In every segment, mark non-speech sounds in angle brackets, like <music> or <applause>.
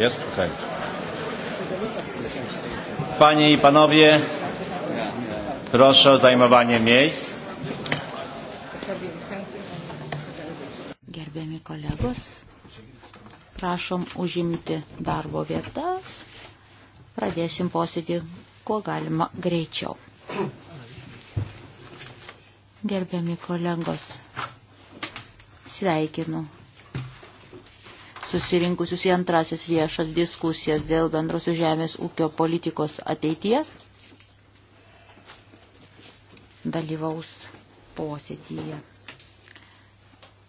Jest? Okej. Okay. Panie i panowie, proszę o zajmowanie miejsc. Gerbiami kolegos, prašom užimti darbo vietas. Pradėsim posėdį kuo galima greičiau. Gerbiami kolegos, sveikinu susirinkusius į antrasis viešas diskusijas dėl bendrosios žemės ūkio politikos ateities. Dalyvaus posėdyje.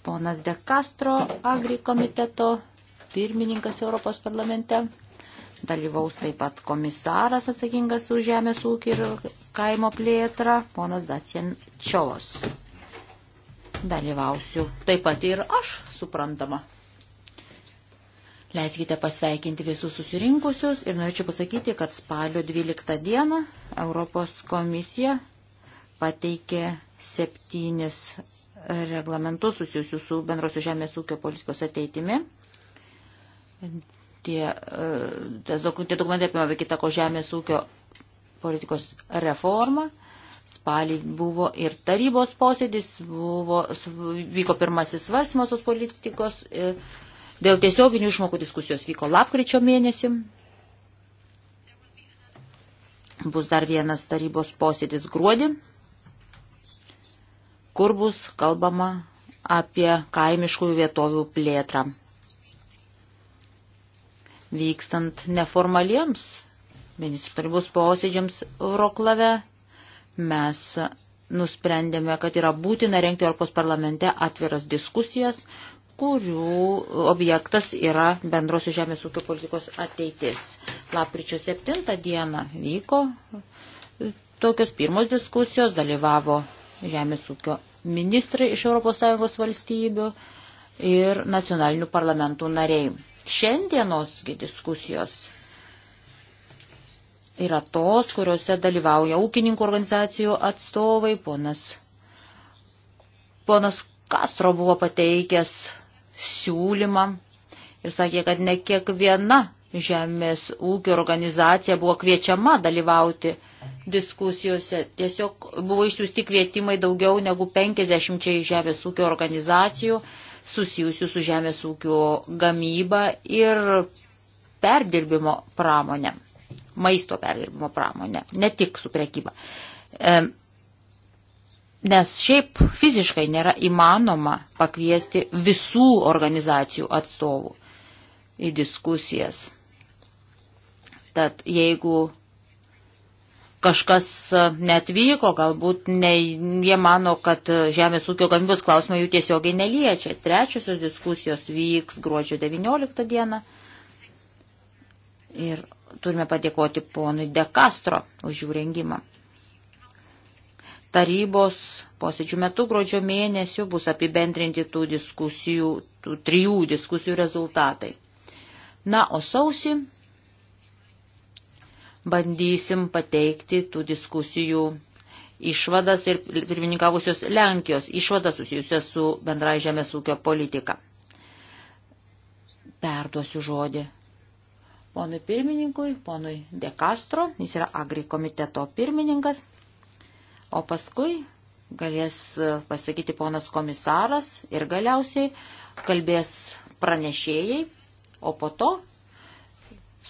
Ponas De Castro, Agri komiteto pirmininkas Europos parlamente. Dalyvaus taip pat komisaras atsakingas už žemės ūkį ir kaimo plėtrą, ponas Dacien Čiolos. Dalyvausiu taip pat ir aš, suprantama. Leiskite pasveikinti visus susirinkusius ir norėčiau pasakyti, kad spalio 12 dieną Europos komisija pateikė septynis reglamentus susijusius su bendrosios žemės ūkio politikos ateitimi. Tie, e, tas, tie dokumentai apima be kitako žemės ūkio politikos reformą. Spalį buvo ir tarybos posėdis, buvo, vyko pirmasis svarstymas tos politikos. Ir, e, Dėl tiesioginių išmokų diskusijos vyko lapkričio mėnesį. Bus dar vienas tarybos posėdis gruodį, kur bus kalbama apie kaimiškųjų vietovių plėtrą. Vykstant neformaliems ministrų tarybos posėdžiams Euroklave, mes nusprendėme, kad yra būtina renkti Europos parlamente atviras diskusijas, kurių objektas yra bendrosios žemės ūkio politikos ateitis. Lapkričio 7 dieną vyko tokios pirmos diskusijos, dalyvavo žemės ūkio ministrai iš ES valstybių ir nacionalinių parlamentų nariai. Šiandienosgi diskusijos yra tos, kuriuose dalyvauja ūkininkų organizacijų atstovai, ponas, ponas Kastro buvo pateikęs siūlymą ir sakė, kad ne kiekviena žemės ūkio organizacija buvo kviečiama dalyvauti diskusijose. Tiesiog buvo išsiųsti kvietimai daugiau negu 50 žemės ūkio organizacijų susijusių su žemės ūkio gamyba ir perdirbimo pramonė, maisto perdirbimo pramonė, ne tik su prekyba. Nes šiaip fiziškai nėra įmanoma pakviesti visų organizacijų atstovų į diskusijas. Tad jeigu kažkas netvyko, galbūt ne, jie mano, kad žemės ūkio gamybos klausimai jų tiesiogiai neliečia. Trečiosios diskusijos vyks gruodžio 19 dieną. Ir turime padėkoti ponui De Castro už jų rengimą tarybos posėdžių metu gruodžio mėnesių bus apibendrinti tų diskusijų, tų trijų diskusijų rezultatai. Na, o sausi bandysim pateikti tų diskusijų išvadas ir pirmininkavusios Lenkijos išvadas susijusias su bendrai žemės ūkio politika. Perduosiu žodį. Ponui pirmininkui, ponui De Castro, jis yra agri komiteto pirmininkas o paskui galės pasakyti ponas komisaras ir galiausiai kalbės pranešėjai, o po to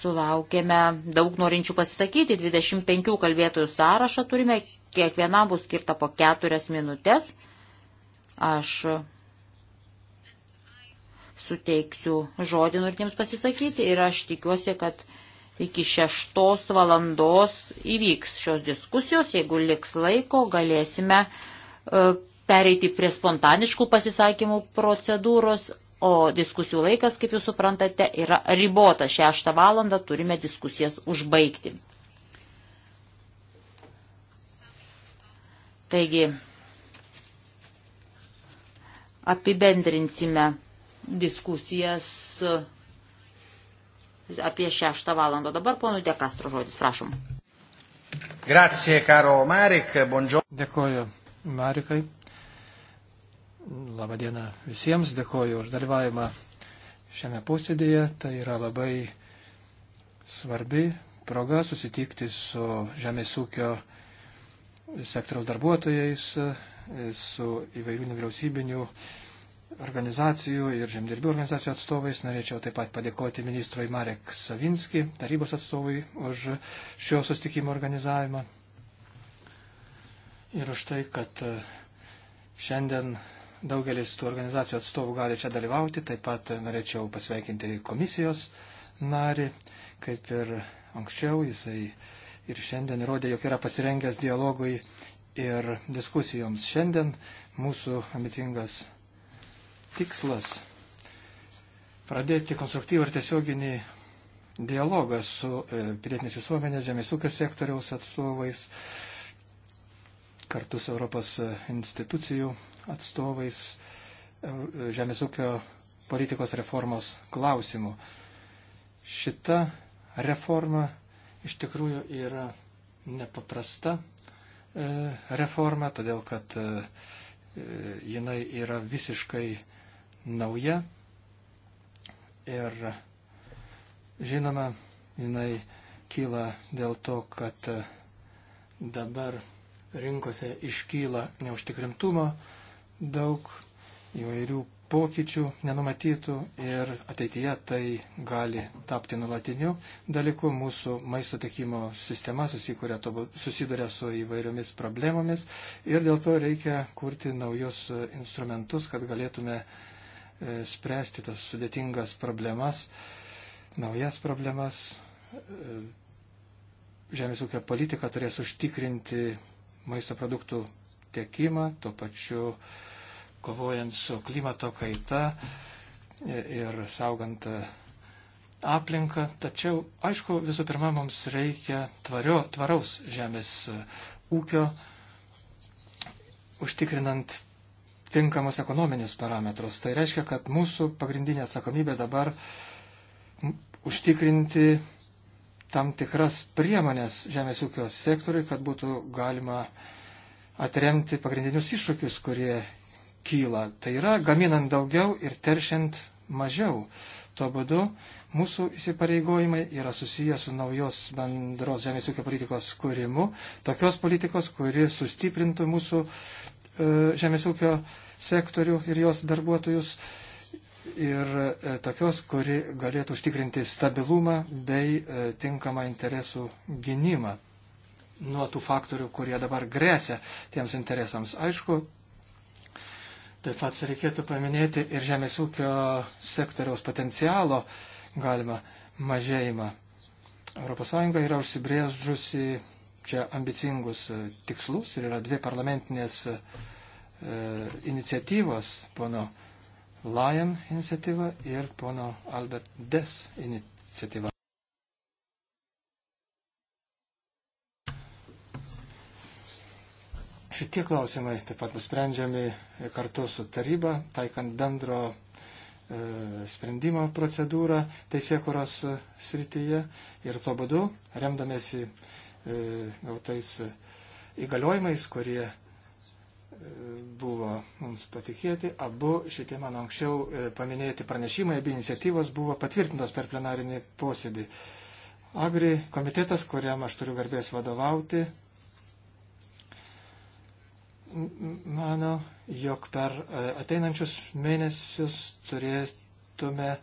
sulaukėme daug norinčių pasisakyti, 25 kalbėtojų sąrašą turime, kiekviena bus skirta po keturias minutės. Aš suteiksiu žodį norintiems pasisakyti ir aš tikiuosi, kad Iki šeštos valandos įvyks šios diskusijos, jeigu liks laiko, galėsime e, pereiti prie spontaniškų pasisakymų procedūros, o diskusijų laikas, kaip jūs suprantate, yra ribota. Šeštą valandą turime diskusijas užbaigti. Taigi, apibendrinsime diskusijas apie 6 valandą. Dabar ponui Dekastro žodis, prašom. Grazie, karo Marek, buongiorno. Dėkoju Marikai. Labadiena visiems, dėkoju už dalyvavimą šiame posėdėje. Tai yra labai svarbi proga susitikti su žemės ūkio sektoriaus darbuotojais, su įvairių nevyriausybinių organizacijų ir žemdirbių organizacijų atstovais. Norėčiau taip pat padėkoti ministrui Marek Savinski, tarybos atstovui, už šio sustikimo organizavimą. Ir už tai, kad e, šiandien daugelis tų organizacijų atstovų gali čia dalyvauti. Taip pat norėčiau pasveikinti komisijos narį, kaip ir anksčiau jisai ir šiandien įrodė, jog yra pasirengęs dialogui ir diskusijoms. Šiandien mūsų ambicingas tikslas pradėti konstruktyvų ir tiesioginį dialogą su e, pilietinės visuomenės, žemės ūkio sektoriaus atstovais, kartu su Europos institucijų atstovais, e, žemės ūkio politikos reformos klausimų. Šita reforma iš tikrųjų yra nepaprasta e, reforma, todėl kad jinai yra visiškai nauja ir žinoma, jinai kyla dėl to, kad dabar rinkose iškyla neužtikrintumo daug įvairių pokyčių nenumatytų ir ateityje tai gali tapti nulatiniu dalyku. Mūsų maisto tiekimo sistema susiduria su įvairiomis problemomis ir dėl to reikia kurti naujus instrumentus, kad galėtume uh, E, spręsti tas sudėtingas problemas, naujas problemas. E, žemės ūkio politika turės užtikrinti maisto produktų tiekimą, tuo pačiu kovojant su klimato kaita e, ir saugant aplinką. Tačiau, aišku, visų pirma, mums reikia tvario, tvaraus žemės ūkio, užtikrinant tinkamus ekonominius parametrus. Tai reiškia, kad mūsų pagrindinė atsakomybė dabar užtikrinti tam tikras priemonės žemės ūkio sektoriui, kad būtų galima atremti pagrindinius iššūkius, kurie kyla. Tai yra gaminant daugiau ir teršiant mažiau. Tuo būdu mūsų įsipareigojimai yra susiję su naujos bendros žemės ūkio politikos kūrimu, tokios politikos, kuri sustiprintų mūsų E, žemės ūkio sektorių ir jos darbuotojus ir e, tokios, kuri galėtų užtikrinti stabilumą bei e, tinkamą interesų gynimą nuo tų faktorių, kurie dabar grėsia tiems interesams. Aišku, taip pat reikėtų paminėti ir žemės ūkio sektoriaus potencialo galima mažėjimą. ES yra užsibrėžusi čia ambicingus e, tikslus ir yra dvi parlamentinės e, iniciatyvos, pono Lion iniciatyva ir pono Albert Des iniciatyva. Šitie klausimai taip pat bus sprendžiami kartu su taryba, taikant bendro e, sprendimo procedūrą teisėkuros srityje ir tuo būdu, remdamėsi E, gautais įgaliojimais, kurie e, buvo mums patikėti. Abu šitie mano anksčiau e, paminėti pranešimai, abi iniciatyvos buvo patvirtintos per plenarinį posėdį. Agri komitetas, kuriam aš turiu garbės vadovauti, mano, jog per ateinančius mėnesius turėtume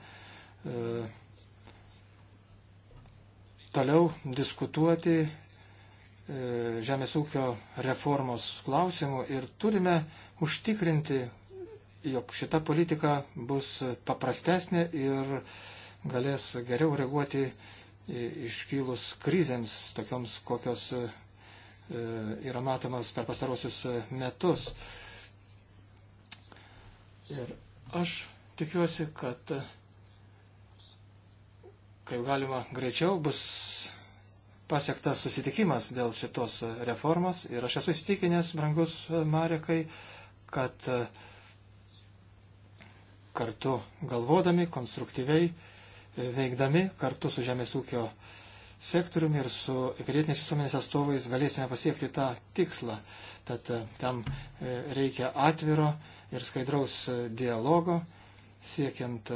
toliau diskutuoti E, žemės ūkio reformos klausimų ir turime užtikrinti, jog šita politika bus paprastesnė ir galės geriau reaguoti iškylus krizėms, tokioms kokios e, yra matomas per pastarosius metus. Ir aš tikiuosi, kad kaip galima greičiau bus pasiektas susitikimas dėl šitos reformos ir aš esu įsitikinęs, brangus Marekai, kad e, kartu galvodami, konstruktyviai e, veikdami, kartu su žemės ūkio sektoriumi ir su pilietinės visuomenės atstovais galėsime pasiekti tą tikslą. Tad e, tam reikia atviro ir skaidraus dialogo, siekiant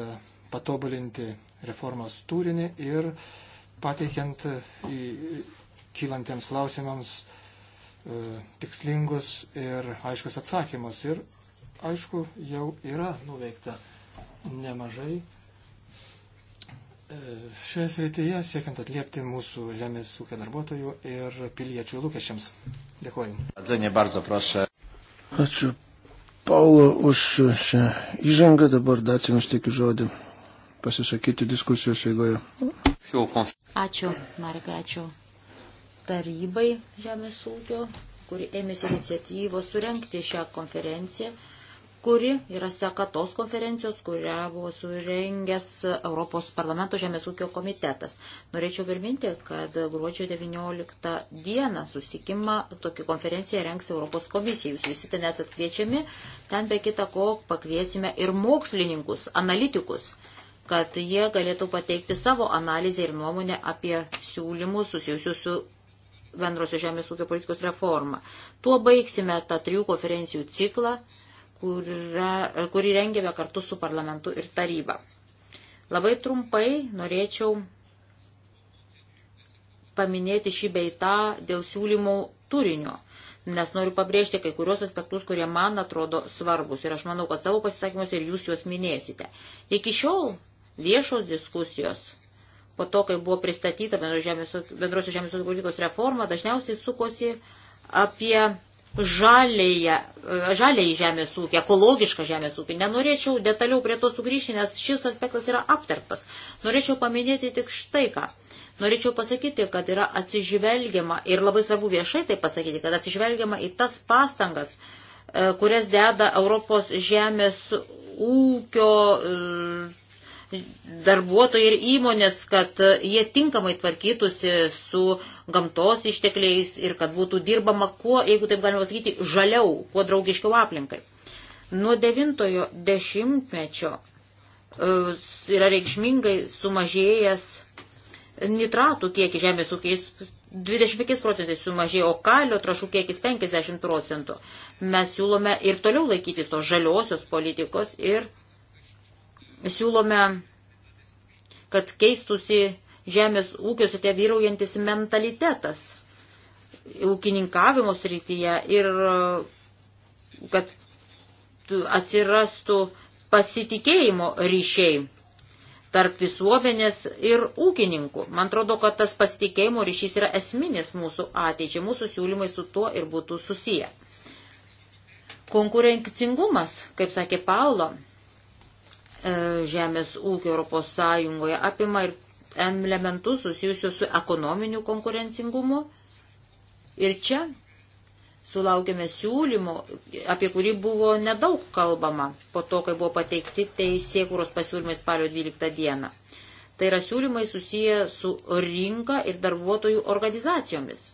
patobulinti reformos turinį ir uh, pateikiant e, į kylantiems klausimams e, tikslingus ir aiškus atsakymus. Ir aišku, jau yra nuveikta nemažai e, šioje srityje, siekiant atliepti mūsų žemės ūkio darbuotojų ir piliečių lūkesčiams. Dėkuoju. Ačiū Paulo už šią įžangą. Dabar dacijoms teikiu žodį pasisakyti diskusijos eigoje. Ačiū, Marika, ačiū tarybai Žemės ūkio, kuri ėmėsi iniciatyvos surenkti šią konferenciją, kuri yra seka tos konferencijos, kurią buvo surengęs Europos parlamento Žemės ūkio komitetas. Norėčiau priminti, kad gruodžio 19 dieną susitikimą tokį konferenciją renks Europos komisija. Jūs visi ten esat kviečiami, ten be kita ko pakviesime ir mokslininkus, analitikus kad jie galėtų pateikti savo analizę ir nuomonę apie siūlymus susijusius su bendrosios žemės ūkio politikos reforma. Tuo baigsime tą trijų konferencijų ciklą, kurą, kurį rengėme kartu su parlamentu ir taryba. Labai trumpai norėčiau paminėti šį beitą dėl siūlymų turinio, nes noriu pabrėžti kai kurios aspektus, kurie man atrodo svarbus ir aš manau, kad savo pasisakymuose ir jūs juos minėsite. Iki šiol viešos diskusijos po to, kai buvo pristatyta bendrosios žemės ūkio politikos reforma, dažniausiai sukosi apie žalėje, e, žalėjį žemės ūkį, ekologišką žemės ūkį. Nenorėčiau detaliau prie to sugrįžti, nes šis aspektas yra aptartas. Norėčiau paminėti tik štai ką. Norėčiau pasakyti, kad yra atsižvelgiama, ir labai svarbu viešai tai pasakyti, kad atsižvelgiama į tas pastangas, e, kurias deda Europos žemės ūkio e, darbuotojai ir įmonės, kad jie tinkamai tvarkytųsi su gamtos ištekliais ir kad būtų dirbama kuo, jeigu taip galima sakyti, žaliau, kuo draugiškiau aplinkai. Nuo devintojo dešimtmečio e, yra reikšmingai sumažėjęs nitratų kiekis žemės ūkiais 25 procentais sumažėjo, o kalio trašų kiekis 50 procentų. Mes siūlome ir toliau laikytis tos žaliosios politikos ir siūlome, kad keistusi žemės ūkiuose tie vyraujantis mentalitetas ūkininkavimo srityje ir uh, kad atsirastų pasitikėjimo ryšiai tarp visuomenės ir ūkininkų. Man atrodo, kad tas pasitikėjimo ryšys yra esminis mūsų ateičiai, mūsų siūlymai su tuo ir būtų susiję. Konkurencingumas, kaip sakė Paulo, E, žemės ūkio Europos Sąjungoje apima ir elementus susijusius su ekonominiu konkurencingumu. Ir čia sulaukėme siūlymo, apie kurį buvo nedaug kalbama po to, kai buvo pateikti teisėkūros pasiūlymai spalio 12 dieną. Tai yra siūlymai susiję su rinka ir darbuotojų organizacijomis.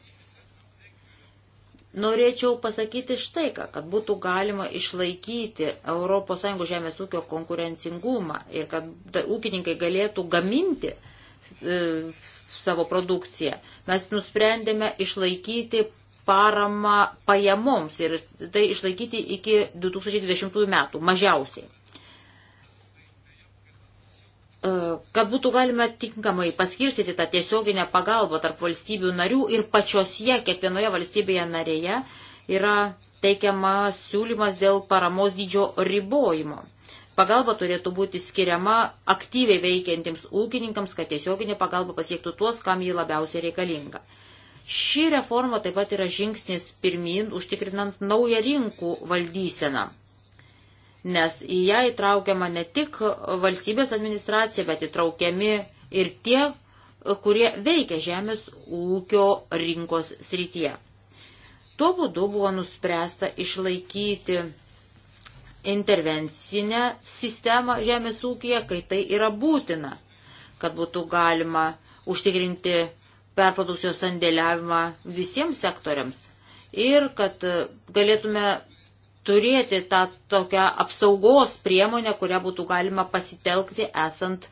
Norėčiau pasakyti štai ką, kad būtų galima išlaikyti ES žemės ūkio konkurencingumą ir kad ūkininkai galėtų gaminti e, savo produkciją. Mes nusprendėme išlaikyti paramą pajamoms ir tai išlaikyti iki 2020 metų mažiausiai. E, kad būtų galima tinkamai paskirstyti tą tiesioginę pagalbą tarp valstybių narių ir pačios jie, kiekvienoje valstybėje narėje, yra teikiama siūlymas dėl paramos dydžio ribojimo. Pagalba turėtų būti skiriama aktyviai veikiantiems ūkininkams, kad tiesioginė pagalba pasiektų tuos, kam ji labiausiai reikalinga. Ši reforma taip pat yra žingsnis pirmin, užtikrinant naują rinkų valdyseną nes į ją įtraukiama ne tik valstybės administracija, bet įtraukiami ir tie, kurie veikia žemės ūkio rinkos srityje. Tuo būdu buvo nuspręsta išlaikyti intervencinę sistemą žemės ūkija, kai tai yra būtina, kad būtų galima užtikrinti perprodukcijos sandėliavimą visiems sektoriams ir kad galėtume turėti tą tokią apsaugos priemonę, kurią būtų galima pasitelkti esant e,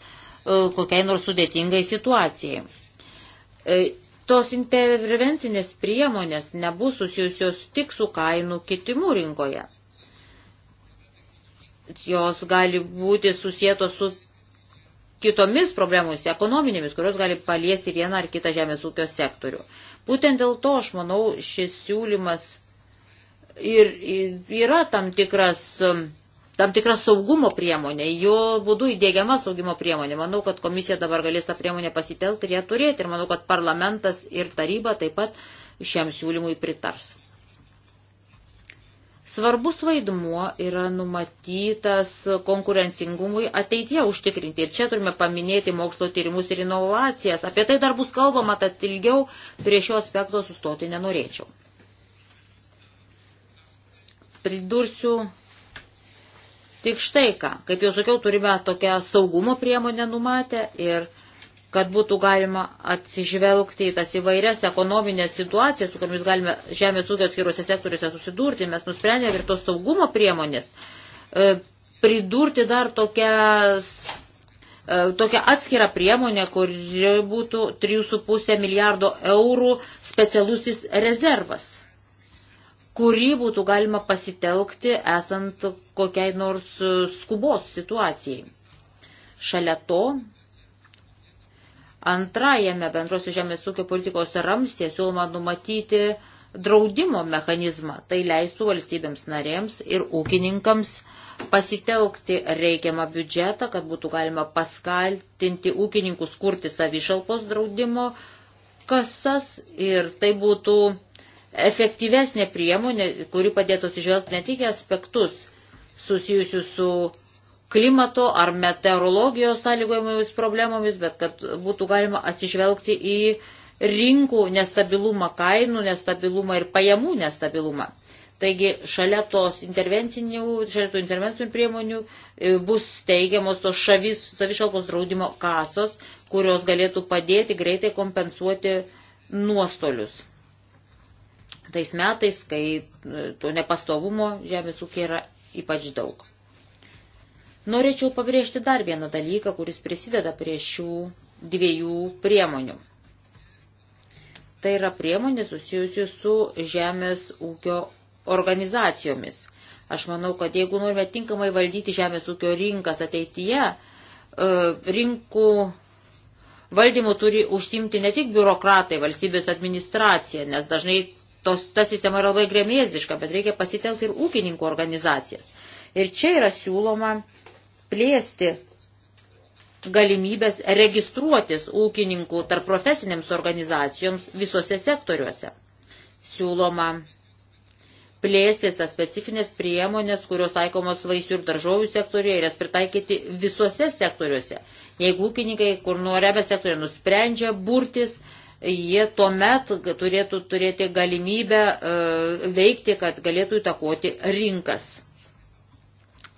kokiai nors sudėtingai situacijai. E, tos intervencinės priemonės nebus susijusios tik su kainų kitimu rinkoje. Jos gali būti susijęto su kitomis problemomis, ekonominėmis, kurios gali paliesti vieną ar kitą žemės ūkio sektorių. Būtent dėl to, aš manau, šis siūlymas ir yra tam tikras, um, tam tikras saugumo priemonė, jo būdu įdėgiama saugimo priemonė. Manau, kad komisija dabar galės tą priemonę pasitelkti ir ją turėti. Ir manau, kad parlamentas ir taryba taip pat šiam siūlymui pritars. Svarbus vaidmuo yra numatytas konkurencingumui ateitie užtikrinti. Ir čia turime paminėti mokslo tyrimus ir inovacijas. Apie tai dar bus kalbama, tad ilgiau prie šio aspekto sustoti nenorėčiau. Pridursiu tik štai ką. Kaip jau sakiau, turime tokią saugumo priemonę numatę ir kad būtų galima atsižvelgti į tas įvairias ekonominės situacijas, su kuriamis galime žemės ūkio skiriuose sektoriuose susidurti, mes nusprendėme ir tos saugumo priemonės e, pridurti dar tokias, e, tokią atskirą priemonę, kuri būtų 3,5 milijardo eurų specialusis rezervas kurį būtų galima pasitelkti esant kokiai nors skubos situacijai. Šalia to, antrajame bendrosios žemės ūkio politikos ramstė siūloma numatyti draudimo mechanizmą. Tai leistų valstybėms narėms ir ūkininkams pasitelkti reikiamą biudžetą, kad būtų galima paskaltinti ūkininkus kurti savišalpos draudimo kasas ir tai būtų efektyvesnė priemonė, kuri padėtų atsižvelgti ne tik aspektus susijusius su klimato ar meteorologijos sąlygojamomis problemomis, bet kad būtų galima atsižvelgti į rinkų nestabilumą, kainų nestabilumą ir pajamų nestabilumą. Taigi šalia tos intervencinių, šalia tų intervencinių priemonių e, bus steigiamos tos šavis, savišalpos draudimo kasos, kurios galėtų padėti greitai kompensuoti nuostolius tais metais, kai e, to nepastovumo žemės ūkiai yra ypač daug. Norėčiau pabrėžti dar vieną dalyką, kuris prisideda prie šių dviejų priemonių. Tai yra priemonė susijusi su žemės ūkio organizacijomis. Aš manau, kad jeigu norime tinkamai valdyti žemės ūkio rinkas ateityje, e, rinkų valdymu turi užsimti ne tik biurokratai, valstybės administracija, nes dažnai tos, ta sistema yra labai grėmėzdiška, bet reikia pasitelkti ir ūkininkų organizacijas. Ir čia yra siūloma plėsti galimybės registruotis ūkininkų tarp profesinėms organizacijoms visose sektoriuose. Siūloma plėsti tas specifines priemonės, kurios taikomos vaisių ir daržovių sektoriuje ir jas pritaikyti visose sektoriuose. Jeigu ūkininkai, kur nuorebe sektoriuje nusprendžia burtis, jie tuo met turėtų turėti galimybę e, veikti, kad galėtų įtakoti rinkas.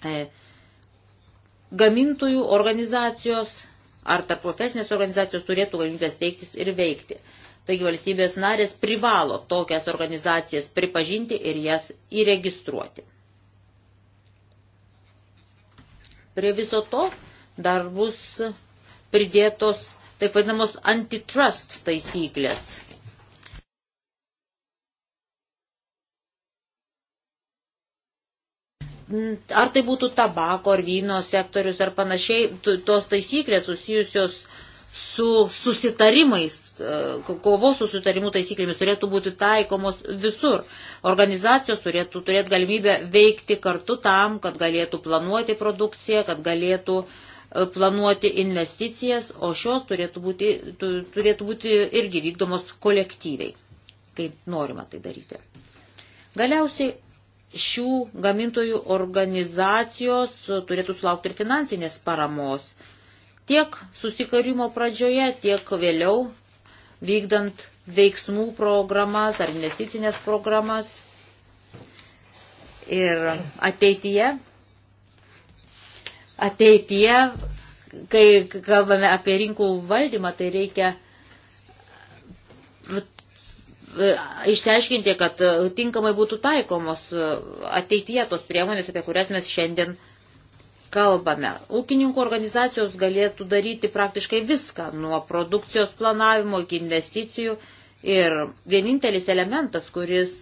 E, gamintojų organizacijos ar tarp profesinės organizacijos turėtų galimybę steigtis ir veikti. Taigi valstybės narės privalo tokias organizacijas pripažinti ir jas įregistruoti. Prie viso to dar bus pridėtos taip vadinamos antitrust taisyklės. Ar tai būtų tabako ar vyno sektorius ar panašiai, tos taisyklės susijusios su susitarimais, e, kovos su susitarimų taisyklėmis turėtų būti taikomos visur. Organizacijos turėtų turėti galimybę veikti kartu tam, kad galėtų planuoti produkciją, kad galėtų uh, E, planuoti investicijas, o šios turėtų būti, turėtų būti irgi vykdomos kolektyviai, kai norima tai daryti. Galiausiai šių gamintojų organizacijos turėtų sulaukti ir finansinės paramos tiek susikarimo pradžioje, tiek vėliau vykdant veiksmų programas ar investicinės programas. Ir ateityje ateityje, kai kalbame apie rinkų valdymą, tai reikia e, išsiaiškinti, kad e, tinkamai būtų taikomos e, ateityje tos priemonės, apie kurias mes šiandien kalbame. Ūkininkų organizacijos galėtų daryti praktiškai viską, nuo produkcijos planavimo iki investicijų. Ir vienintelis elementas, kuris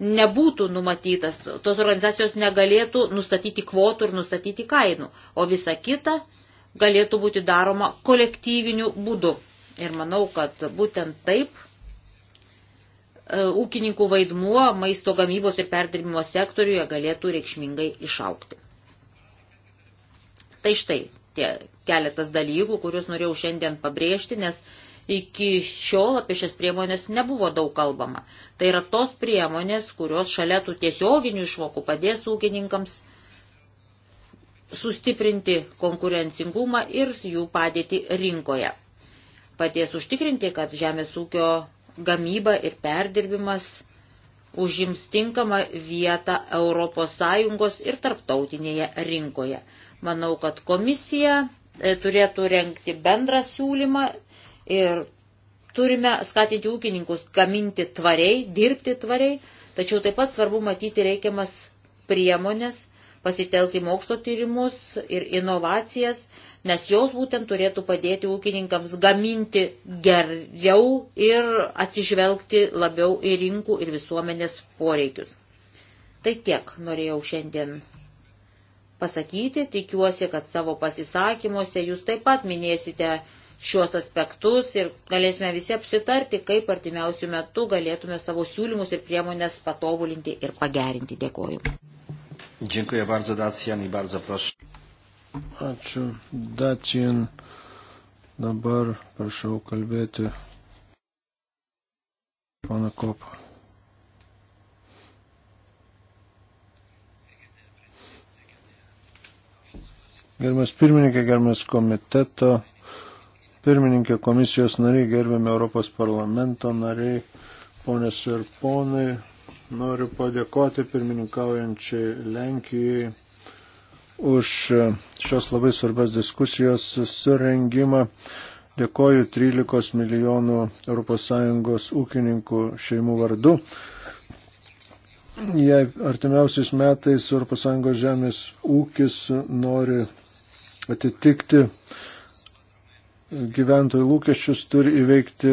nebūtų numatytas, tos organizacijos negalėtų nustatyti kvotų ir nustatyti kainų, o visa kita galėtų būti daroma kolektyviniu būdu. Ir manau, kad būtent taip e, ūkininkų vaidmuo maisto gamybos ir perdirbimo sektoriuje galėtų reikšmingai išaukti. Tai štai tie keletas dalykų, kuriuos norėjau šiandien pabrėžti, nes uh, iki šiol apie šias priemonės nebuvo daug kalbama. Tai yra tos priemonės, kurios šalia tų tiesioginių išmokų padės ūkininkams sustiprinti konkurencingumą ir jų padėti rinkoje. Padės užtikrinti, kad žemės ūkio gamyba ir perdirbimas užims tinkamą vietą ES ir tarptautinėje rinkoje. Manau, kad komisija e, turėtų renkti bendrą siūlymą Ir turime skatinti ūkininkus gaminti tvariai, dirbti tvariai, tačiau taip pat svarbu matyti reikiamas priemonės, pasitelkti mokslo tyrimus ir inovacijas, nes jos būtent turėtų padėti ūkininkams gaminti geriau ir atsižvelgti labiau į rinkų ir visuomenės poreikius. Tai tiek norėjau šiandien pasakyti, tikiuosi, kad savo pasisakymuose jūs taip pat minėsite šiuos aspektus ir galėsime visi apsitarti, kaip artimiausių metų galėtume savo siūlymus ir priemonės patobulinti ir pagerinti. Dėkoju. Dziękuję bardzo, Dacian, i bardzo proszę. Ačiū, Dacian. Dabar prašau kalbėti pana Kopą. Gerbiamas pirmininkė, gerbiamas komiteto pirmininkė, komisijos nariai, gerbėme Europos parlamento nariai, ponės ir ponai. Noriu padėkoti pirmininkaujančiai Lenkijai už šios labai svarbios diskusijos surengimą. Dėkoju 13 milijonų ES ūkininkų šeimų vardu. Jei artimiausiais metais ES žemės ūkis nori atitikti gyventojų lūkesčius turi įveikti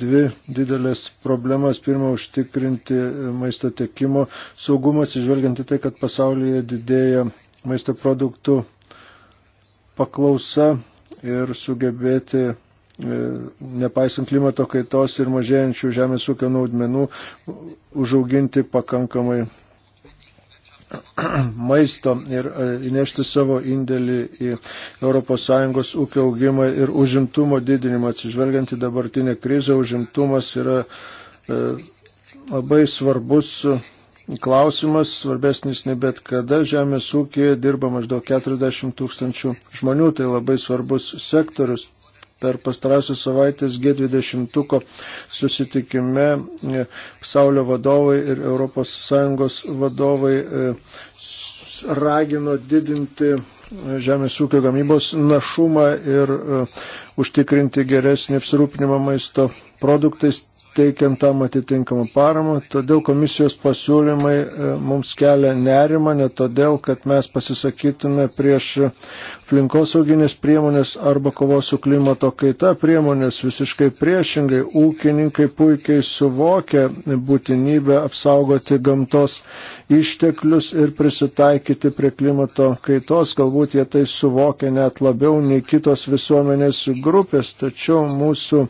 dvi didelės problemas. Pirma, užtikrinti maisto tiekimo saugumą, atsižvelgiant į tai, kad pasaulyje didėja maisto produktų paklausa ir sugebėti, e, nepaisant klimato kaitos ir mažėjančių žemės ūkio naudmenų, užauginti pakankamai <clears throat> maisto ir e, įnešti savo indėlį į ES ūkio augimą ir užimtumo didinimą. Atsižvelgiant į dabartinę krizę, užimtumas yra e, labai svarbus klausimas, svarbesnis ne bet kada. Žemės ūkėje dirba maždaug 40 tūkstančių žmonių, tai labai svarbus sektorius. Per pastarąsias savaitės G20 susitikime e, pasaulio vadovai ir ES vadovai e, ragino didinti e, žemės ūkio gamybos našumą ir užtikrinti geresnį apsirūpinimą maisto produktais teikiant tam atitinkamą paramą. Todėl komisijos pasiūlymai e, mums kelia nerimą, ne todėl, kad mes pasisakytume prieš aplinkosauginės priemonės arba kovos su klimato kaita priemonės. Visiškai priešingai, ūkininkai puikiai suvokia būtinybę apsaugoti gamtos išteklius ir prisitaikyti prie klimato kaitos. Galbūt jie tai suvokia net labiau nei kitos visuomenės grupės, tačiau mūsų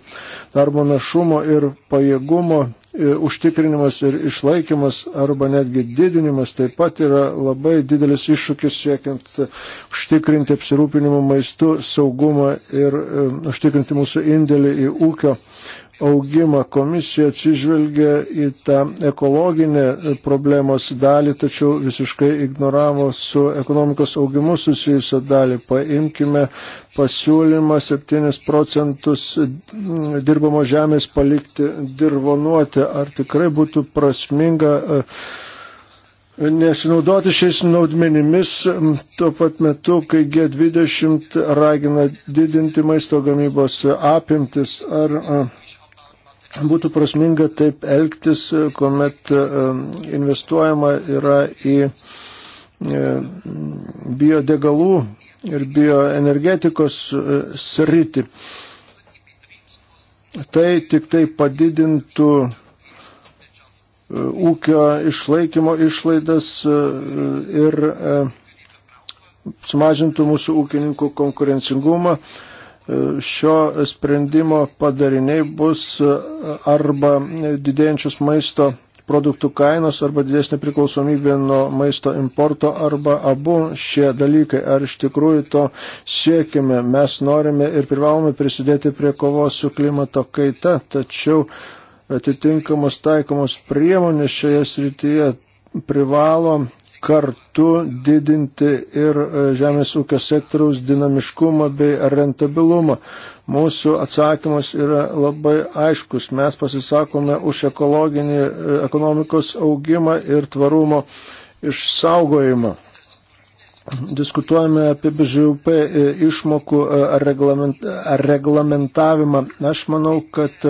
darbo našumo ir pajėgumo e, užtikrinimas ir išlaikymas arba netgi didinimas taip pat yra labai didelis iššūkis siekiant e, užtikrinti apsirūpinimo maistu saugumą ir e, užtikrinti mūsų indėlį į ūkio augimą. Komisija atsižvelgia į tą ekologinę problemos dalį, tačiau visiškai ignoravo su ekonomikos augimu susijusią dalį. Paimkime pasiūlymą 7 procentus dirbamo žemės palikti dirvonuoti. Ar tikrai būtų prasminga e, nesinaudoti šiais naudmenimis tuo pat metu, kai G20 ragina didinti maisto gamybos apimtis. Ar e, būtų prasminga taip elgtis, kuomet e, investuojama yra į e, biodegalų ir bioenergetikos e, sritį. Tai tik tai padidintų ūkio išlaikymo išlaidas ir sumažintų mūsų ūkininkų konkurencingumą šio sprendimo padariniai bus arba didėjančios maisto produktų kainos, arba didesnė priklausomybė nuo maisto importo, arba abu šie dalykai. Ar iš tikrųjų to siekime? Mes norime ir privalome prisidėti prie kovos su klimato kaita, tačiau atitinkamos taikomos priemonės šioje srityje privalo kartu didinti ir e, žemės ūkio sektoriaus dinamiškumą bei rentabilumą. Mūsų atsakymas yra labai aiškus. Mes pasisakome už ekologinį e, ekonomikos augimą ir tvarumo išsaugojimą. Diskutuojame apie BŽUP e, išmokų reglament, reglamentavimą. Aš manau, kad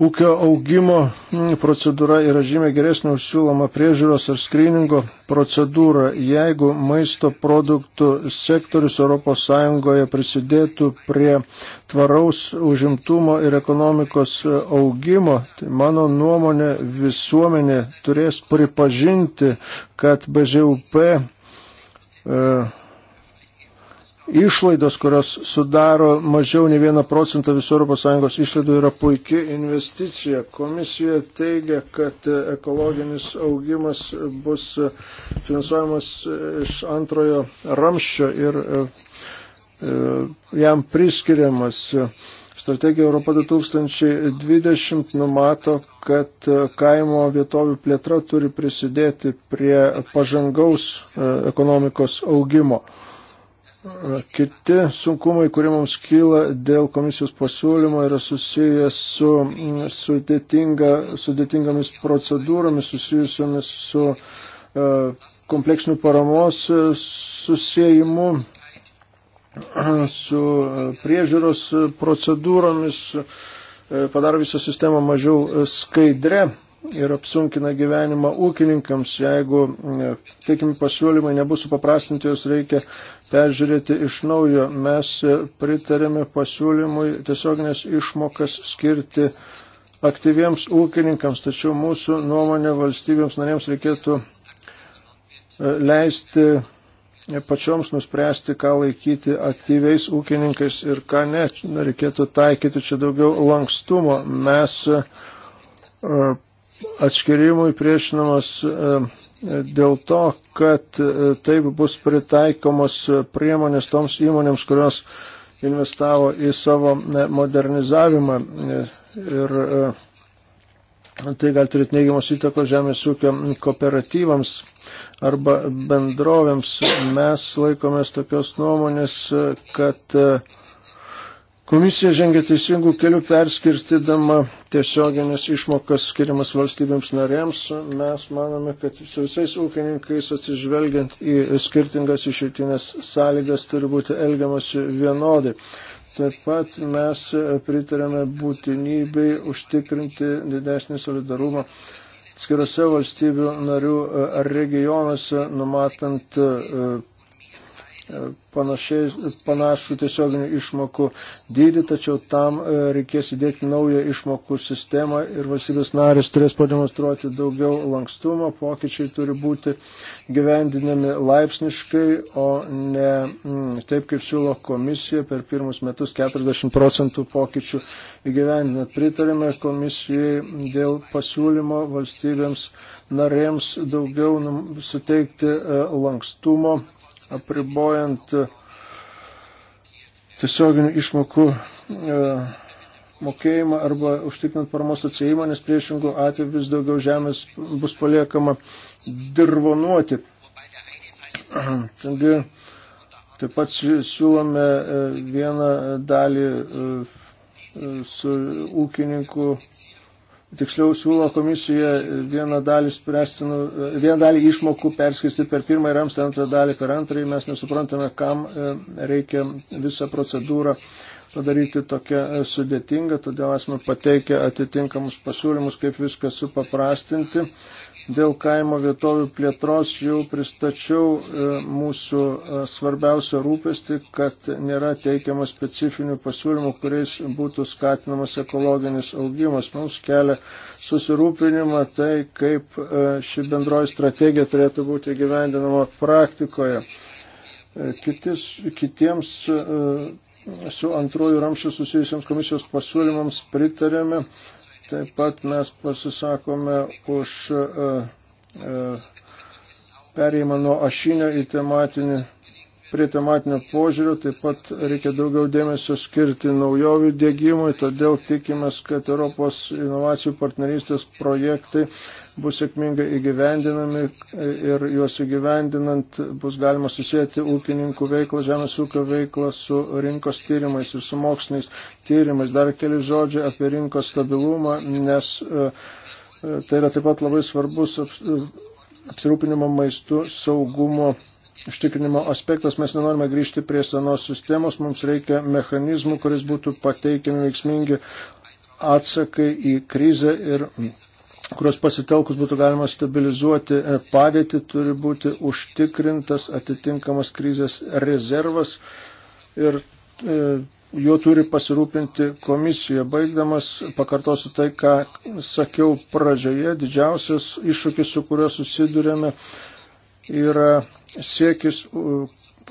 ūkio augimo mm, procedūra yra žymiai geresnė už siūlomą priežiūros ar skryningo procedūrą. Jeigu maisto produktų sektorius ES prisidėtų prie tvaraus užimtumo ir ekonomikos e, augimo, tai mano nuomonė visuomenė turės pripažinti, kad BŽUP e, išlaidos, kurios sudaro mažiau nei 1 procentą visų ES išlaidų, yra puikia investicija. Komisija teigia, kad ekologinis augimas bus finansuojamas iš antrojo ramščio ir e, jam priskiriamas. Strategija Europa 2020 numato, kad kaimo vietovių plėtra turi prisidėti prie pažangaus e, ekonomikos augimo. Kiti sunkumai, kurie mums kyla dėl komisijos pasiūlymo, yra susijęs su mm, sudėtinga, sudėtingomis procedūromis, susijusiomis su e, kompleksinių paramos e, susijimu, <clears throat> su e, priežiūros procedūromis, padaro visą sistemą mažiau skaidrę ir apsunkina gyvenimą ūkininkams. Jeigu e, teikimi pasiūlymai nebus supaprastinti, juos reikia peržiūrėti iš naujo. Mes e, pritarėme pasiūlymui tiesioginės išmokas skirti aktyviems ūkininkams, tačiau mūsų nuomonė valstybėms narėms reikėtų e, leisti pačioms nuspręsti, ką laikyti aktyviais ūkininkais ir ką ne. Reikėtų taikyti čia daugiau lankstumo. Mes atskirimui priešinamas e, dėl to, kad e, taip bus pritaikomos priemonės toms įmonėms, kurios investavo į savo e, modernizavimą ir tai gali turėti neigiamos įtakos žemės ūkio kooperatyvams arba bendrovėms. Mes laikomės tokios nuomonės, kad uh, Komisija žengia teisingų kelių perskirstydama tiesioginės išmokas skiriamas valstybėms narėms. Mes manome, kad su visais ūkininkais atsižvelgiant į skirtingas išeitinės sąlygas turi būti elgiamasi vienodai. Taip pat mes pritarėme būtinybei užtikrinti didesnį solidarumą skiriuose valstybių narių ar regionuose, numatant panašiai, panašų tiesioginių išmokų dydį, tačiau tam e, reikės įdėkti naują išmokų sistemą ir valstybės narės turės pademonstruoti daugiau lankstumo, pokyčiai turi būti gyvendinami laipsniškai, o ne m, mm, taip, kaip siūlo komisija per pirmus metus 40 procentų pokyčių įgyvendinę. Pritarėme komisijai dėl pasiūlymo valstybėms narėms daugiau suteikti e, lankstumo apribojant e, tiesioginių išmokų e, mokėjimą arba užtikrinant paramos atsėjimą, nes priešingų atveju vis daugiau žemės bus paliekama dirvonuoti. <clears throat> Taigi, taip pat siūlome e, vieną dalį su ūkininku tiksliau siūlo komisija vieną dalį, spręstinų, vieną dalį išmokų perskirsti per pirmąjį ramstį, antrą dalį per antrąjį. Mes nesuprantame, kam e, reikia visą procedūrą padaryti tokią e, sudėtingą, todėl esame pateikę atitinkamus pasiūlymus, kaip viską supaprastinti. Dėl kaimo vietovių plėtros jau pristačiau e, mūsų e, svarbiausią rūpestį, kad nėra teikiama specifinių pasiūlymų, kuriais būtų skatinamas ekologinis augimas. Mums kelia susirūpinimą tai, kaip e, ši bendroji strategija turėtų būti gyvendinama praktikoje. Kitis, kitiems su antrojų ramščių susijusiams komisijos pasiūlymams pritarėme Taip pat mes pasisakome už e, e, perėjimą nuo ašinio į tematinį, prie tematinio požiūrio, taip pat reikia daugiau dėmesio skirti naujovių dėgymui, todėl tikimės, kad Europos inovacijų partnerystės projektai bus sėkmingai įgyvendinami ir juos įgyvendinant bus galima susijęti ūkininkų veiklą, žemės ūkio veiklą su rinkos tyrimais ir su moksliniais tyrimais. Dar keli žodžiai apie rinkos stabilumą, nes e, tai yra taip pat labai svarbus apsirūpinimo maistu saugumo. Ištikrinimo aspektas, mes nenorime grįžti prie senos sistemos, mums reikia mechanizmų, kuris būtų pateikiami veiksmingi atsakai į krizę ir kurios pasitelkus būtų galima stabilizuoti e, padėtį, turi būti užtikrintas atitinkamas krizės rezervas ir e, juo turi pasirūpinti komisija. Baigdamas pakartosiu tai, ką sakiau pradžioje, didžiausias iššūkis, su kuriuo susidurėme, yra siekis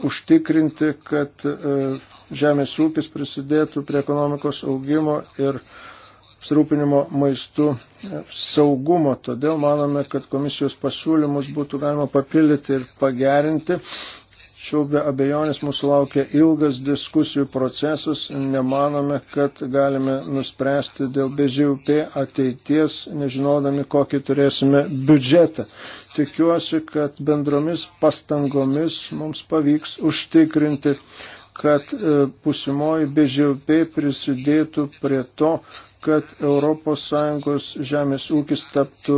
užtikrinti, kad e, žemės ūkis prisidėtų prie ekonomikos augimo ir apsirūpinimo maistu e, saugumo. Todėl manome, kad komisijos pasiūlymus būtų galima papildyti ir pagerinti. Tačiau be abejonės mūsų laukia ilgas diskusijų procesas. Nemanome, kad galime nuspręsti dėl BŽUP ateities, nežinodami, kokį turėsime biudžetą. Tikiuosi, kad bendromis pastangomis mums pavyks užtikrinti, kad e, pusimoji BŽUP prisidėtų prie to, kad ES žemės ūkis taptų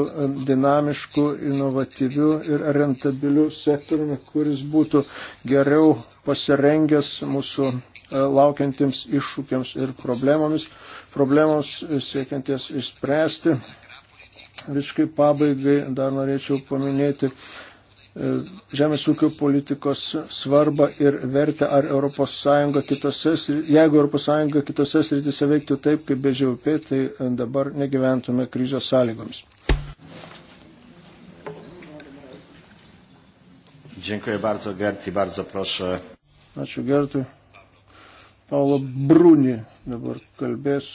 dinamišku, inovatyviu ir rentabiliu sektoriumi, kuris būtų geriau pasirengęs mūsų e, laukiantiems iššūkiams ir problemomis, problemoms siekianties išspręsti. Visiškai pabaigai dar norėčiau paminėti E, žemės ūkio politikos svarbą ir vertę, ar ES kitose, jeigu ES kitose srityse veiktų taip, kaip BŽUP, tai dabar negyventume krizės sąlygomis. Dziękuję bardzo, Gerti, bardzo proszę. Ačiū Gertui. Paulo Bruni dabar kalbės.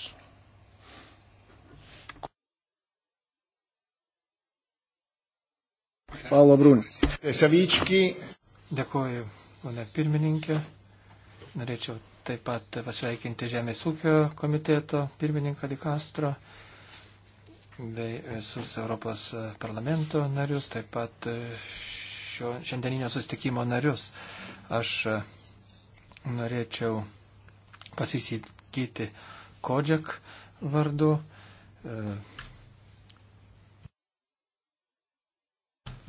Paulo Brūnė. Savyčki. Dėkuoju, ponė pirmininkė. Norėčiau taip pat pasveikinti Žemės ūkio komiteto pirmininką Dikastro bei visus Europos parlamento narius, taip pat šio, šiandieninio sustikimo narius. Aš norėčiau pasisakyti Kodžek vardu. E,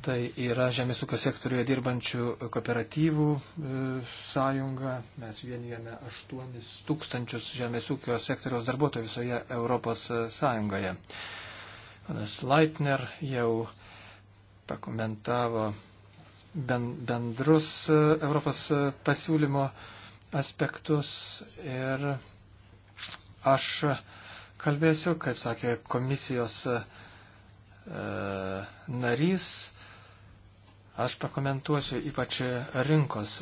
Tai yra žemės ūkio sektoriuje dirbančių kooperatyvų e, sąjunga. Mes vienijame 8 tūkstančius žemės ūkio sektoriaus darbuotojų visoje Europos e, sąjungoje. Panas Leitner jau pakomentavo ben, bendrus e, Europos pasiūlymo aspektus ir aš kalbėsiu, kaip sakė komisijos narys, Aš pakomentuosiu ypač rinkos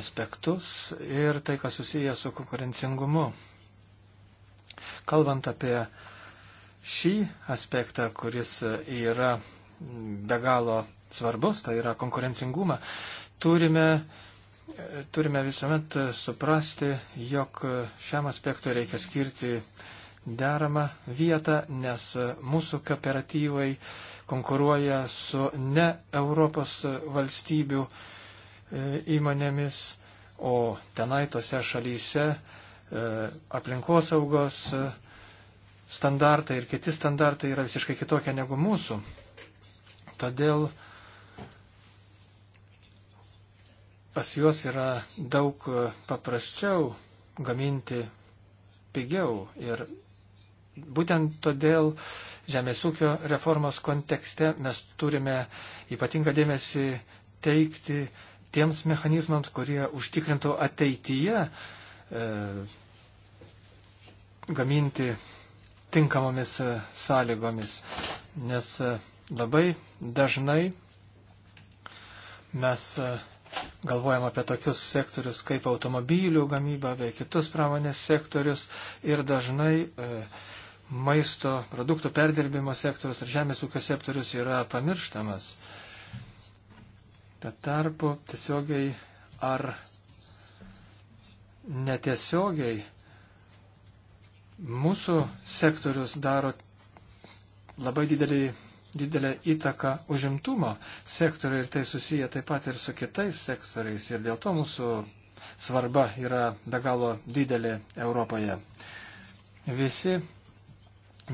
aspektus ir tai, kas susiję su konkurencingumu. Kalbant apie šį aspektą, kuris yra be galo svarbus, tai yra konkurencingumą, turime, turime visuomet suprasti, jog šiam aspektui reikia skirti deramą vietą, nes mūsų kooperatyvai konkuruoja su ne Europos valstybių e, įmonėmis, o tenai tose šalyse e, aplinkosaugos e, standartai ir kiti standartai yra visiškai kitokie negu mūsų. Todėl pas juos yra daug paprasčiau gaminti pigiau ir Būtent todėl žemės ūkio reformos kontekste mes turime ypatingą dėmesį teikti tiems mechanizmams, kurie užtikrintų ateityje e, gaminti tinkamomis e, sąlygomis. Nes e, labai dažnai mes e, galvojam apie tokius sektorius kaip automobilių gamyba bei kitus pramonės sektorius ir dažnai e, maisto produktų perdirbimo sektorius ir žemės ūkio sektorius yra pamirštamas. Bet tarpu tiesiogiai ar netiesiogiai mūsų sektorius daro labai didelį, didelę įtaką užimtumo sektoriui ir tai susiję taip pat ir su kitais sektoriais ir dėl to mūsų svarba yra be galo didelė Europoje. Visi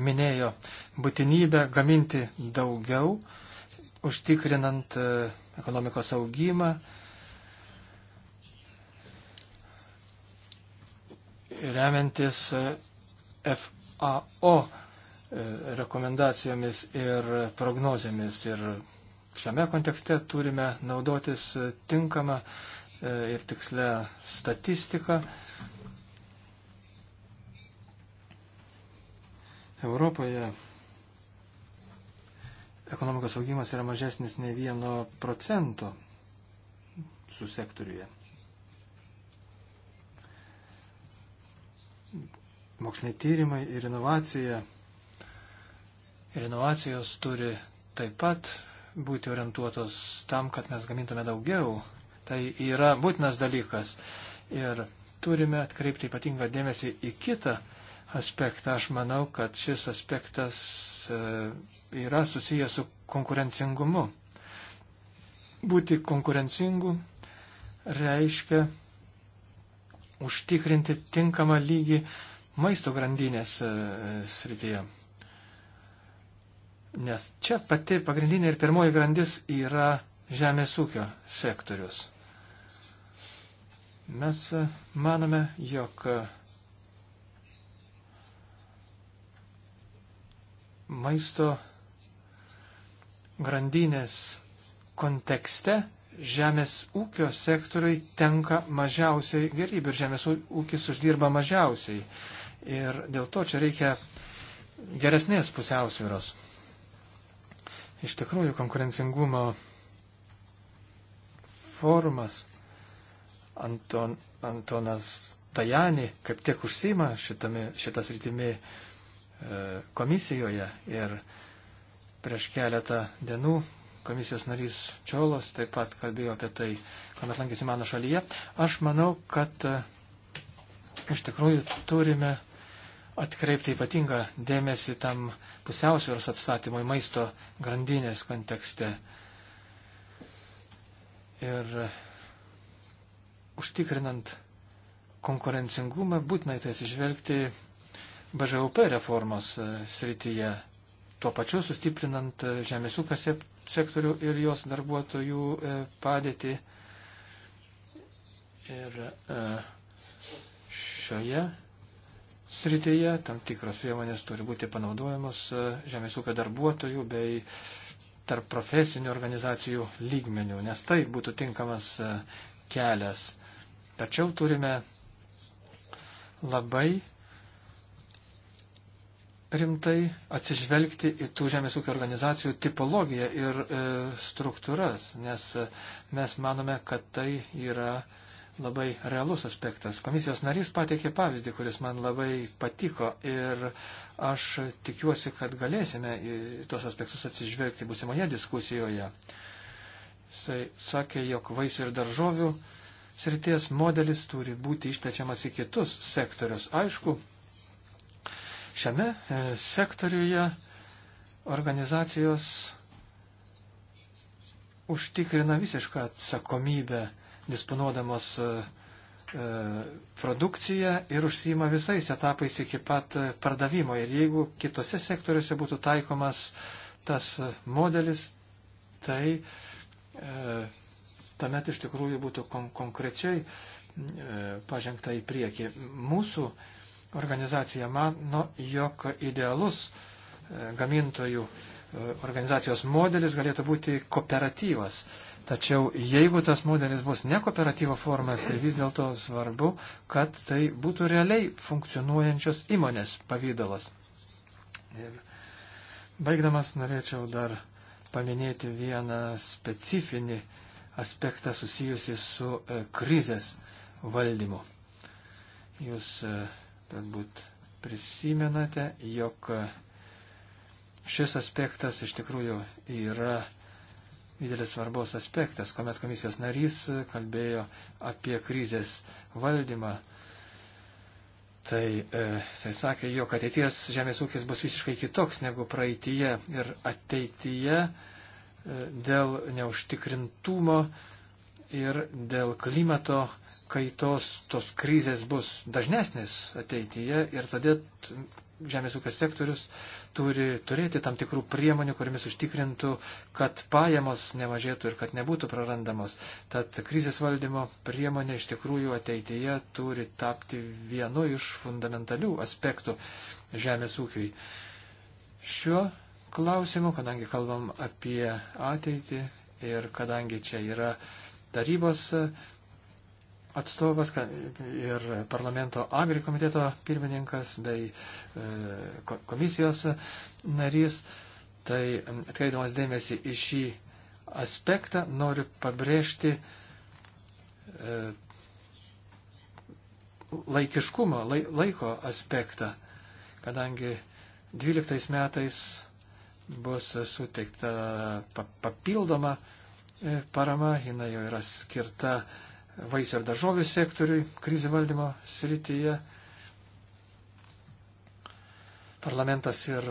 minėjo būtinybę gaminti daugiau, užtikrinant e, ekonomikos augimą. remiantis e, FAO e, rekomendacijomis ir prognozėmis. Ir šiame kontekste turime naudotis tinkamą ir tikslę statistiką Europoje ekonomikos augimas yra mažesnis ne vieno procento su sektoriuje. Moksliniai tyrimai ir inovacija. Ir inovacijos turi taip pat būti orientuotos tam, kad mes gamintume daugiau. Tai yra būtinas dalykas. Ir turime atkreipti ypatingą dėmesį į kitą aspektą. Aš manau, kad šis aspektas e, yra susijęs su konkurencingumu. Būti konkurencingu reiškia užtikrinti tinkamą lygį maisto grandinės e, srityje. Nes čia pati pagrindinė ir pirmoji grandis yra žemės ūkio sektorius. Mes e, manome, jog maisto grandinės kontekste žemės ūkio sektoriui tenka mažiausiai gerybių ir žemės ūkis uždirba mažiausiai. Ir dėl to čia reikia geresnės pusiausvyros. Iš tikrųjų, konkurencingumo forumas Anton, Antonas Tajani kaip tiek užsima šitame, šitas rytimi komisijoje ir prieš keletą dienų komisijos narys Čiolos taip pat kalbėjo apie tai, kuomet lankėsi mano šalyje. Aš manau, kad e, iš tikrųjų turime atkreipti ypatingą dėmesį tam pusiausvėros atstatymui maisto grandinės kontekste. Ir e, užtikrinant konkurencingumą būtinai tai atsižvelgti BŽUP reformos e, srityje, tuo pačiu sustiprinant e, žemės ūkio sektorių ir jos darbuotojų e, padėtį. Ir šioje srityje tam tikros priemonės turi būti panaudojamos žemės ūkio darbuotojų bei tarp profesinių organizacijų lygmenių, nes tai būtų tinkamas kelias. Tačiau turime labai rimtai atsižvelgti į tų žemės ūkio organizacijų tipologiją ir e, struktūras, nes e, mes manome, kad tai yra labai realus aspektas. Komisijos narys pateikė pavyzdį, kuris man labai patiko ir aš tikiuosi, kad galėsime į tos aspektus atsižvelgti būsimoje diskusijoje. Jisai sakė, jog vaisių ir daržovių srities modelis turi būti išplečiamas į kitus sektorius. Aišku, Šiame e, sektoriuje organizacijos užtikrina visišką atsakomybę, disponuodamos e, e, produkciją ir užsima visais etapais iki pat pardavimo. Ir jeigu kitose sektoriuose būtų taikomas tas modelis, tai e, tamet iš tikrųjų būtų kon konkrečiai e, pažengta į priekį. Mūsų e, organizacija mano, jog idealus e, gamintojų e, organizacijos modelis galėtų būti kooperatyvas. Tačiau jeigu tas modelis bus ne kooperatyvo formas, tai vis dėlto svarbu, kad tai būtų realiai funkcionuojančios įmonės pavydalas. Ir baigdamas norėčiau dar paminėti vieną specifinį aspektą susijusi su e, krizės valdymu. Jūs Turbūt prisimenate, jog šis aspektas iš tikrųjų yra didelis svarbos aspektas, kuomet komisijos narys kalbėjo apie krizės valdymą. Tai e, jisai sakė, jog ateities žemės ūkis bus visiškai kitoks negu praeitie ir ateityje e, dėl neužtikrintumo ir dėl klimato kaitos, tos krizės bus dažnesnės ateityje ir todėl žemės ūkio sektorius turi turėti tam tikrų priemonių, kuriamis užtikrintų, kad pajamos nemažėtų ir kad nebūtų prarandamos. Tad krizės valdymo priemonė iš tikrųjų ateityje turi tapti vienu iš fundamentalių aspektų žemės ūkiui. Šiuo klausimu, kadangi kalbam apie ateitį ir kadangi čia yra tarybos atstovas ir parlamento agri komiteto pirmininkas bei e, komisijos narys. Tai atkreidamas dėmesį į šį aspektą noriu pabrėžti e, laikiškumo, laiko aspektą, kadangi 12 metais bus suteikta papildoma e, parama, jinai jau yra skirta vaisių ir daržovių sektoriui krizių valdymo srityje. Parlamentas ir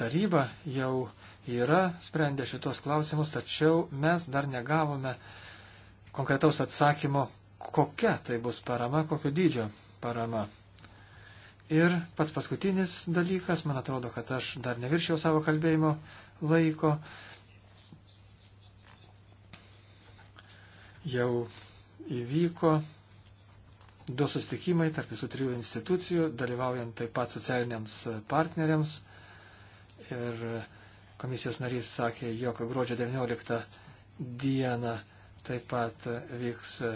taryba jau yra sprendę šitos klausimus, tačiau mes dar negavome konkretaus atsakymo, kokia tai bus parama, kokio dydžio parama. Ir pats paskutinis dalykas, man atrodo, kad aš dar neviršiau savo kalbėjimo laiko. Jau įvyko du sustikimai tarp visų trijų institucijų, dalyvaujant taip pat socialiniams partneriams. Ir komisijos narys sakė, jog gruodžio 19 dieną taip pat vyks e,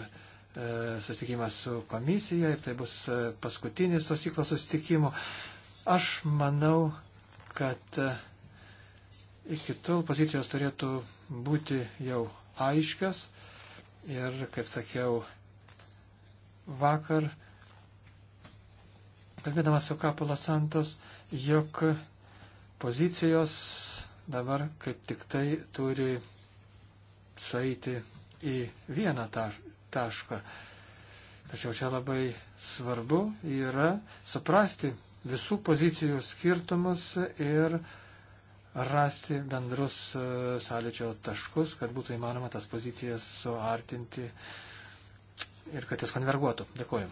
susitikimas su komisija ir tai bus e, paskutinis tos ciklo susitikimų. Aš manau, kad e, iki tol pozicijos turėtų būti jau aiškios Ir, kaip sakiau, vakar, kalbėdamas su Kapula Santos, jog pozicijos dabar kaip tik tai turi sueiti į vieną tašką. Tačiau čia labai svarbu yra suprasti visų pozicijų skirtumus ir rasti bendrus e, sąlyčio taškus, kad būtų įmanoma tas pozicijas suartinti ir kad jos konverguotų. Dėkuoju.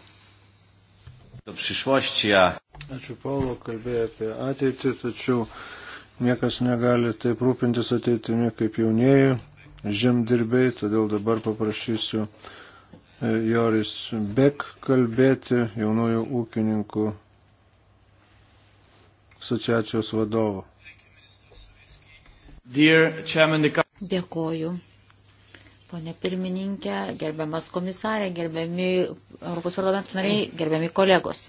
Ačiū Paulo, kalbėjai apie ateitį, tačiau niekas negali taip rūpintis ateitimi kaip jaunieji žemdirbiai, todėl dabar paprašysiu e, Joris Bek kalbėti jaunųjų ūkininkų asociacijos vadovo. Dėkoju. Pone pirmininkė, gerbiamas komisarė, gerbiami Europos parlamento nariai, gerbiami kolegos.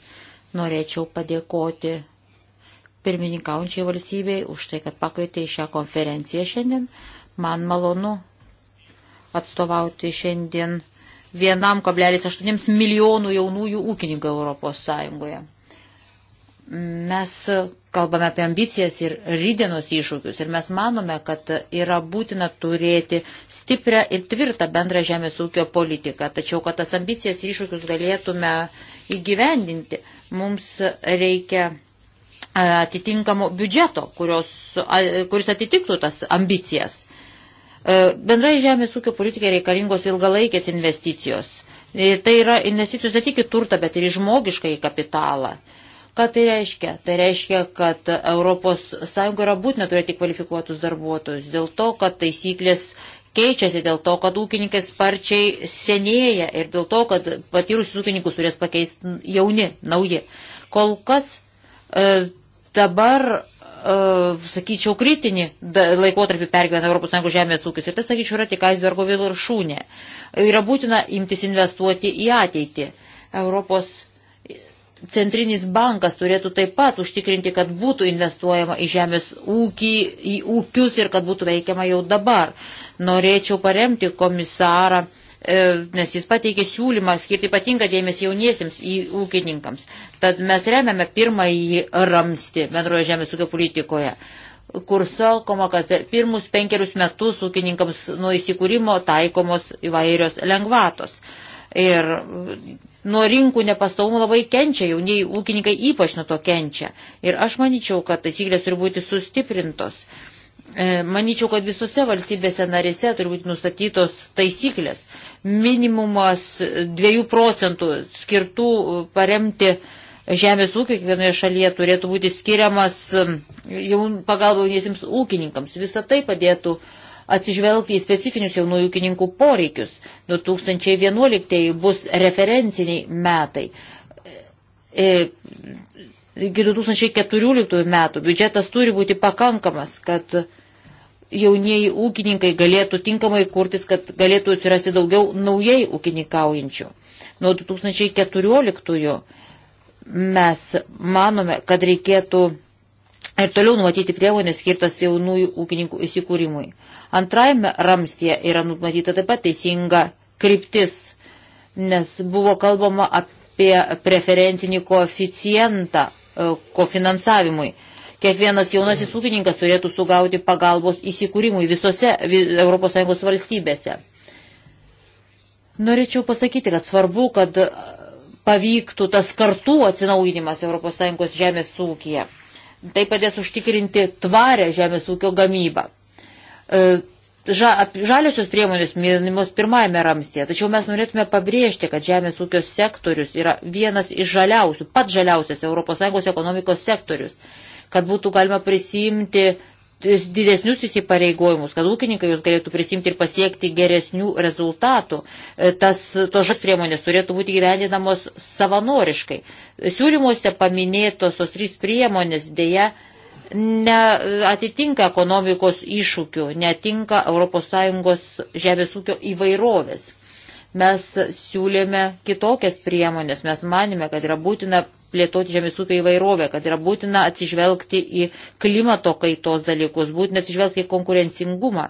Norėčiau padėkoti pirmininkaujančiai valstybei už tai, kad pakvietė į šią konferenciją šiandien. Man malonu atstovauti šiandien 1,8 milijonų jaunųjų ūkininkų Europos Sąjungoje. Mes kalbame apie ambicijas ir rydienos iššūkius. Ir mes manome, kad yra būtina turėti stiprią ir tvirtą bendrą žemės ūkio politiką. Tačiau, kad tas ambicijas ir iššūkius galėtume įgyvendinti, mums reikia e, atitinkamo biudžeto, kurios, kuris atitiktų tas ambicijas. E, bendrai žemės ūkio politikai reikalingos ilgalaikės investicijos. Tai yra investicijos ne tik į turtą, bet ir į žmogišką į kapitalą. Ką tai reiškia? Tai reiškia, kad ES yra būtina turėti kvalifikuotus darbuotojus dėl to, kad taisyklės keičiasi, dėl to, kad ūkininkai sparčiai senėja ir dėl to, kad patyrusius ūkininkus turės pakeisti jauni, nauji. Kol kas e, dabar, e, sakyčiau, kritinį laikotarpį pergyvena ES žemės ūkis ir tai, sakyčiau, yra tik aisbergo viršūnė. Yra būtina imtis investuoti į ateitį. Europos centrinis bankas turėtų taip pat užtikrinti, kad būtų investuojama į žemės ūkį, į ūkius ir kad būtų veikiama jau dabar. Norėčiau paremti komisarą, e, nes jis pateikė siūlymą skirti ypatingą dėmesį jauniesiems į ūkininkams. Tad mes remiame pirmąjį ramsti bendroje žemės ūkio politikoje kur sakoma, kad pirmus penkerius metus ūkininkams nuo įsikūrimo taikomos įvairios lengvatos. Ir nuo rinkų nepastovumų labai kenčia, jauniai ūkininkai ypač nuo to kenčia. Ir aš manyčiau, kad taisyklės turi būti sustiprintos. E, manyčiau, kad visose valstybėse narėse turi būti nustatytos taisyklės. Minimumas 2 procentų skirtų paremti žemės ūkio kiekvienoje šalyje turėtų būti skiriamas e, pagalba jauniesiams ūkininkams. Visą tai padėtų uh, atsižvelgti į specifinius jaunųjų ūkininkų poreikius. 2011 bus referenciniai metai. E, iki 2014 metų biudžetas turi būti pakankamas, kad jaunieji ūkininkai galėtų tinkamai kurtis, kad galėtų atsirasti daugiau naujai ūkininkaujančių. Nuo 2014 mes manome, kad reikėtų ir toliau numatyti priemonės skirtas jaunųjų ūkininkų įsikūrimui. Antrajame ramstėje yra numatyta taip pat teisinga kryptis, nes buvo kalbama apie preferencinį koeficientą e, kofinansavimui. Kiekvienas jaunasis ūkininkas turėtų sugauti pagalbos įsikūrimui visose ES valstybėse. Norėčiau pasakyti, kad svarbu, kad pavyktų tas kartų atsinaujinimas ES žemės ūkija. Tai padės užtikrinti tvarę žemės ūkio gamybą. E, ža, žaliosios priemonės minimos pirmajame ramstėje, tačiau mes norėtume pabrėžti, kad žemės ūkio sektorius yra vienas iš žaliausių, pat žaliausias ES ekonomikos sektorius, kad būtų galima prisimti didesnius įsipareigojimus, kad ūkininkai jūs galėtų prisimti ir pasiekti geresnių rezultatų. E, tas, tos žas priemonės turėtų būti gyvendinamos savanoriškai. Siūlymuose paminėtos tos trys priemonės dėja neatitinka ekonomikos iššūkių, netinka ES žemės ūkio įvairovės. Mes siūlėme kitokias priemonės, mes manime, kad yra būtina plėtoti žemės ūkio įvairovę, kad yra būtina atsižvelgti į klimato kaitos dalykus, būtina atsižvelgti į konkurencingumą,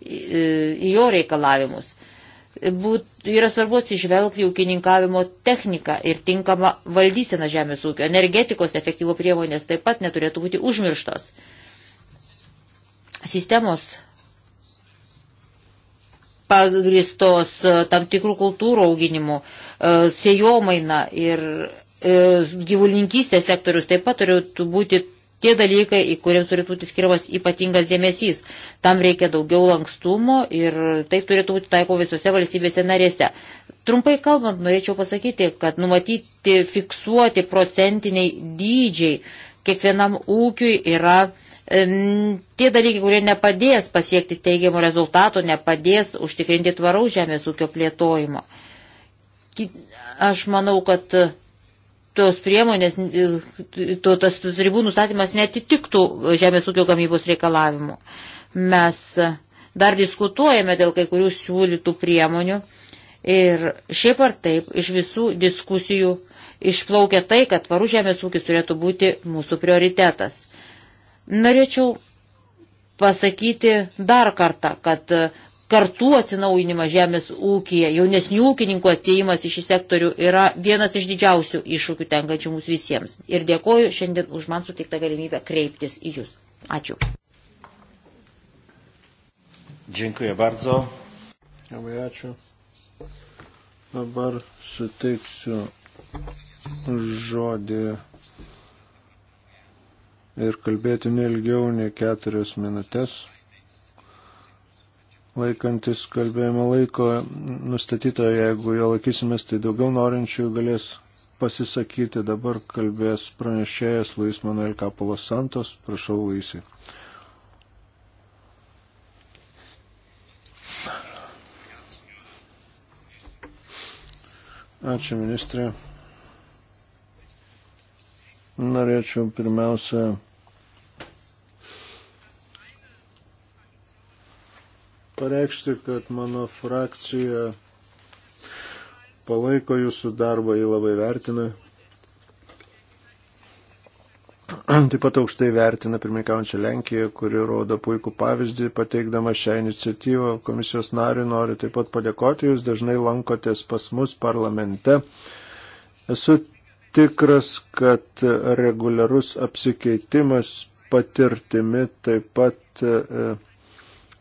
į jo reikalavimus. Būt, yra svarbu atsižvelgti ūkininkavimo techniką ir tinkamą valdyseną žemės ūkio. Energetikos efektyvo priemonės taip pat neturėtų būti užmirštos. Sistemos pagristos e, tam tikrų kultūrų auginimu, e, sėjomaina ir E, gyvulininkystės sektorius taip pat turėtų būti tie dalykai, į kuriems turėtų būti skiriamas ypatingas dėmesys. Tam reikia daugiau lankstumo ir tai turėtų būti taiko visose valstybėse narėse. Trumpai kalbant, norėčiau pasakyti, kad numatyti fiksuoti procentiniai dydžiai kiekvienam ūkiui yra m, tie dalykai, kurie nepadės pasiekti teigiamų rezultatų, nepadės užtikrinti tvaraus žemės ūkio plėtojimo. Aš manau, kad tos priemonės, to, tas, tas ribų nustatymas netitiktų žemės ūkio gamybos reikalavimų. Mes dar diskutuojame dėl kai kurių siūlytų priemonių ir šiaip ar taip iš visų diskusijų išplaukia tai, kad tvarų žemės ūkis turėtų būti mūsų prioritetas. Norėčiau pasakyti dar kartą, kad kartų atsinaujinimą žemės ūkija, jaunesnių ūkininkų atėjimas į šį sektorių yra vienas iš didžiausių iššūkių tenkančių mums visiems. Ir dėkoju šiandien už man sutiktą galimybę kreiptis į Jūs. Ačiū. Dziękuję bardzo. Labai ačiū. Dabar suteiksiu žodį ir kalbėti nelgiau nei keturias minutės laikantis kalbėjimo laiko nustatyto, jeigu jo laikysimės, tai daugiau norinčių galės pasisakyti. Dabar kalbės pranešėjas Luis Manuel Kapolos Santos. Prašau, Luisai. Ačiū, ministrė. Norėčiau pirmiausia pareikšti, kad mano frakcija palaiko jūsų darbą, jį labai vertina. Taip pat aukštai vertina pirmininkaujančią Lenkiją, kuri rodo puikų pavyzdį, pateikdama šią iniciatyvą. Komisijos nariui noriu taip pat padėkoti, jūs dažnai lankotės pas mus parlamente. Esu tikras, kad reguliarus apsikeitimas patirtimi taip pat e,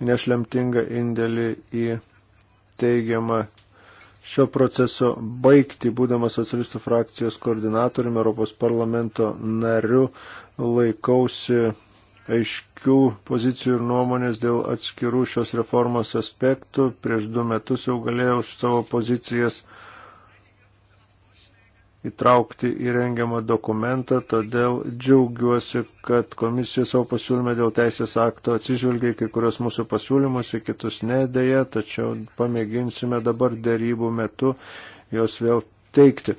nešlemtingą indėlį į teigiamą šio proceso baigti, būdamas socialistų frakcijos koordinatoriumi Europos parlamento nariu, laikausi aiškių pozicijų ir nuomonės dėl atskirų šios reformos aspektų. Prieš du metus jau galėjau savo pozicijas įtraukti į rengiamą dokumentą, todėl džiaugiuosi, kad komisija savo pasiūlymą dėl teisės akto atsižvelgia kai kurios mūsų pasiūlymus, į kitus nedėja, tačiau pamėginsime dabar dėrybų metu jos vėl teikti.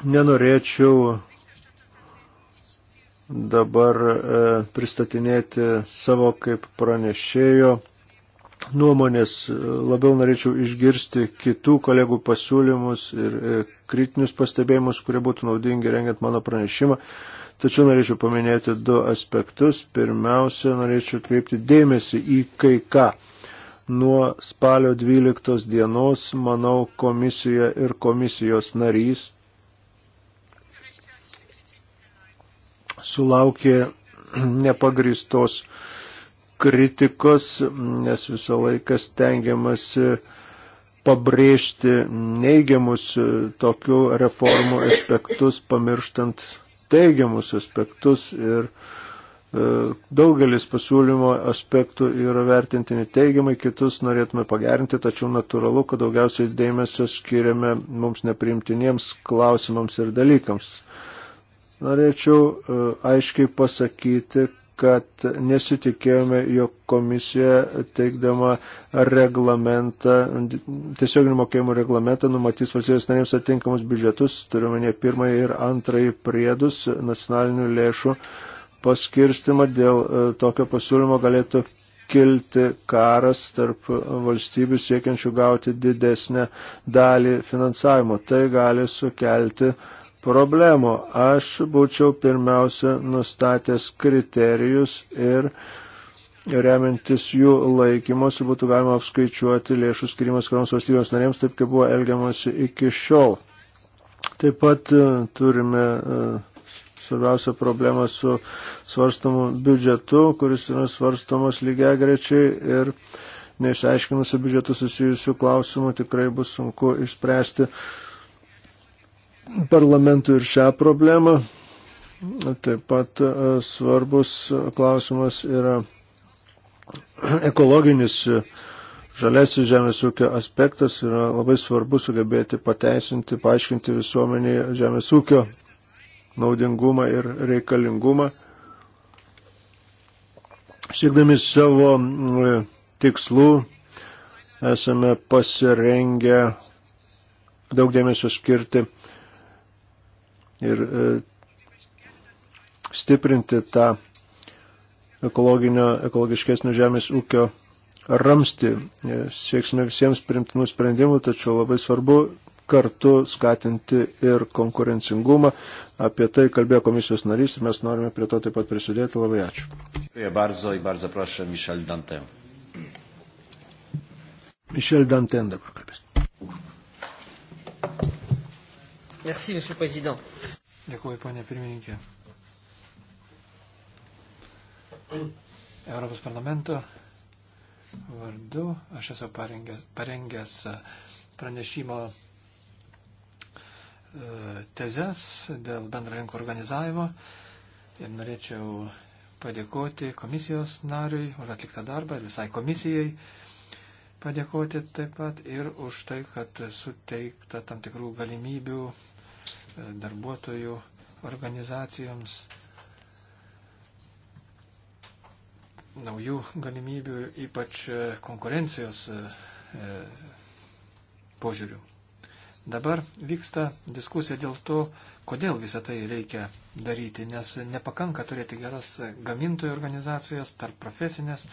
Nenorėčiau dabar e, pristatinėti savo kaip pranešėjo nuomonės, e, labiau norėčiau išgirsti kitų kolegų pasiūlymus ir e, kritinius pastebėjimus, kurie būtų naudingi rengiant mano pranešimą. Tačiau norėčiau paminėti du aspektus. Pirmiausia, norėčiau kreipti dėmesį į kai ką. Nuo spalio 12 dienos, manau, komisija ir komisijos narys sulaukė <clears throat> nepagristos kritikos, nes visą laiką stengiamasi pabrėžti neigiamus tokių reformų aspektus, pamirštant teigiamus aspektus ir e, daugelis pasiūlymo aspektų yra vertintini teigiamai, kitus norėtume pagerinti, tačiau natūralu, kad daugiausiai dėmesio skiriame mums neprimtiniems klausimams ir dalykams. Norėčiau e, aiškiai pasakyti, kad nesitikėjome, jog komisija teikdama reglamentą, tiesioginių mokėjimų reglamentą numatys valstybės narėms atinkamus biudžetus, turiuomenė pirmąjį ir antrąjį priedus nacionalinių lėšų paskirstimą. Dėl e, tokio pasiūlymo galėtų kilti karas tarp valstybių siekiančių gauti didesnę dalį finansavimo. Tai gali sukelti uh, problemų. Aš būčiau pirmiausia nustatęs kriterijus ir remiantis jų laikymosi būtų galima apskaičiuoti lėšų skirimas kitoms valstybėms narėms, taip kaip buvo elgiamasi iki šiol. Taip pat e, turime e, svarbiausią problemą su svarstamu biudžetu, kuris yra svarstamas lygiai grečiai ir neišaiškinusių biudžetų susijusių klausimų tikrai bus sunku išspręsti parlamentui ir šią problemą. Taip pat e, svarbus klausimas yra ekologinis e, žalesis žemės ūkio aspektas. Yra labai svarbu sugebėti pateisinti, paaiškinti visuomenį žemės ūkio naudingumą ir reikalingumą. Siekdami savo e, tikslų esame pasirengę daug dėmesio skirti ir e, stiprinti tą ekologinio, ekologiškesnio žemės ūkio ramsti. E, sieksime visiems primtinų sprendimų, tačiau labai svarbu kartu skatinti ir konkurencingumą. Apie tai kalbėjo komisijos narys ir mes norime prie to taip pat prisidėti. Labai ačiū. Mišel Danten dabar kalbės. Merci, monsieur le président. Dėkuoju, ponė pirmininkė. Europos parlamento vardu aš esu parengęs, parengęs pranešimo e, tezes dėl bendro rinkų organizavimo ir norėčiau padėkoti komisijos nariui už atliktą darbą ir visai komisijai padėkoti taip pat ir už tai, kad suteikta tam tikrų galimybių darbuotojų organizacijoms naujų galimybių, ypač konkurencijos e, požiūrių. Dabar vyksta diskusija dėl to, kodėl visą tai reikia daryti, nes nepakanka turėti geras gamintojų organizacijas, tarp profesinės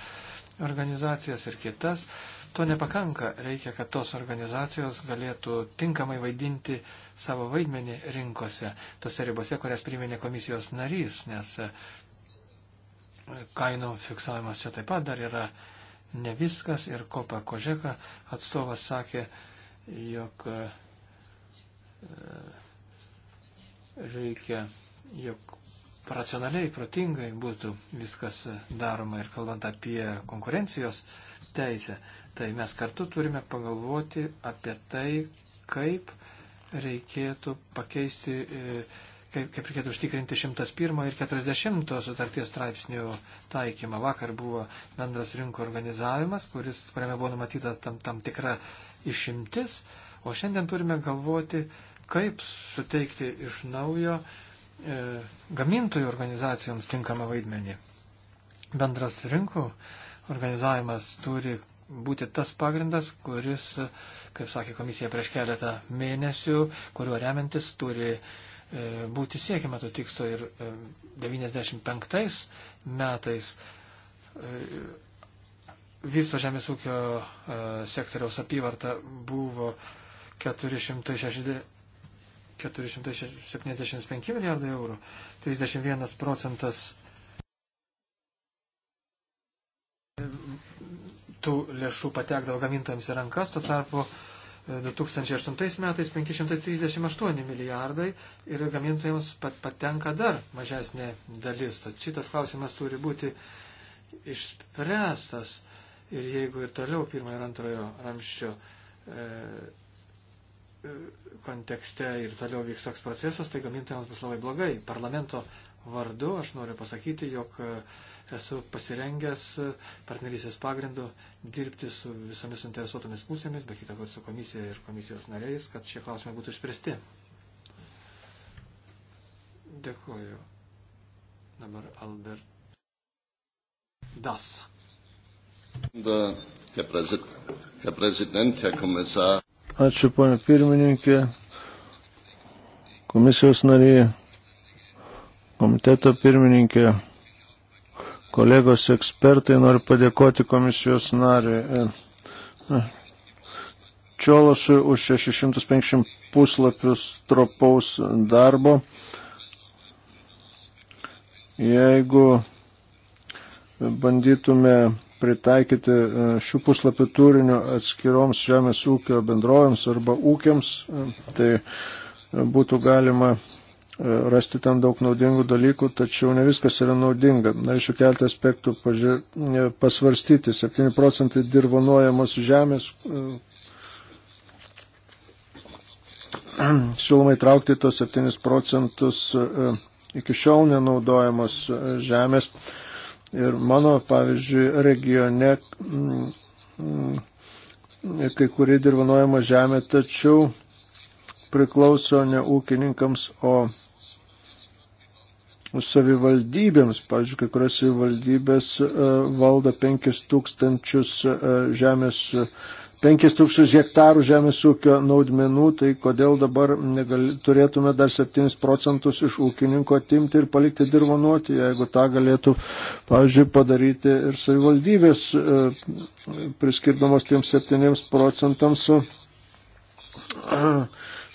organizacijas ir kitas. E, To nepakanka, reikia, kad tos organizacijos galėtų tinkamai vaidinti savo vaidmenį rinkose, tose ribose, kurias priminė komisijos narys, nes e, kainų fiksavimas čia taip pat dar yra ne viskas ir Kopa Kožeka atstovas sakė, jog e, reikia, jog racionaliai, protingai būtų viskas daroma ir kalbant apie konkurencijos teisę, tai mes kartu turime pagalvoti apie tai, kaip reikėtų pakeisti, e, kaip, kaip reikėtų užtikrinti 101 ir 40 sutarties straipsnių taikymą. Vakar buvo bendras rinkų organizavimas, kuris, kuriame buvo numatyta tam, tam tikra išimtis, o šiandien turime galvoti, kaip suteikti iš naujo e, gamintojų organizacijoms tinkamą vaidmenį. Bendras rinkų organizavimas turi būti tas pagrindas, kuris, kaip sakė komisija prieš keletą mėnesių, kuriuo remiantis turi e, būti siekiama to tikslo ir 95 e, metais e, viso žemės ūkio sektoriaus apyvarta buvo 460, 475 milijardai eurų, 31 procentas tų lėšų patekdavo gamintojams į rankas, tuo tarpu 2008 e, metais 538 milijardai ir gamintojams pat patenka dar mažesnė dalis. Tad šitas klausimas turi būti išspręstas ir jeigu ir toliau pirmojo ir antrojo ramščio e, e kontekste ir toliau vyks toks procesas, tai gamintojams bus labai blogai. Parlamento vardu aš noriu pasakyti, jog e, esu pasirengęs partnerysės pagrindu dirbti su visomis interesuotomis pusėmis, be kitako su komisija ir komisijos nariais, kad šie klausimai būtų išspręsti. Dėkuoju. Dabar Albert Das. Herr Präsident, Herr Kommissar. Ačiū, ponė pirmininkė, komisijos nariai, komiteto pirmininkė, kolegos ekspertai, noriu padėkoti komisijos nariui e, Čiološui už 650 puslapius tropaus darbo. Jeigu bandytume pritaikyti e, šių puslapių turinio atskiroms žemės ūkio bendrovėms arba ūkiams, e, tai būtų galima E, rasti ten daug naudingų dalykų, tačiau ne viskas yra naudinga. Norėčiau keltą aspektų paži... E, pasvarstyti. 7 procentai dirbonuojamos žemės e, <clears throat> siūloma įtraukti tos 7 procentus iki šiol nenaudojamos žemės. Ir mano, pavyzdžiui, regione kai kurie dirbanojama žemė, tačiau priklauso ne ūkininkams, o savivaldybėms. Pavyzdžiui, kai kurios savivaldybės e, valdo 5000 e, žemės. 5000 hektarų žemės ūkio naudmenų, tai kodėl dabar negali, turėtume dar 7 procentus iš ūkininko atimti ir palikti dirbonuoti, jeigu tą galėtų, pavyzdžiui, padaryti ir savivaldybės, e, priskirdamos tiems 7 procentams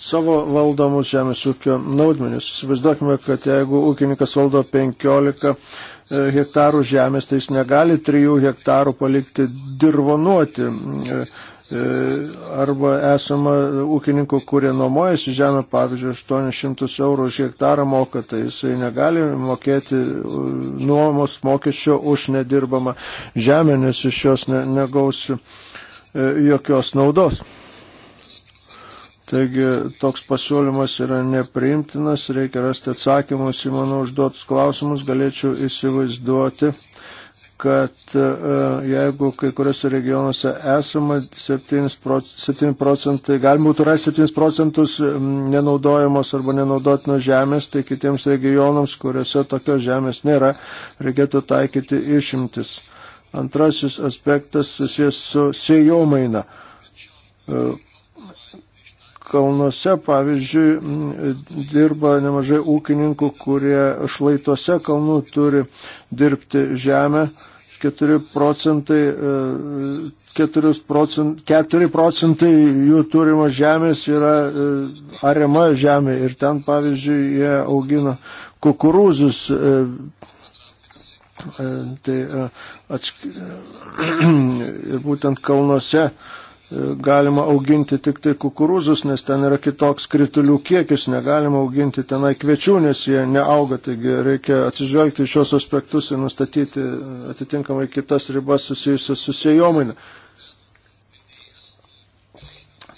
savo valdomus žemės ūkio naudmenis. Įsivaizduokime, kad jeigu ūkininkas valdo 15 e, hektarų žemės, tai jis negali 3 hektarų palikti dirvonuoti. E, e, arba esama ūkininkų, kurie nuomojasi žemę, pavyzdžiui, 800 eurų už hektarą moka, tai jisai negali mokėti nuomos mokesčio už nedirbamą žemę, nes iš jos ne, negaus jokios naudos. Taigi toks pasiūlymas yra nepriimtinas, reikia rasti atsakymus į mano užduotus klausimus. Galėčiau įsivaizduoti, kad e, jeigu kai kuriuose regionuose esama 7 procentai, galima būtų rasti 7 procentus nenaudojamos arba nenaudotinos žemės, tai kitiems regionams, kuriuose tokios žemės nėra, reikėtų taikyti išimtis. Antrasis aspektas susijęs su sėjomaina e, kalnuose, pavyzdžiui, dirba nemažai ūkininkų, kurie šlaituose kalnų turi dirbti žemę. 4 procentai, 4 procentai, 4 procentai jų turimo žemės yra e, ariama žemė ir ten, pavyzdžiui, jie augina kukurūzus. E, e, tai atsk... <clears throat> ir būtent kalnuose galima auginti tik tai kukurūzus, nes ten yra kitoks kritulių kiekis, negalima auginti tenai kviečių, nes jie neauga, taigi reikia atsižvelgti į šios aspektus ir nustatyti e, atitinkamai kitas ribas susijusias su sėjomaina.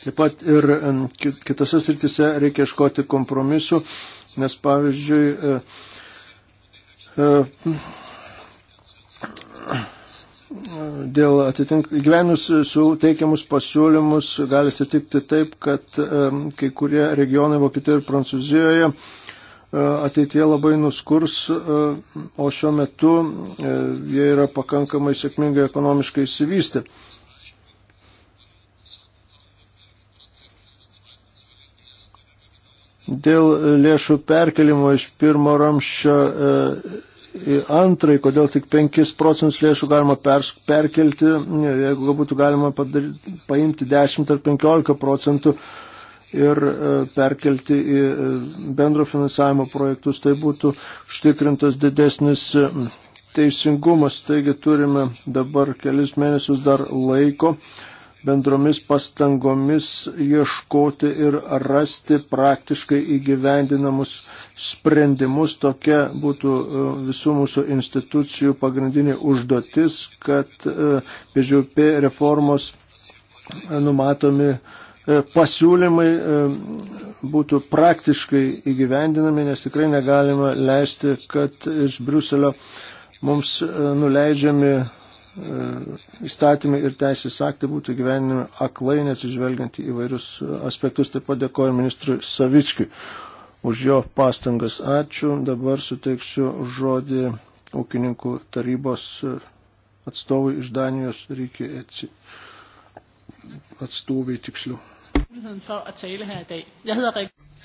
Taip pat ir e, kitose sritise reikia iškoti kompromisu, nes pavyzdžiui, e, dėl atitink gyvenus suteikiamus pasiūlymus gali sutikti taip, kad kai kurie regionai Vokietijoje ir Prancūzijoje e, ateitie labai nuskurs, e, o šiuo metu e, jie yra pakankamai sėkmingai ekonomiškai įsivystę. Dėl lėšų perkelimo iš pirmo ramščio Antrai, kodėl tik 5 procentus lėšų galima pers, perkelti, jeigu būtų galima padaryti, paimti 10 ar 15 procentų ir e, perkelti į e, bendro finansavimo projektus, tai būtų užtikrintas didesnis e, teisingumas. Taigi turime dabar kelis mėnesius dar laiko bendromis pastangomis ieškoti ir rasti praktiškai įgyvendinamus sprendimus. Tokia būtų e, visų mūsų institucijų pagrindinė užduotis, kad BŽP e, reformos numatomi e, pasiūlymai būtų praktiškai įgyvendinami, nes tikrai negalima leisti, kad iš Briuselio mums nuleidžiami įstatymai ir teisės aktai būtų gyvenime aklai, nesižvelgiant į įvairius aspektus. Taip pat dėkoju ministrui Savičkiui už jo pastangas. Ačiū. Dabar suteiksiu žodį ūkininkų tarybos atstovui iš Danijos Rykė Etsi. Atstovai tiksliau.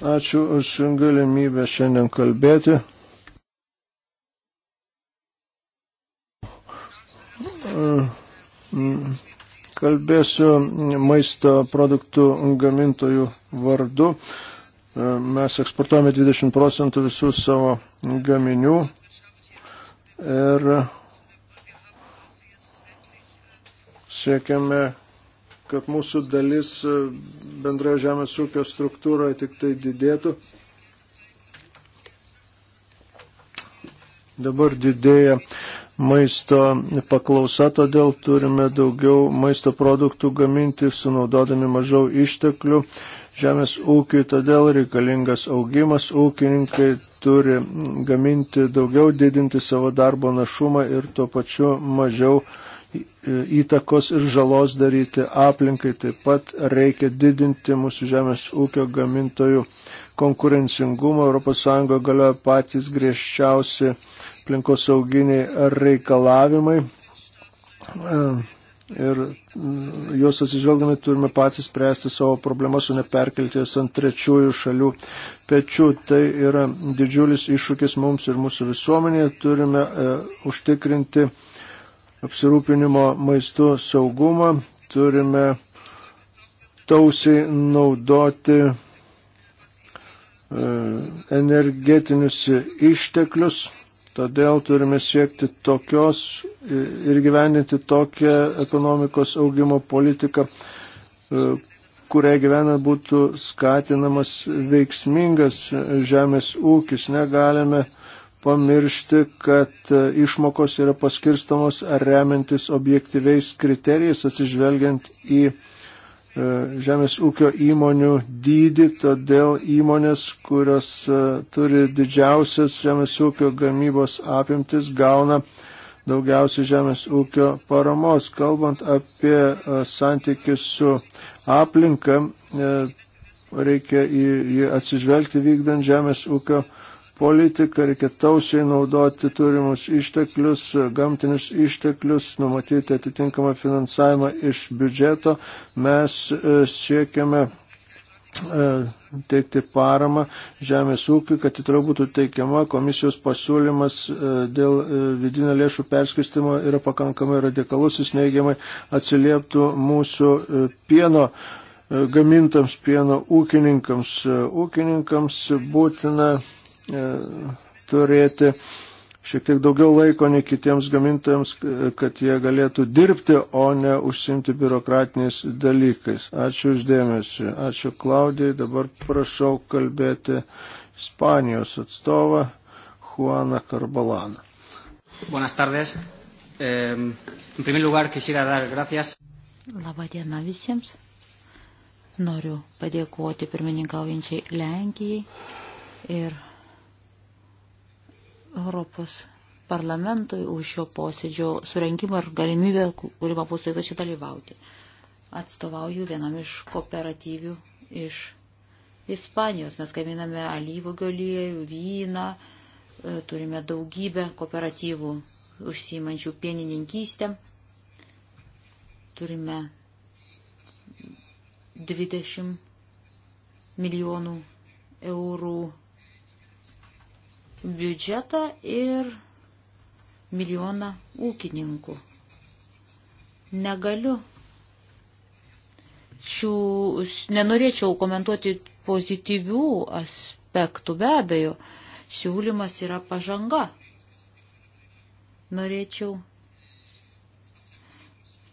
Ačiū už galimybę šiandien kalbėti. Mm, mm, kalbėsiu maisto produktų gamintojų vardu. E, mes eksportuojame 20 procentų visų savo gaminių ir siekiame, kad mūsų dalis bendroje žemės ūkio struktūroje tik tai didėtų. Dabar didėja uh, maisto paklausa, todėl turime daugiau maisto produktų gaminti, sunaudodami mažiau išteklių žemės ūkiui, todėl reikalingas augimas, ūkininkai turi gaminti daugiau, didinti savo darbo našumą ir tuo pačiu mažiau e, įtakos ir žalos daryti aplinkai. Taip pat reikia didinti mūsų žemės ūkio gamintojų konkurencingumą. ES galioja patys griežčiausi aplinkosauginiai reikalavimai. E, ir mm, juos atsižvelgdami turime patys spręsti savo problemas, o ne perkelti jas ant trečiųjų šalių pečių. Tai yra didžiulis iššūkis mums ir mūsų visuomenėje. Turime e, užtikrinti apsirūpinimo maistu saugumą, turime tausiai naudoti e, energetinius išteklius Todėl turime siekti tokios ir gyveninti tokią ekonomikos augimo politiką, e, kuria gyvena būtų skatinamas veiksmingas žemės ūkis. Negalime pamiršti, kad e, išmokos yra paskirstamos remiantis objektyviais kriterijais atsižvelgiant į E, žemės ūkio įmonių dydį, todėl įmonės, kurios e, turi didžiausias žemės ūkio gamybos apimtis, gauna daugiausiai žemės ūkio paramos. Kalbant apie e, santykius su aplinka, reikia į, į atsižvelgti vykdant žemės ūkio politiką, reikia tausiai naudoti turimus išteklius, gamtinius išteklius, numatyti atitinkamą finansavimą iš biudžeto. Mes e, siekiame e, teikti paramą žemės ūkiui, kad toliau būtų teikiama komisijos pasiūlymas e, dėl vidinio lėšų perskistimo yra pakankamai radikalus, jis neigiamai atsilieptų mūsų pieno gamintams, pieno ūkininkams. Ūkininkams būtina E, turėti šiek tiek daugiau laiko nei kitiems gamintojams, e, kad jie galėtų dirbti, o ne užsimti biurokratiniais dalykais. Ačiū uždėmesi. Ačiū Klaudijai. Dabar prašau kalbėti Ispanijos atstovą Juaną Karbalaną. Buenas tardes. Eh, en primer lugar, quisiera dar gracias. Labą dieną visiems. Noriu padėkoti pirmininkaujančiai Lenkijai ir Europos parlamentui už šio posėdžio surenkimą ir galimybę, kurima pusėta šį dalyvauti. Atstovauju vienam iš kooperatyvių iš Ispanijos. Mes gaminame alyvogio aliejų, vyną, e, turime daugybę kooperatyvų užsiimančių pienininkystę. Turime 20 milijonų eurų biudžetą ir milijoną ūkininkų. Negaliu. Šių, nenorėčiau komentuoti pozityvių aspektų, be abejo, siūlymas yra pažanga. Norėčiau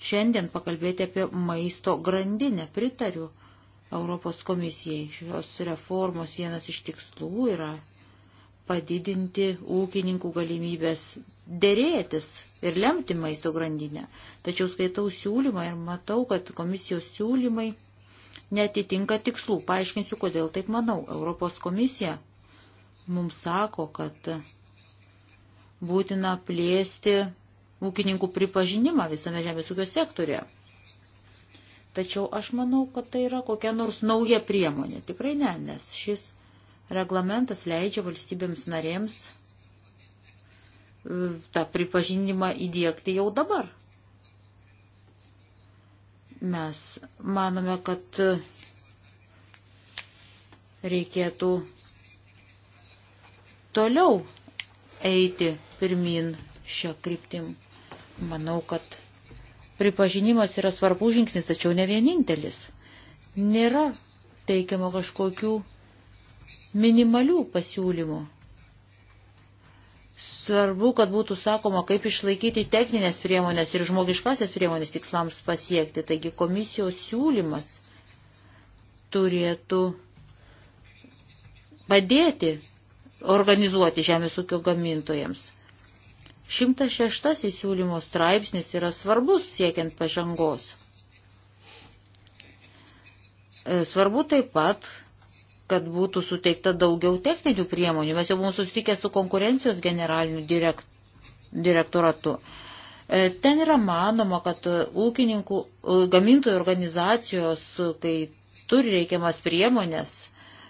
šiandien pakalbėti apie maisto grandinę. Pritariu Europos komisijai. Šios reformos vienas iš tikslų yra padidinti ūkininkų galimybės dėrėtis ir lemti maisto grandinę. Tačiau skaitau siūlymą ir matau, kad komisijos siūlymai netitinka tikslų. Paaiškinsiu, kodėl taip manau. Europos komisija mums sako, kad būtina plėsti ūkininkų pripažinimą visame žemės ūkio sektorėje. Tačiau aš manau, kad tai yra kokia nors nauja priemonė. Tikrai ne, nes šis Reglamentas leidžia valstybėms narėms e, tą pripažinimą įdėkti jau dabar. Mes manome, kad reikėtų toliau eiti pirmin šią kryptim. Manau, kad pripažinimas yra svarbus žingsnis, tačiau ne vienintelis. Nėra teikiama kažkokių minimalių pasiūlymų. Svarbu, kad būtų sakoma, kaip išlaikyti techninės priemonės ir žmogiškasias priemonės tikslams pasiekti. Taigi komisijos siūlymas turėtų padėti organizuoti žemės ūkio gamintojams. 106 įsiūlymo straipsnis yra svarbus siekiant pažangos. E, svarbu taip pat kad būtų suteikta daugiau techninių priemonių. Mes jau buvome susitikę su konkurencijos generaliniu direkt, direktoratu. E, ten yra manoma, kad ūkininkų, e, gamintojų organizacijos, e, kai turi reikiamas priemonės,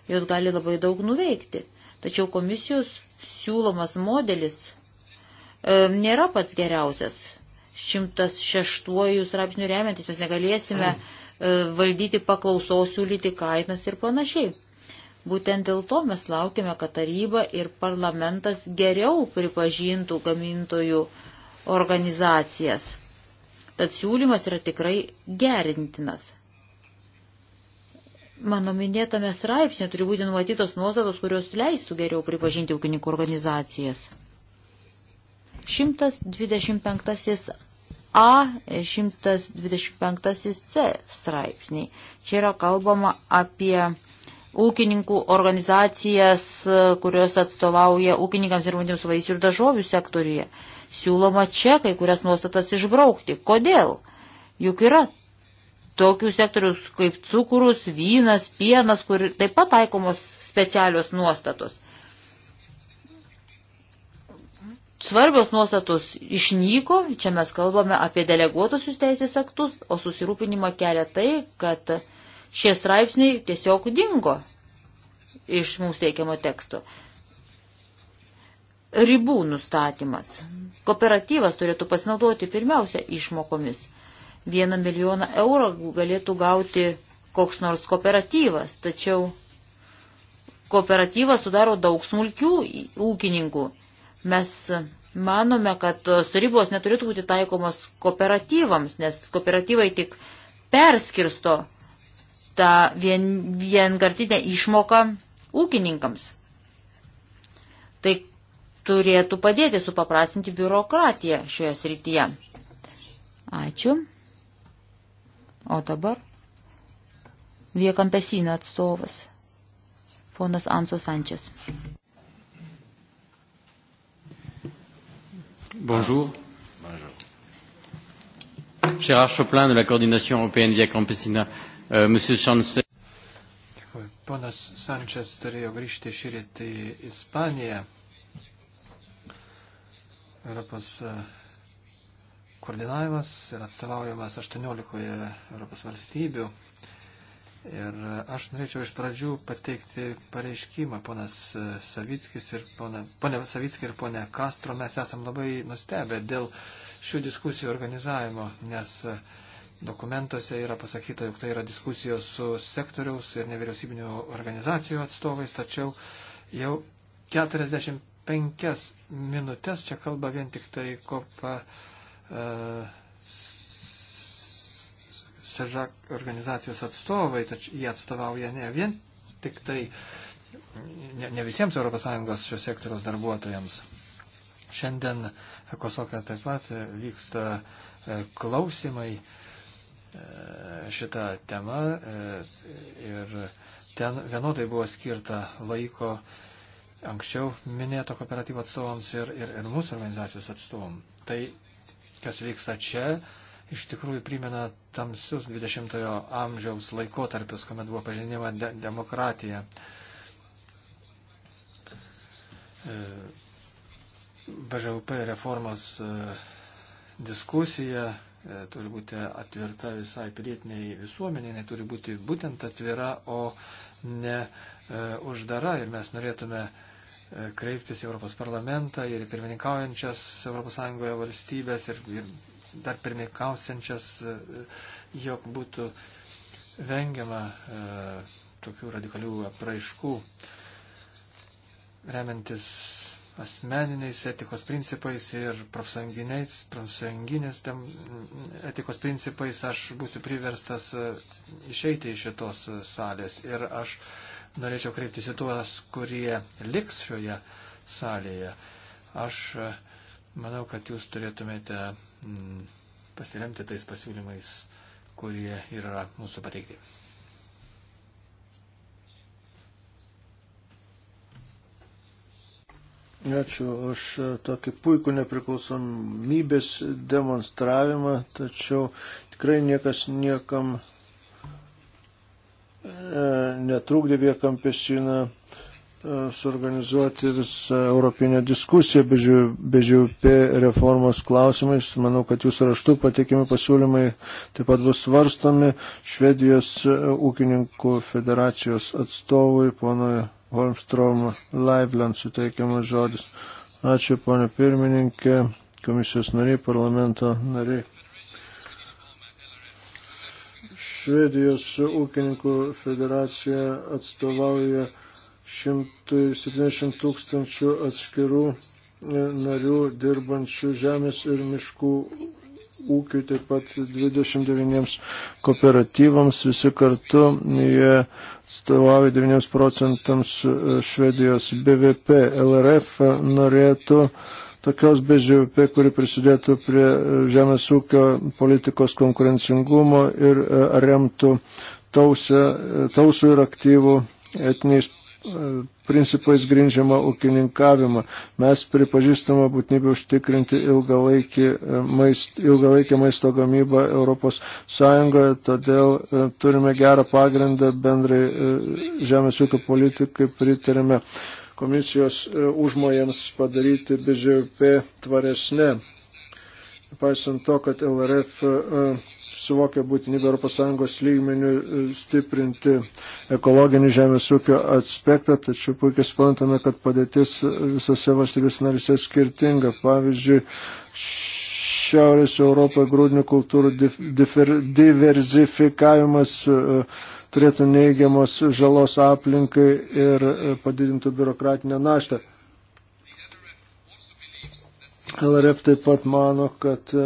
jos gali labai daug nuveikti. Tačiau komisijos siūlomas modelis e, nėra pats geriausias. 106 straipsnių remiantis mes negalėsime e, valdyti paklausos, siūlyti kainas ir panašiai. Būtent dėl to mes laukime, kad taryba ir parlamentas geriau pripažintų gamintojų organizacijas. Tad siūlymas yra tikrai gerintinas. Mano minėtame straipsnė turi būti numatytos nuostatos, kurios leistų geriau pripažinti ūkininkų organizacijas. 125 A, 125 C straipsniai. Čia yra kalbama apie ūkininkų organizacijas, kurios atstovauja ūkininkams ir vandiems vaisių ir dažovių sektoriuje. Siūloma čia kai kurias nuostatas išbraukti. Kodėl? Juk yra tokių sektorius kaip cukrus, vynas, pienas, kur taip pat taikomos specialios nuostatos. Svarbios nuostatos išnyko, čia mes kalbame apie deleguotusius teisės aktus, o susirūpinimą kelia tai, kad šie straipsniai tiesiog dingo iš mūsų teikiamo teksto. Ribų nustatymas. Kooperatyvas turėtų pasinaudoti pirmiausia išmokomis. Vieną milijoną eurų galėtų gauti koks nors kooperatyvas, tačiau kooperatyvą sudaro daug smulkių ūkininkų. Mes manome, kad tos ribos neturėtų būti taikomos kooperatyvams, nes kooperatyvai tik perskirsto tą vien, vienkartinę išmoką ūkininkams. Tai turėtų padėti supaprastinti biurokratiją šioje srityje. Ačiū. O dabar viekampesino atstovas, ponas Anso Sančias. Bonjour. Bonjour. Gérard Choplin de la coordination européenne Via Campesina. Euh, Uh, Dėkui. Ponas Sančias turėjo grįžti šį rytą į Ispaniją. Europos uh, koordinavimas yra atstovaujamas 18 Europos valstybių. Ir uh, aš norėčiau iš pradžių pateikti pareiškimą, ponas Savickis ir ponė, ponė Savickis ir ponė Kastro, mes esam labai nustebę dėl šių diskusijų organizavimo, nes uh, dokumentuose yra pasakyta, jog tai yra diskusijos su sektoriaus ir nevyriausybinių organizacijų atstovais, tačiau jau 45 minutės čia kalba vien tik tai kopa uh, sežak organizacijos atstovai, tačiau jie atstovauja ne vien tik tai ne, ne visiems ES šio sektoriaus darbuotojams. Šiandien Ekosokė taip pat vyksta e, klausimai E, šitą temą e, ir ten vienodai buvo skirta laiko anksčiau minėto kooperatyvo atstovams ir, ir, ir mūsų organizacijos atstovom. Tai, kas vyksta čia, iš tikrųjų primena tamsius 20-ojo amžiaus laikotarpius, kuomet buvo pažinima de demokratija. E, BŽUP reformos diskusija E, turi būti atvirta visai pilietiniai visuomeniai, jinai turi būti būtent atvira, o ne e, uždara. Ir mes norėtume e, kreiptis į Europos parlamentą ir pirmininkaujančias ES valstybės ir, ir dar pirmininkausiančias, e, jog būtų vengiama e, tokių radikalių apraiškų, remiantis asmeniniais etikos principais ir profsąjunginės etikos principais aš būsiu priverstas e, išeiti iš šitos e, salės. Ir aš norėčiau kreiptis į tuos, kurie liks šioje salėje. Aš e, manau, kad jūs turėtumėte mm, pasiremti tais pasiūlymais, kurie yra mūsų pateikti. Ačiū už tokį puikų nepriklausomybės demonstravimą, tačiau tikrai niekas niekam e, netrukdė viekam pesiną e, suorganizuoti visą europinę diskusiją BŽUP reformos klausimais. Manau, kad jūsų raštų patikimi pasiūlymai taip pat bus svarstomi Švedijos e, ūkininkų federacijos atstovui, ponui Holmstrom Laivland suteikiamas žodis. Ačiū, ponė pirmininkė, komisijos nariai, parlamento nariai. Švedijos ūkininkų federacija atstovauja 170 tūkstančių atskirų narių dirbančių žemės ir miškų ūkiui, taip pat 29 kooperatyvams, visi kartu jie atstovauja 9 procentams e, Švedijos BVP. LRF norėtų tokios BŽVP, kuri prisidėtų prie e, žemės ūkio politikos konkurencingumo ir e, remtų tausę, tausų ir aktyvų etiniais E, principais grindžiamą ūkininkavimą. Mes pripažįstame būtinybę užtikrinti ilgalaikį e, maist, ilgalaikę maisto gamybą Europos Sąjungoje, todėl e, turime gerą pagrindą bendrai žemės ūkio politikai pritarėme komisijos užmojams padaryti BGP tvaresnė. Nepaisant to, kad LRF suvokia būtinybę ES lygmenių e, stiprinti ekologinį žemės ūkio aspektą, tačiau puikiai suprantame, kad padėtis visose valstybės narise skirtinga. Pavyzdžiui, Šiaurės Europoje grūdinių kultūrų diversifikavimas e, turėtų neigiamos žalos aplinkai ir e, padidintų biurokratinę naštą. LRF taip pat mano, kad e,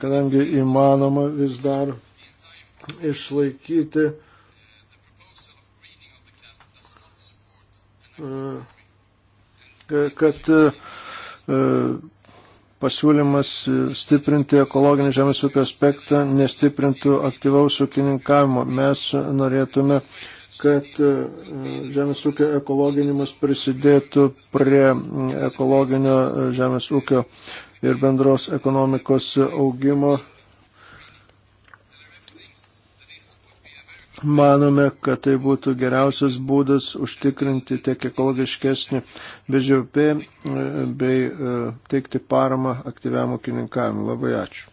kadangi įmanoma vis dar išlaikyti e, kad e, pasiūlymas stiprinti ekologinį žemės ūkio aspektą nestiprintų aktyvaus ūkininkavimo. Mes norėtume kad e, žemės ūkio ekologinimas prisidėtų prie ekologinio e, žemės ūkio ir bendros ekonomikos augimo. Manome, kad tai būtų geriausias būdas užtikrinti tiek ekologiškesnį BŽP e, bei teikti paramą aktyviam ūkininkavimui. Labai ačiū.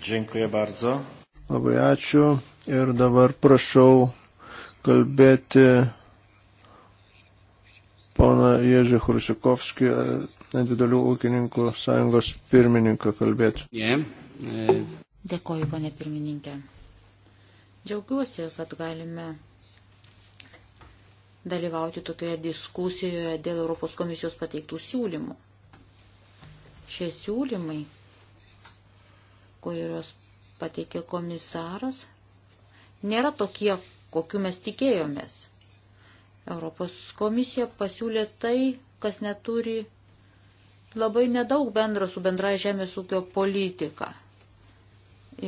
Dziękuję bardzo. Labai ačiū. Ir dabar prašau kalbėti pana Ježį Hrusikovskį, individualių ūkininkų sąjungos pirmininką kalbėti. Yeah. Yeah. Dėkoju, pane pirmininkė. Džiaugiuosi, kad galime dalyvauti tokioje diskusijoje dėl Europos komisijos pateiktų siūlymų. Šie siūlymai, kuriuos pateikė komisaras, nėra tokie, kokiu mes tikėjomės. Europos komisija pasiūlė tai, kas neturi labai nedaug bendro su bendra žemės ūkio politika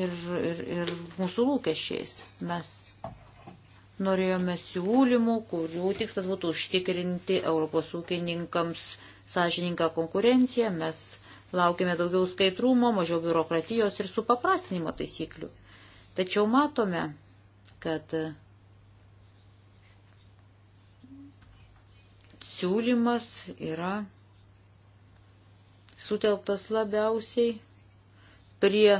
ir, ir, ir mūsų lūkesčiais. Mes norėjome siūlymų, kurių tikslas būtų užtikrinti Europos ūkininkams sąžininką konkurenciją. Mes Laukime daugiau skaidrumo, mažiau biurokratijos ir supaprastinimo taisyklių. Tačiau matome, kad siūlymas yra sutelktas labiausiai prie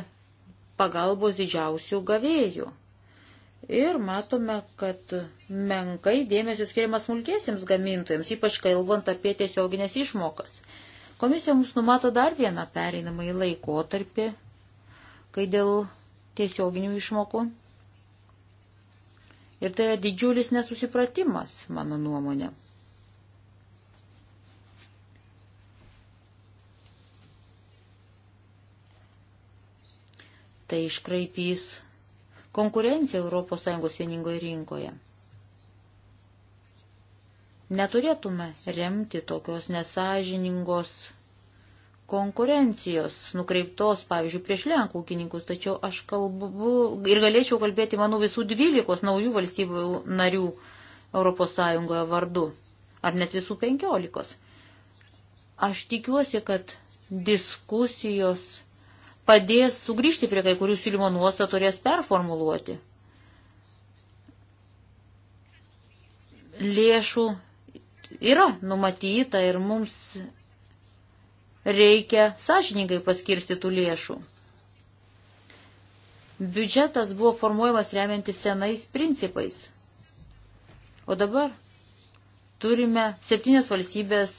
pagalbos didžiausių gavėjų. Ir matome, kad menkai dėmesio skiriamas smulkėsiams gamintojams, ypač kalbant apie tiesioginės išmokas. Komisija mums numato dar vieną pereinamą į laikotarpį, kai dėl tiesioginių išmokų. Ir tai yra didžiulis nesusipratimas, mano nuomonė. Tai iškraipys konkurencija ES vieningoje rinkoje. Neturėtume remti tokios nesažiningos konkurencijos nukreiptos, pavyzdžiui, prieš Lenkų ūkininkus, tačiau aš kalbu ir galėčiau kalbėti manų visų dvylikos naujų valstybių narių ES vardu, ar net visų penkiolikos. Aš tikiuosi, kad diskusijos padės sugrįžti prie kai kurių siūlymo nuostatų ir jas performuluoti. Lėšų yra numatyta ir mums reikia sąžiningai paskirsti tų lėšų. Biudžetas buvo formuojamas remiantis senais principais. O dabar turime 7 valstybės,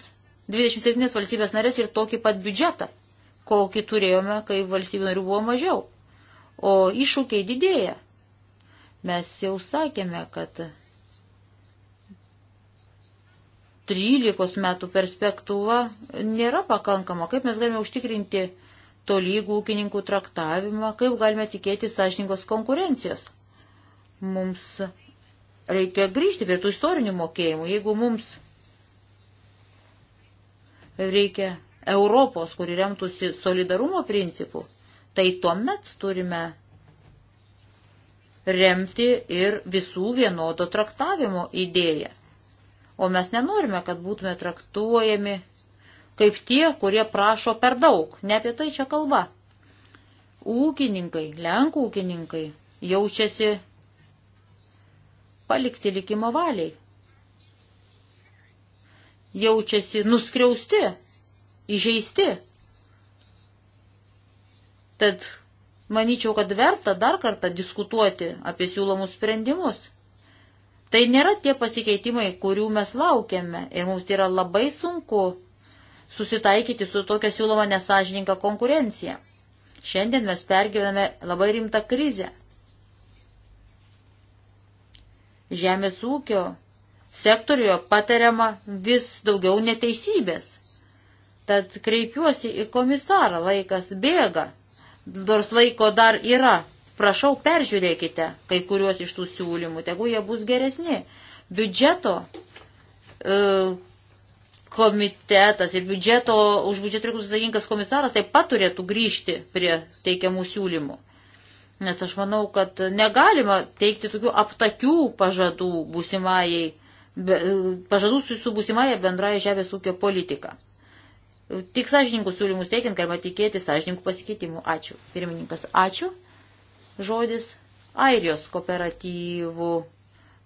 27 valstybės narės ir tokį pat biudžetą, kokį turėjome, kai valstybių narių buvo mažiau. O iššūkiai didėja. Mes jau sakėme, kad 13 metų perspektyva nėra pakankama. Kaip mes galime užtikrinti tolygų ūkininkų traktavimą, kaip galime tikėti sąžiningos konkurencijos. Mums reikia grįžti prie tų istorinių mokėjimų. Jeigu mums reikia Europos, kuri remtųsi solidarumo principų, tai tuomet turime remti ir visų vienodo traktavimo idėją. O mes nenorime, kad būtume traktuojami kaip tie, kurie prašo per daug. Ne apie tai čia kalba. Ūkininkai, lenkų ūkininkai jaučiasi palikti likimo valiai. Jaučiasi nuskriausti, įžeisti. Tad manyčiau, kad verta dar kartą diskutuoti apie siūlomus sprendimus. Tai nėra tie pasikeitimai, kurių mes laukiame ir mums yra labai sunku susitaikyti su tokia siūloma nesažininka konkurencija. Šiandien mes pergyvename labai rimtą krizę. Žemės ūkio sektoriuje patariama vis daugiau neteisybės. Tad kreipiuosi į komisarą, laikas bėga, nors laiko dar yra. Prašau, peržiūrėkite kai kuriuos iš tų siūlymų, tegu jie bus geresni. Biudžeto e, komitetas ir biudžeto, už biudžeto reikus atsakingas komisaras taip pat turėtų grįžti prie teikiamų siūlymų. Nes aš manau, kad negalima teikti tokių aptakių pažadų būsimajai, be, e, pažadų su būsimąją bendrąją žemės ūkio politiką. Tik sąžininkų siūlymus teikiant galima tikėti sąžininkų pasikeitimų. Ačiū. Pirmininkas, ačiū žodis Airijos kooperatyvų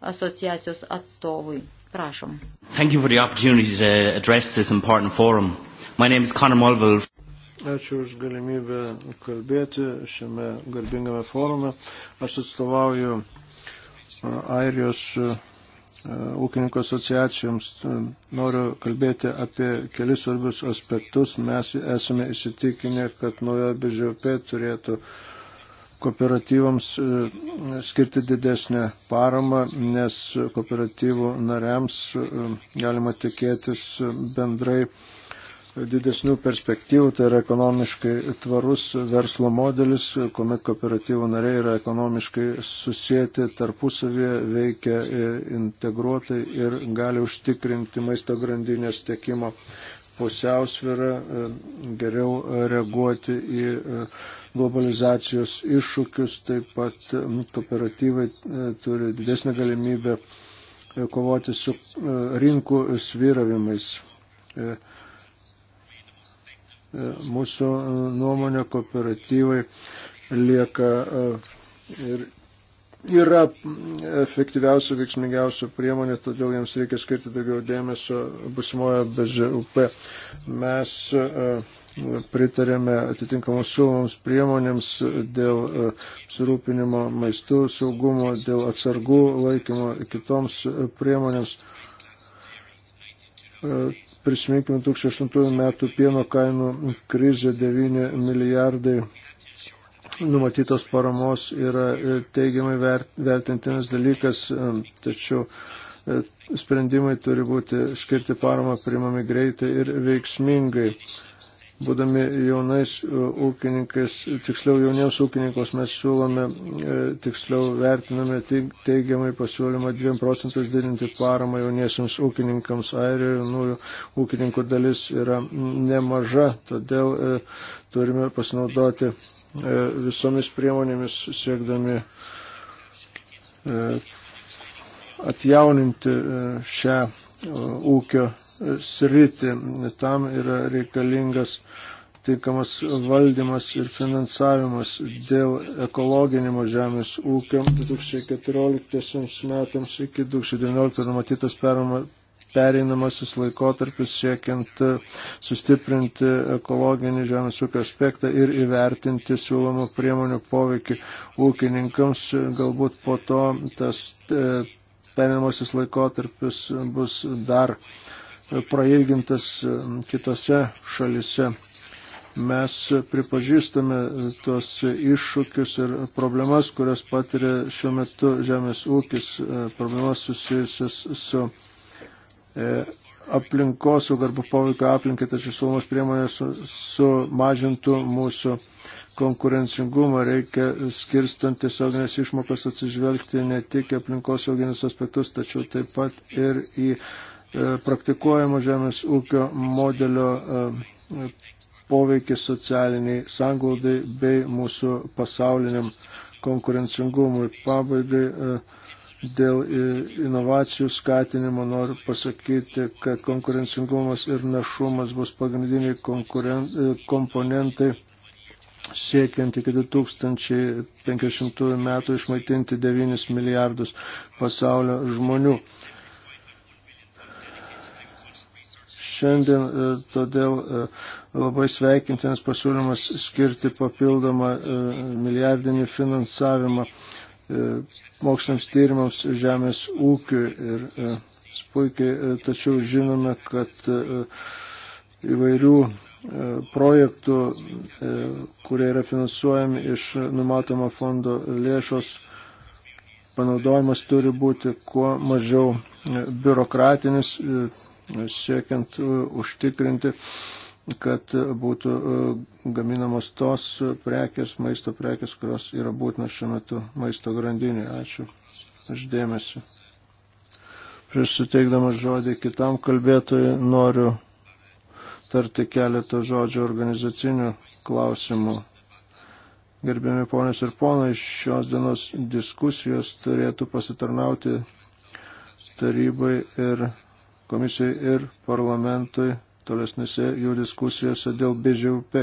asociacijos atstovui. Prašom. Thank you for the opportunity to address this important forum. My name is Conor Mulville. Ačiū už galimybę kalbėti šiame garbingame forume. Aš atstovauju Airijos ūkininkų asociacijoms. Noriu kalbėti apie kelis svarbius aspektus. Mes esame įsitikinę, kad nauja BŽP turėtų uh, kooperatyvams e, skirti didesnę paramą, nes kooperatyvų nariams e, galima tikėtis bendrai didesnių perspektyvų, tai yra ekonomiškai tvarus verslo modelis, kuomet kooperatyvų nariai yra ekonomiškai susijęti tarpusavėje, veikia e, integruotai ir gali užtikrinti maisto grandinės tiekimo pusiausvyrą, geriau reaguoti į globalizacijos iššūkius, taip pat kooperatyvai e, turi didesnę galimybę e, kovoti su e, rinkų svyravimais. Mūsų nuomonė kooperatyvai lieka ir yra efektyviausia, veiksmingiausia priemonė, todėl jiems reikia skirti daugiau dėmesio busimoje BŽUP. Mes uh, pritarėme atitinkamus siūlomams priemonėms dėl e, surūpinimo maistų saugumo, dėl atsargų laikymo kitoms e, priemonėms. E, prisiminkime 2008 metų pieno kainų krizę 9 milijardai numatytos paramos yra teigiamai vertintinas dalykas, tačiau sprendimai turi būti skirti paramą priimami greitai ir veiksmingai būdami jaunais e, ūkininkais, tiksliau jauniems ūkininkos mes siūlome, e, tiksliau vertiname teigiamai pasiūlymą 2 procentais didinti paramą jauniesiams ūkininkams. Airijoje jaunųjų ūkininkų dalis yra nemaža, todėl e, turime pasinaudoti visomis priemonėmis siekdami atjauninti šią ūkio sritį. Tam yra reikalingas tinkamas valdymas ir finansavimas dėl ekologinimo žemės ūkio 2014 metams iki 2019 numatytas pereinamasis laikotarpis siekiant e, sustiprinti ekologinį žemės ūkio aspektą ir įvertinti siūlomų priemonių poveikį ūkininkams. Galbūt po to tas e, perinamasis laikotarpis bus dar prailgintas kitose šalise. Mes pripažįstame tuos iššūkius ir problemas, kurias patiria šiuo metu žemės ūkis, problemas susijusias su e, aplinkosauga arba poveikio aplinkai, tačiau saugos priemonės sumažintų su mūsų konkurencingumą reikia skirstant tiesioginės išmokas atsižvelgti ne tik aplinkosauginius aspektus, tačiau taip pat ir į e, praktikuojamo žemės ūkio modelio e, poveikį socialiniai sanglaudai bei mūsų pasauliniam konkurencingumui. Pabaigai e, dėl inovacijų skatinimo noriu pasakyti, kad konkurencingumas ir našumas bus pagrindiniai komponentai siekiant iki 2050 metų išmaitinti 9 milijardus pasaulio žmonių. Šiandien e, todėl e, labai sveikintinas pasiūlymas skirti papildomą e, milijardinį finansavimą moksliniams tyrimams žemės ūkiui. Ir puikiai tačiau žinome, kad įvairių E, projektų, e, kurie yra finansuojami iš numatomo fondo lėšos panaudojimas turi būti kuo mažiau e, biurokratinis, siekiant užtikrinti, kad būtų gaminamos tos prekės, maisto prekės, kurios yra būtinos šiuo metu maisto grandinėje. Ačiū už dėmesį. Prieš suteikdamas žodį kitam kalbėtojui noriu tarti keletą žodžių organizacinių klausimų. Gerbiami ponės ir ponai, šios dienos diskusijos turėtų pasitarnauti tarybai ir komisijai ir parlamentui tolesnėse jų diskusijose dėl BŽUP.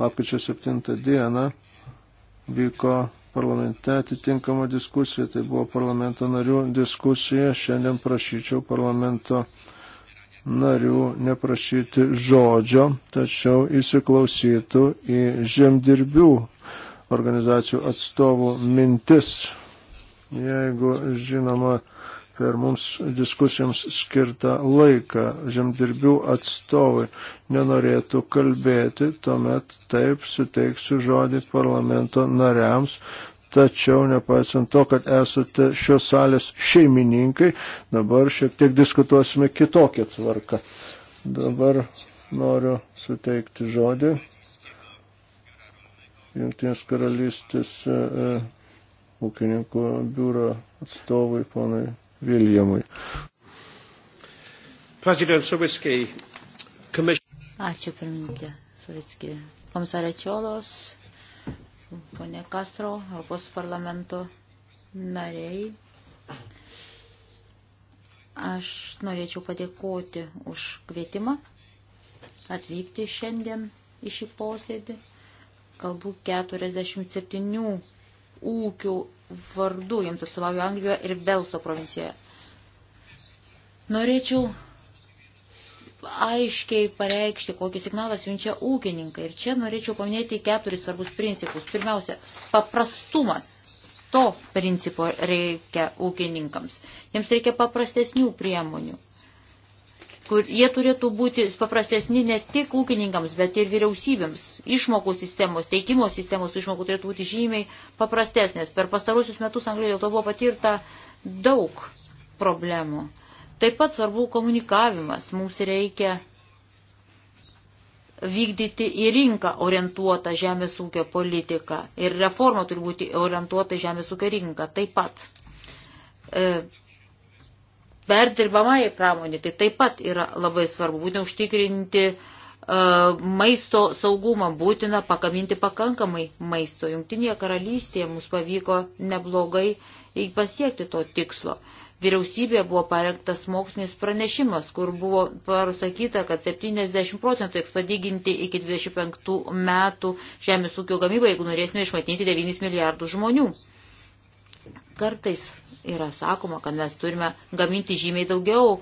Lapkričio 7 dieną vyko parlamente atitinkama diskusija, tai buvo parlamento narių diskusija. Šiandien prašyčiau parlamento narių narių neprašyti žodžio, tačiau įsiklausytų į žemdirbių organizacijų atstovų mintis. Jeigu, žinoma, per mums diskusijoms skirtą laiką žemdirbių atstovai nenorėtų kalbėti, tuomet taip suteiksiu žodį parlamento nariams, Tačiau nepaisant to, kad esate šios salės šeimininkai, dabar šiek tiek diskutuosime kitokią tvarką. Dabar noriu suteikti žodį Junktinės karalystės e, e, ūkininkų biuro atstovui ponui Viljamui. Ačiū pirmininkė Savitski. Komisarė Čiolos, ponė Kasro, Europos parlamento nariai. Aš norėčiau padėkoti už kvietimą atvykti šiandien į šį posėdį. Kalbu 47 ūkių vardu, jiems atstovauju Anglijoje ir Velso provincijoje. Norėčiau aiškiai pareikšti, kokį signalą siunčia ūkininkai. Ir čia norėčiau paminėti keturis svarbus principus. Pirmiausia, paprastumas. To principo reikia ūkininkams. Jiems reikia paprastesnių priemonių. Kur jie turėtų būti paprastesni ne tik ūkininkams, bet ir vyriausybėms. Išmokų sistemos, teikimo sistemos išmokų turėtų būti žymiai paprastesnės. Per pastarusius metus Anglijoje dėl to buvo patirta daug problemų. Taip pat svarbu komunikavimas. Mums reikia vykdyti į rinką orientuotą žemės ūkio politiką. Ir reforma turi būti orientuota į žemės ūkio rinką taip pat. E, Perdirbamai pramonė tai taip pat yra labai svarbu. Būtent užtikrinti e, maisto saugumą būtina pagaminti pakankamai maisto. Jungtinėje karalystėje mums pavyko neblogai pasiekti to tikslo. E, vyriausybėje buvo parengtas mokslinis pranešimas, kur buvo pasakyta, kad 70 procentų teks padiginti iki 25 metų žemės ūkio gamybą, jeigu norėsime išmatinti 9 milijardų žmonių. Kartais yra sakoma, kad mes turime gaminti žymiai daugiau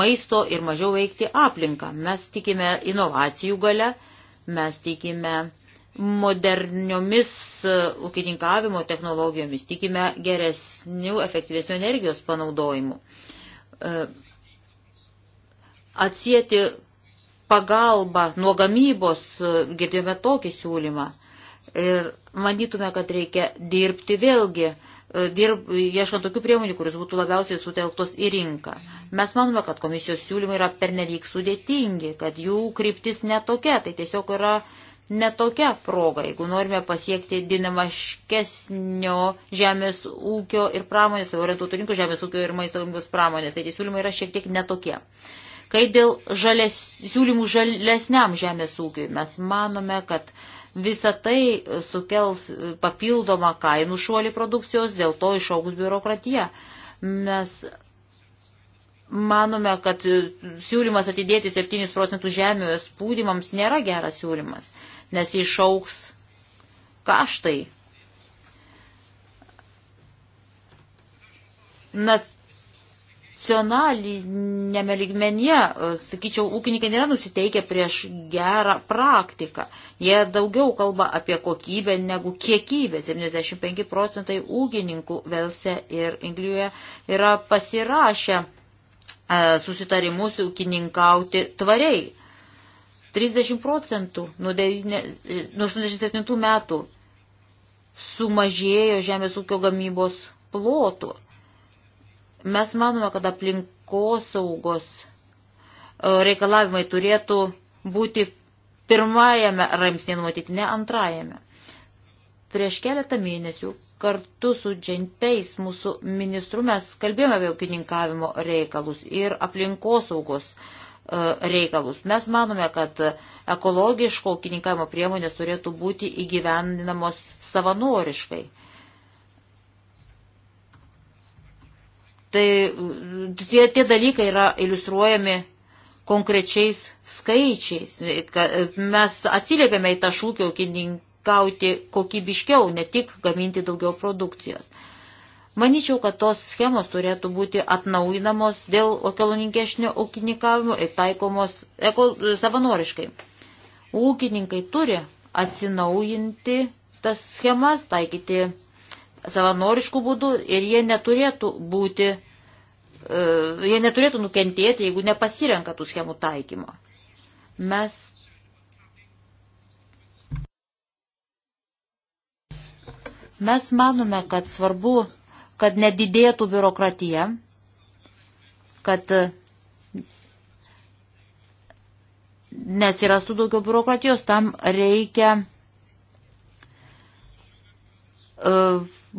maisto ir mažiau veikti aplinką. Mes tikime inovacijų gale, mes tikime moderniomis e, ūkininkavimo technologijomis, tikime geresnių, efektyvesnių energijos panaudojimų. E, atsieti pagalbą nuo gamybos, e, girdėjome tokį siūlymą. Ir manytume, kad reikia dirbti vėlgi, dirb, ieškant tokių priemonių, kuris būtų labiausiai sutelktos į rinką. Mes manome, kad komisijos siūlymai yra pernelyg sudėtingi, kad jų kryptis netokia, tai tiesiog yra uh, netokia proga, jeigu norime pasiekti dinamiškesnio žemės ūkio ir pramonės, savo orientuotų rinkų žemės ūkio ir maisto gamybos pramonės, tai tie siūlymai yra šiek tiek netokie. Kai dėl žalės, siūlymų žalesniam žemės ūkiui mes manome, kad visa tai sukels papildomą kainų šuolį produkcijos, dėl to išaugus biurokratija. Mes manome, kad siūlymas atidėti 7 procentų žemės pūdymams nėra geras siūlymas, nes išauks kaštai. Nacionalinėme lygmenyje, sakyčiau, ūkininkai nėra nusiteikę prieš gerą praktiką. Jie daugiau kalba apie kokybę negu kiekybę. 75 procentai ūkininkų Velse ir Ingliuje yra pasirašę E, susitarimus ūkininkauti tvariai. 30 procentų nuo 1987 e, metų sumažėjo žemės ūkio gamybos plotų. Mes manome, kad aplinkosaugos e, reikalavimai turėtų būti pirmajame ramsnėje numatyti, ne antrajame. Prieš keletą mėnesių kartu su Dženteis, mūsų ministru, mes kalbėjome apie ūkininkavimo reikalus ir aplinkosaugos e, reikalus. Mes manome, kad ekologiško ūkininkavimo priemonės turėtų būti įgyvendinamos savanoriškai. Tai tie, tie dalykai yra iliustruojami konkrečiais skaičiais. Mes atsiliepėme į tą šūkio ūkininkavimą ūkininkauti kokybiškiau, ne tik gaminti daugiau produkcijos. Maničiau, kad tos schemos turėtų būti atnaujinamos dėl okeloninkešinio ūkininkavimo ir taikomos eko, savanoriškai. Ūkininkai turi atsinaujinti tas schemas, taikyti savanoriškų būdų ir jie neturėtų būti, e, jie neturėtų nukentėti, jeigu nepasirenka tų schemų taikymo. Mes Mes manome, kad svarbu, kad nedidėtų biurokratija, kad nesirastų daugiau biurokratijos, tam reikia e,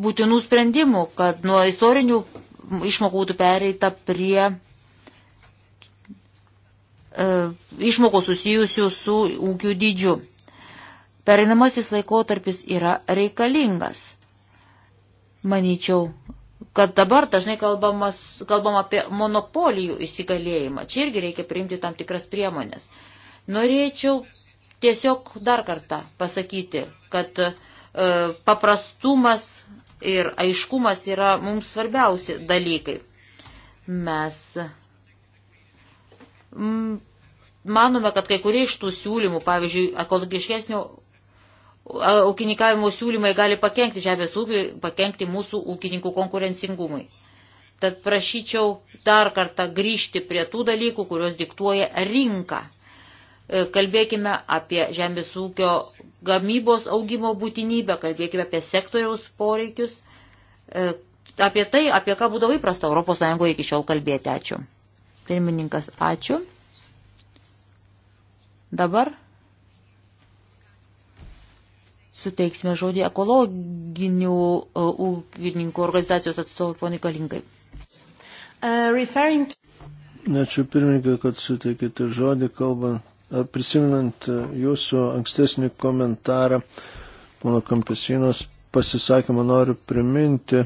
būtinų sprendimų, kad nuo istorinių išmokų būtų pereita prie e, išmokų susijusių su ūkių dydžiu. Pereinamasis laikotarpis yra reikalingas. Manyčiau, kad dabar dažnai kalbamas, kalbam apie monopolijų įsigalėjimą. Čia irgi reikia priimti tam tikras priemonės. Norėčiau tiesiog dar kartą pasakyti, kad e, paprastumas ir aiškumas yra mums svarbiausi dalykai. Mes manome, kad kai kurie iš tų siūlymų, pavyzdžiui, ekologiškesnio ūkininkavimo siūlymai gali pakengti žemės ūkiui, pakengti mūsų ūkininkų konkurencingumui. Tad prašyčiau dar kartą grįžti prie tų dalykų, kurios diktuoja rinka. E, kalbėkime apie žemės ūkio gamybos augimo būtinybę, kalbėkime apie sektoriaus poreikius, e, apie tai, apie ką būdavo įprasta ES iki šiol kalbėti. Ačiū. Pirmininkas, ačiū. Dabar suteiksime žodį ekologinių e, ūkininkų organizacijos atstovui poniai Kalinkai. Uh, Ačiū pirmininkai, kad suteikite žodį, kalbant, prisiminant e, jūsų ankstesnį komentarą, mano kampesinos pasisakymą noriu priminti,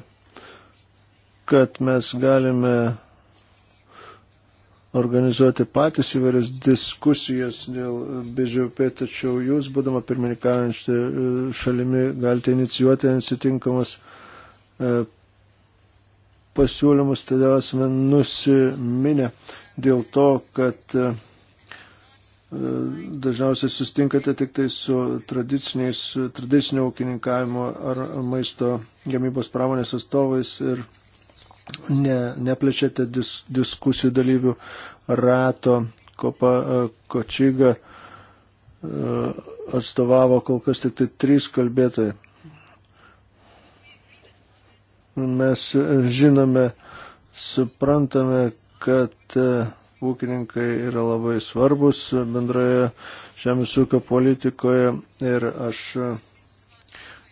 kad mes galime organizuoti patys įvairias diskusijas dėl BŽP, tačiau jūs, būdama pirmininkaujančia e, šalimi, galite inicijuoti atsitinkamas e, pasiūlymus, todėl esame nusiminę dėl to, kad e, dažniausiai sustinkate tik tai su tradicinio ūkininkavimo ar maisto gamybos pramonės atstovais ir ne, neplečiate dis, diskusijų dalyvių rato. Kopa e, Kočiga e, atstovavo kol kas tik tai trys kalbėtojai. Mes e, žinome, suprantame, kad ūkininkai yra labai svarbus bendroje žemės ūkio politikoje ir aš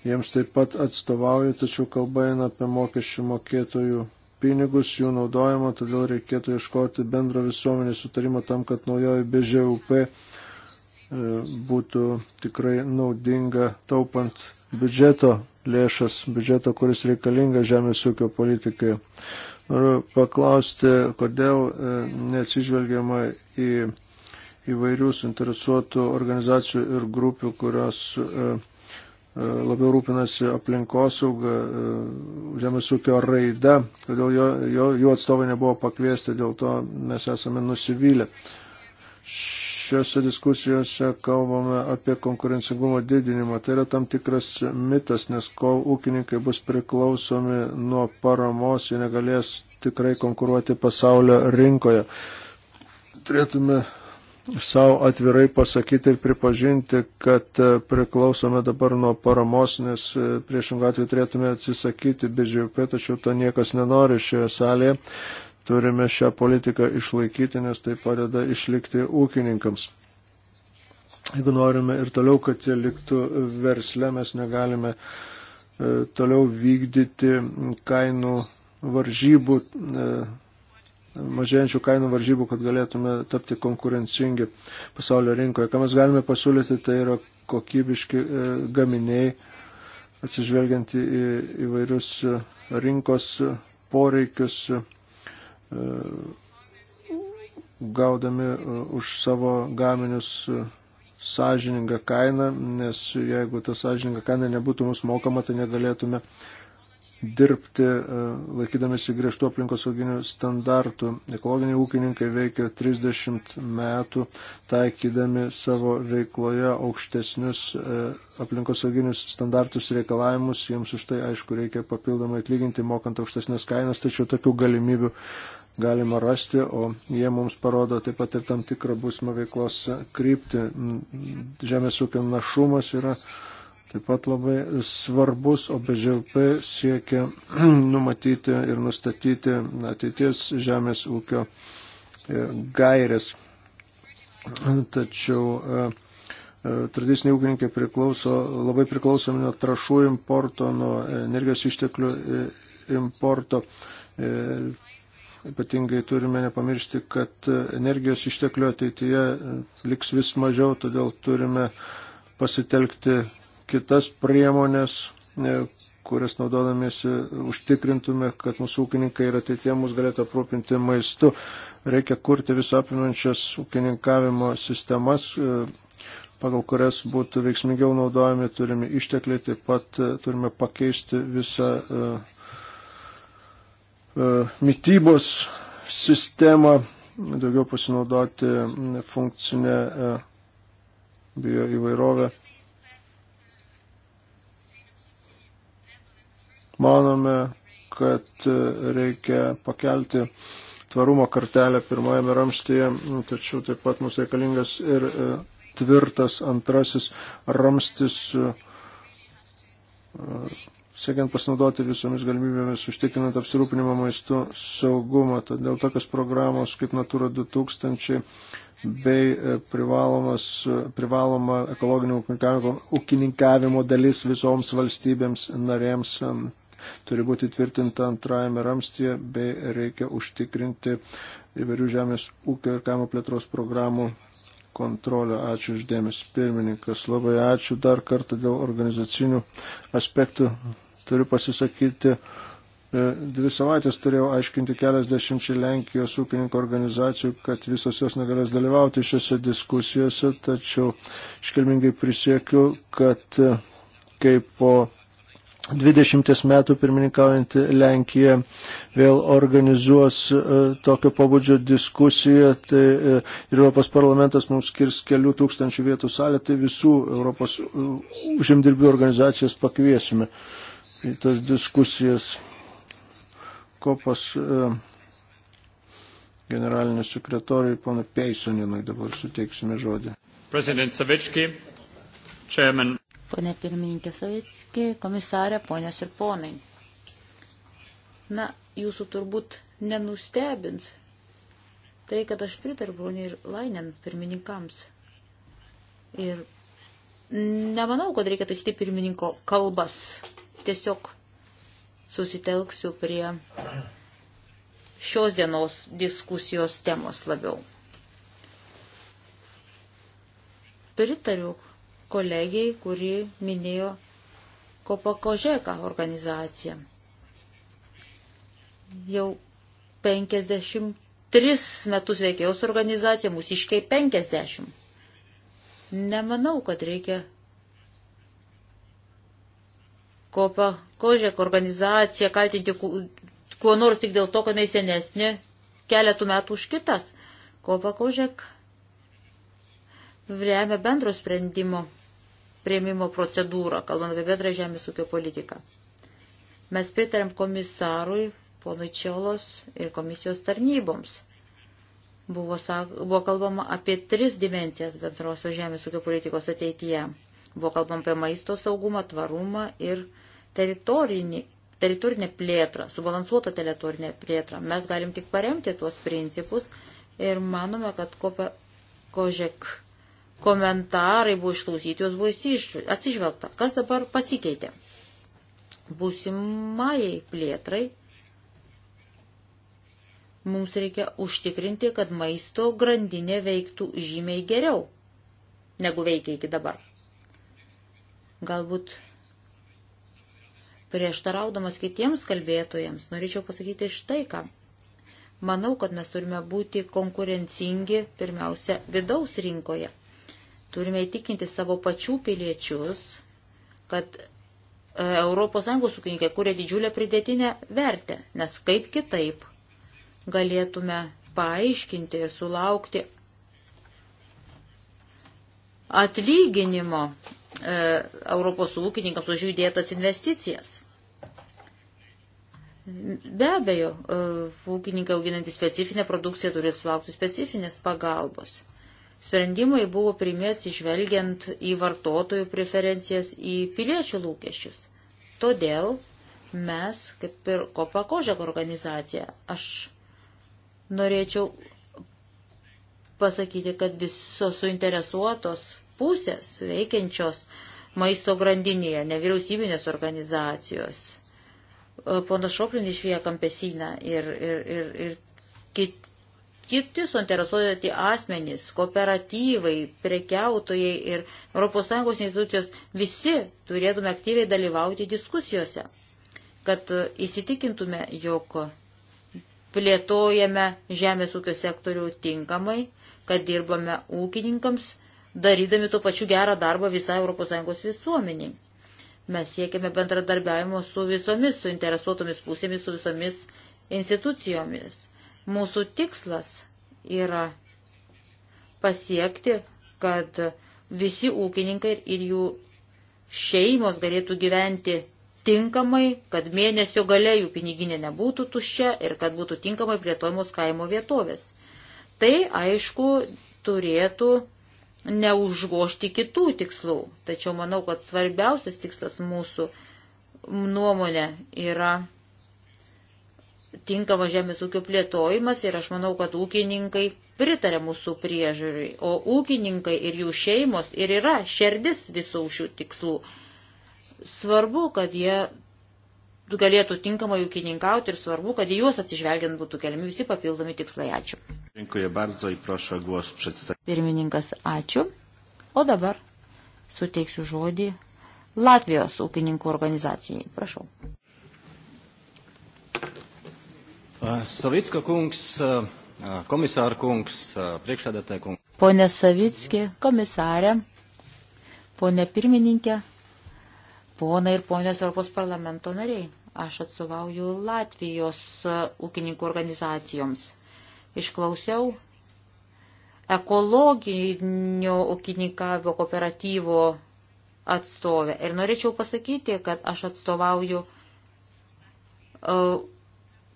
jiems taip pat atstovauju, tačiau kalba eina apie mokesčių mokėtojų pinigus, jų naudojimo, todėl reikėtų ieškoti bendro visuomenės sutarimo tam, kad naujoji BŽUP e, būtų tikrai naudinga taupant biudžeto lėšas, biudžeto, kuris reikalinga žemės ūkio politikai. Noriu paklausti, kodėl e, neatsižvelgiama į įvairių suinteresuotų organizacijų ir grupių, kurios uh, E, labiau rūpinasi aplinkosauga, e, žemės ūkio raida, todėl jo, jo, jų atstovai nebuvo pakviesti, dėl to mes esame nusivylę. Šiuose diskusijose kalbame apie konkurencingumo didinimą. Tai yra tam tikras mitas, nes kol ūkininkai bus priklausomi nuo paramos, jie negalės tikrai konkuruoti pasaulio rinkoje. Turėtume savo atvirai pasakyti ir pripažinti, kad e, priklausome dabar nuo paramos, nes e, priešingą atveju turėtume atsisakyti BGP, tačiau to niekas nenori šioje salėje. Turime šią politiką išlaikyti, nes tai padeda išlikti ūkininkams. Jeigu norime ir toliau, kad jie liktų versle, mes negalime e, toliau vykdyti kainų varžybų mažėjančių kainų varžybų, kad galėtume tapti konkurencingi pasaulio rinkoje. Ką mes galime pasiūlyti, tai yra kokybiški e, gaminiai, atsižvelgiant į įvairius e, rinkos poreikius, e, gaudami už savo gaminius sąžiningą kainą, nes jeigu ta sąžininga kaina nebūtų mums mokama, tai negalėtume dirbti, e, laikydamėsi griežtų aplinkosauginių standartų. Ekologiniai ūkininkai veikia 30 metų, taikydami savo veikloje aukštesnius e, aplinkosauginius standartus reikalavimus. Jiems už tai, aišku, reikia papildomai atlyginti, mokant aukštesnės kainas, tačiau tokių galimybių galima rasti, o jie mums parodo taip pat ir tam tikrą būsimą veiklos kryptį. Žemės ūkio našumas yra Taip pat labai svarbus OBŽP siekia <clears throat> numatyti ir nustatyti ateities žemės ūkio e, gairės. Tačiau e, e, tradiciniai ūkininkai priklauso, labai priklausomi nuo trašų importo, nuo energijos išteklių importo. Ypatingai turime nepamiršti, kad energijos išteklių ateityje liks vis mažiau, todėl turime pasitelkti kitas priemonės, e, kurias naudodamiesi užtikrintume, kad mūsų ūkininkai ir ateitie mus galėtų aprūpinti maistu. Reikia kurti visapimančias ūkininkavimo sistemas, e, pagal kurias būtų veiksmingiau naudojami turimi ištekliai, taip pat e, turime pakeisti visą mytybos sistemą, daugiau pasinaudoti funkcinę bioįvairovę manome, kad e, reikia pakelti tvarumo kartelę pirmajame ramstyje, nu, tačiau taip pat mums reikalingas ir e, tvirtas antrasis ramstis, e, siekiant pasinaudoti visomis galimybėmis, užtikrinant apsirūpinimą maistu saugumą. Todėl tokios programos kaip Natura 2000 bei privaloma ekologinio ūkininkavimo dalis visoms valstybėms narėms turi būti tvirtinta antrajame ramstyje, bei reikia užtikrinti įvairių žemės ūkio ir kaimo plėtros programų kontrolę. Ačiū uždėmesi, pirmininkas. Labai ačiū dar kartą dėl organizacinių aspektų. Turiu pasisakyti. E, dvi savaitės turėjau aiškinti keliasdešimčiai Lenkijos ūkininko organizacijų, kad visos jos negalės dalyvauti šiose diskusijose, tačiau iškilmingai prisiekiu, kad e, kai po 20 metų pirmininkaujantį Lenkiją vėl organizuos e, tokio pobūdžio diskusiją, tai e, ir Europos parlamentas mums skirs kelių tūkstančių vietų salę, tai visų Europos užimdirbių e, organizacijas pakviesime į tas diskusijas. Kopos generalinio sekretoriui, ponui Peisoninui dabar suteiksime žodį. President Savicki, Chairman Pone pirmininkė Savicki, komisarė, ponios ir ponai. Na, jūsų turbūt nenustebins tai, kad aš pritariu Brunį ir Lainen pirmininkams. Ir nemanau, kad reikia taisyti pirmininko kalbas. Tiesiog susitelksiu prie šios dienos diskusijos temos labiau. Pritariu kolegijai, kuri minėjo Kopakožeką organizaciją. Jau 53 metus veikėjos organizacija, mūsiškai 50. Nemanau, kad reikia Kopa Kožek organizaciją kaltinti kuo nors tik dėl to, kad jis senesnė keletų metų už kitas. Kopa Kožek remia bendro sprendimo prieimimo procedūrą, kalbant apie bendrą žemės ūkio politiką. Mes pritarėm komisarui, ponui Čiolos ir komisijos tarnyboms. Buvo, sak, buvo kalbama apie tris dimensijas bendrosios žemės ūkio politikos ateityje. Buvo kalbama apie maisto saugumą, tvarumą ir teritorinį teritorinę plėtrą, subalansuotą teritorinę plėtrą. Mes galim tik paremti tuos principus ir manome, kad kope, kožek komentarai buvo išklausyti, jos buvo atsižvelgta. Kas dabar pasikeitė? Būsimai plėtrai mums reikia užtikrinti, kad maisto grandinė veiktų žymiai geriau, negu veikia iki dabar. Galbūt prieštaraudamas kitiems kalbėtojams, norėčiau pasakyti štai ką. Manau, kad mes turime būti konkurencingi pirmiausia vidaus rinkoje. Turime įtikinti savo pačių piliečius, kad ES ūkininkai kuria didžiulę pridėtinę vertę, nes kaip kitaip galėtume paaiškinti ir sulaukti atlyginimo e, Europos ūkininkams už jų dėtas investicijas. Be abejo, e, ūkininkai auginantys specifinę produkciją turi sulaukti specifinės pagalbos. Sprendimai buvo primės išvelgiant į vartotojų preferencijas, į piliečių lūkesčius. Todėl mes, kaip ir Kopakožek organizacija, aš norėčiau pasakyti, kad visos suinteresuotos pusės veikiančios maisto grandinėje, nevyriausybinės organizacijos, e, ponas Šoklin išvyja kampesiną ir, ir, ir, ir kit, kiti suinteresuoti asmenys, kooperatyvai, prekiautojai ir ES institucijos visi turėtume aktyviai dalyvauti diskusijose, kad įsitikintume, jog plėtojame žemės ūkio sektorių tinkamai, kad dirbame ūkininkams, darydami tuo pačiu gerą darbą visai ES visuomeniai. Mes siekiame bendradarbiavimo su visomis suinteresuotomis pusėmis, su visomis institucijomis Mūsų tikslas yra pasiekti, kad visi ūkininkai ir jų šeimos galėtų gyventi tinkamai, kad mėnesio gale jų piniginė nebūtų tuščia ir kad būtų tinkamai plėtojamos kaimo vietovės. Tai, aišku, turėtų neužgošti kitų tikslų, tačiau manau, kad svarbiausias tikslas mūsų nuomonė yra tinkamas žemės ūkio plėtojimas ir aš manau, kad ūkininkai pritarė mūsų priežiūrai, o ūkininkai ir jų šeimos ir yra šerdis visų šių tikslų. Svarbu, kad jie galėtų tinkamai ūkininkauti ir svarbu, kad į juos atsižvelgiant būtų keliami visi papildomi tikslai. Ačiū. Pirmininkas, ačiū. O dabar suteiksiu žodį Latvijos ūkininkų organizacijai. Prašau. Uh, Savicka kungs, uh, uh, komisāra kungs, priekšsēdētāja kungs. Pone Savicki, komisārė, pone pirmininkė, pona ir ponios Europos parlamento nariai. Aš atsuvauju Latvijos ūkininkų organizacijoms. Išklausiau ekologinio ūkininkavimo kooperatyvo atstovę. Ir norėčiau pasakyti, kad aš atstovauju uh,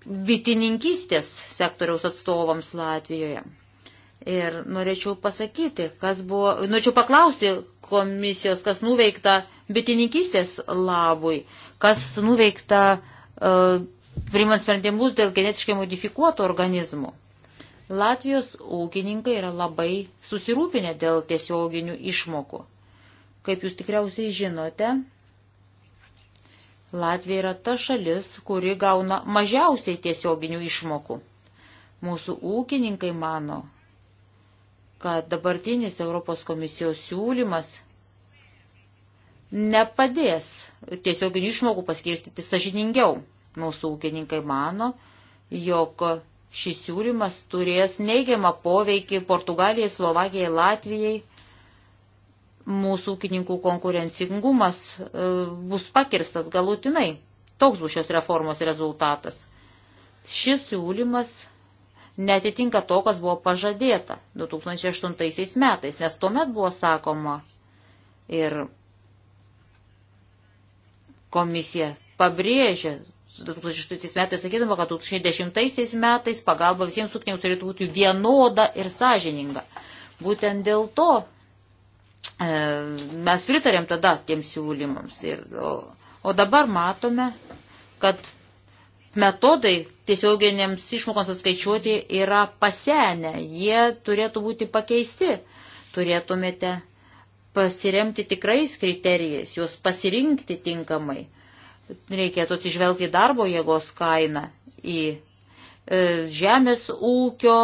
bitininkystės sektoriaus atstovams Latvijoje. Ir norėčiau pasakyti, kas buvo, norėčiau paklausti komisijos, kas nuveikta bitininkystės labui, kas nuveikta uh, priimant sprendimus dėl genetiškai modifikuotų organizmų. Latvijos ūkininkai yra labai susirūpinę dėl tiesioginių išmokų. Kaip jūs tikriausiai žinote, Latvija yra ta šalis, kuri gauna mažiausiai tiesioginių išmokų. Mūsų ūkininkai mano, kad dabartinis Europos komisijos siūlymas nepadės tiesioginių išmokų paskirstyti sažiningiau. Mūsų ūkininkai mano, jog šis siūlymas turės neigiamą poveikį Portugalijai, Slovakijai, Latvijai mūsų ūkininkų konkurencingumas e, bus pakirstas galutinai. Toks bus šios reformos rezultatas. Šis siūlymas netitinka to, kas buvo pažadėta 2008 metais, nes tuomet buvo sakoma ir komisija pabrėžė 2008 metais sakydama, kad 2010 metais pagalba visiems ūkininkams turėtų būti vienoda ir sąžininga. Būtent dėl to E, mes pritarėm tada tiems siūlymams. Ir, o, o dabar matome, kad metodai tiesioginėms išmokoms apskaičiuoti yra pasenę, jie turėtų būti pakeisti. Turėtumėte pasiremti tikrais kriterijais, juos pasirinkti tinkamai. Reikėtų atsižvelgti darbo jėgos kainą, į e, žemės ūkio,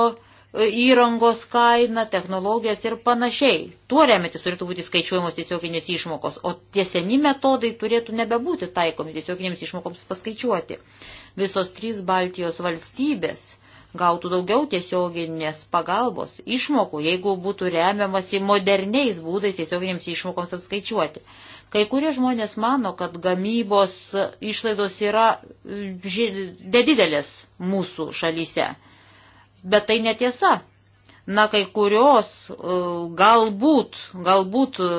E, įrangos kainą, technologijas ir panašiai. Tuo remiantis turėtų būti skaičiuojamos tiesioginės išmokos, o tieseni metodai turėtų nebebūti taikomi tiesioginėms išmokoms paskaičiuoti. Visos trys Baltijos valstybės gautų daugiau tiesioginės pagalbos išmokų, jeigu būtų remiamasi moderniais būdais tiesioginėms išmokoms apskaičiuoti. Kai kurie žmonės mano, kad gamybos išlaidos yra e, nedidelės mūsų šalyse bet tai netiesa. Na, kai kurios e, galbūt, galbūt e,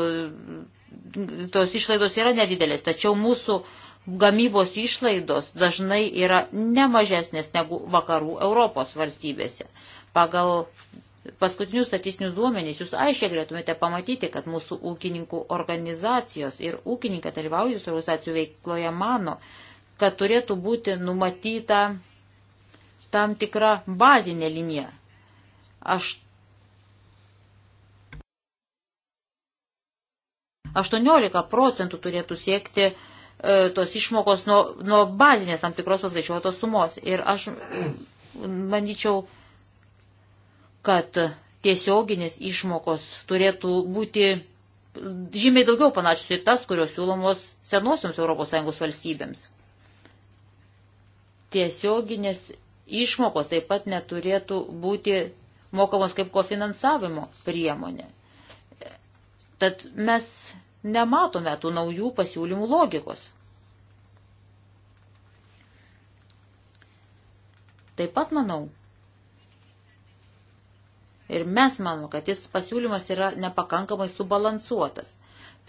tos išlaidos yra nedidelės, tačiau mūsų gamybos išlaidos dažnai yra nemažesnės negu vakarų Europos valstybėse. Pagal paskutinius statistinius duomenys jūs aiškiai galėtumėte pamatyti, kad mūsų ūkininkų organizacijos ir ūkininkai dalyvaujančių organizacijų veikloje mano, kad turėtų būti numatyta tam tikra bazinė linija. Aš 18 procentų turėtų siekti e, tos išmokos nuo, nuo bazinės tam tikros paskaičiuotos sumos. Ir aš manyčiau, kad tiesioginės išmokos turėtų būti žymiai daugiau panašios į tas, kurios siūlomos senosioms ES valstybėms. Tiesioginės išmokos taip pat neturėtų būti mokamos kaip kofinansavimo priemonė. Tad mes nematome tų naujų pasiūlymų logikos. Taip pat manau. Ir mes manome, kad jis pasiūlymas yra nepakankamai subalansuotas.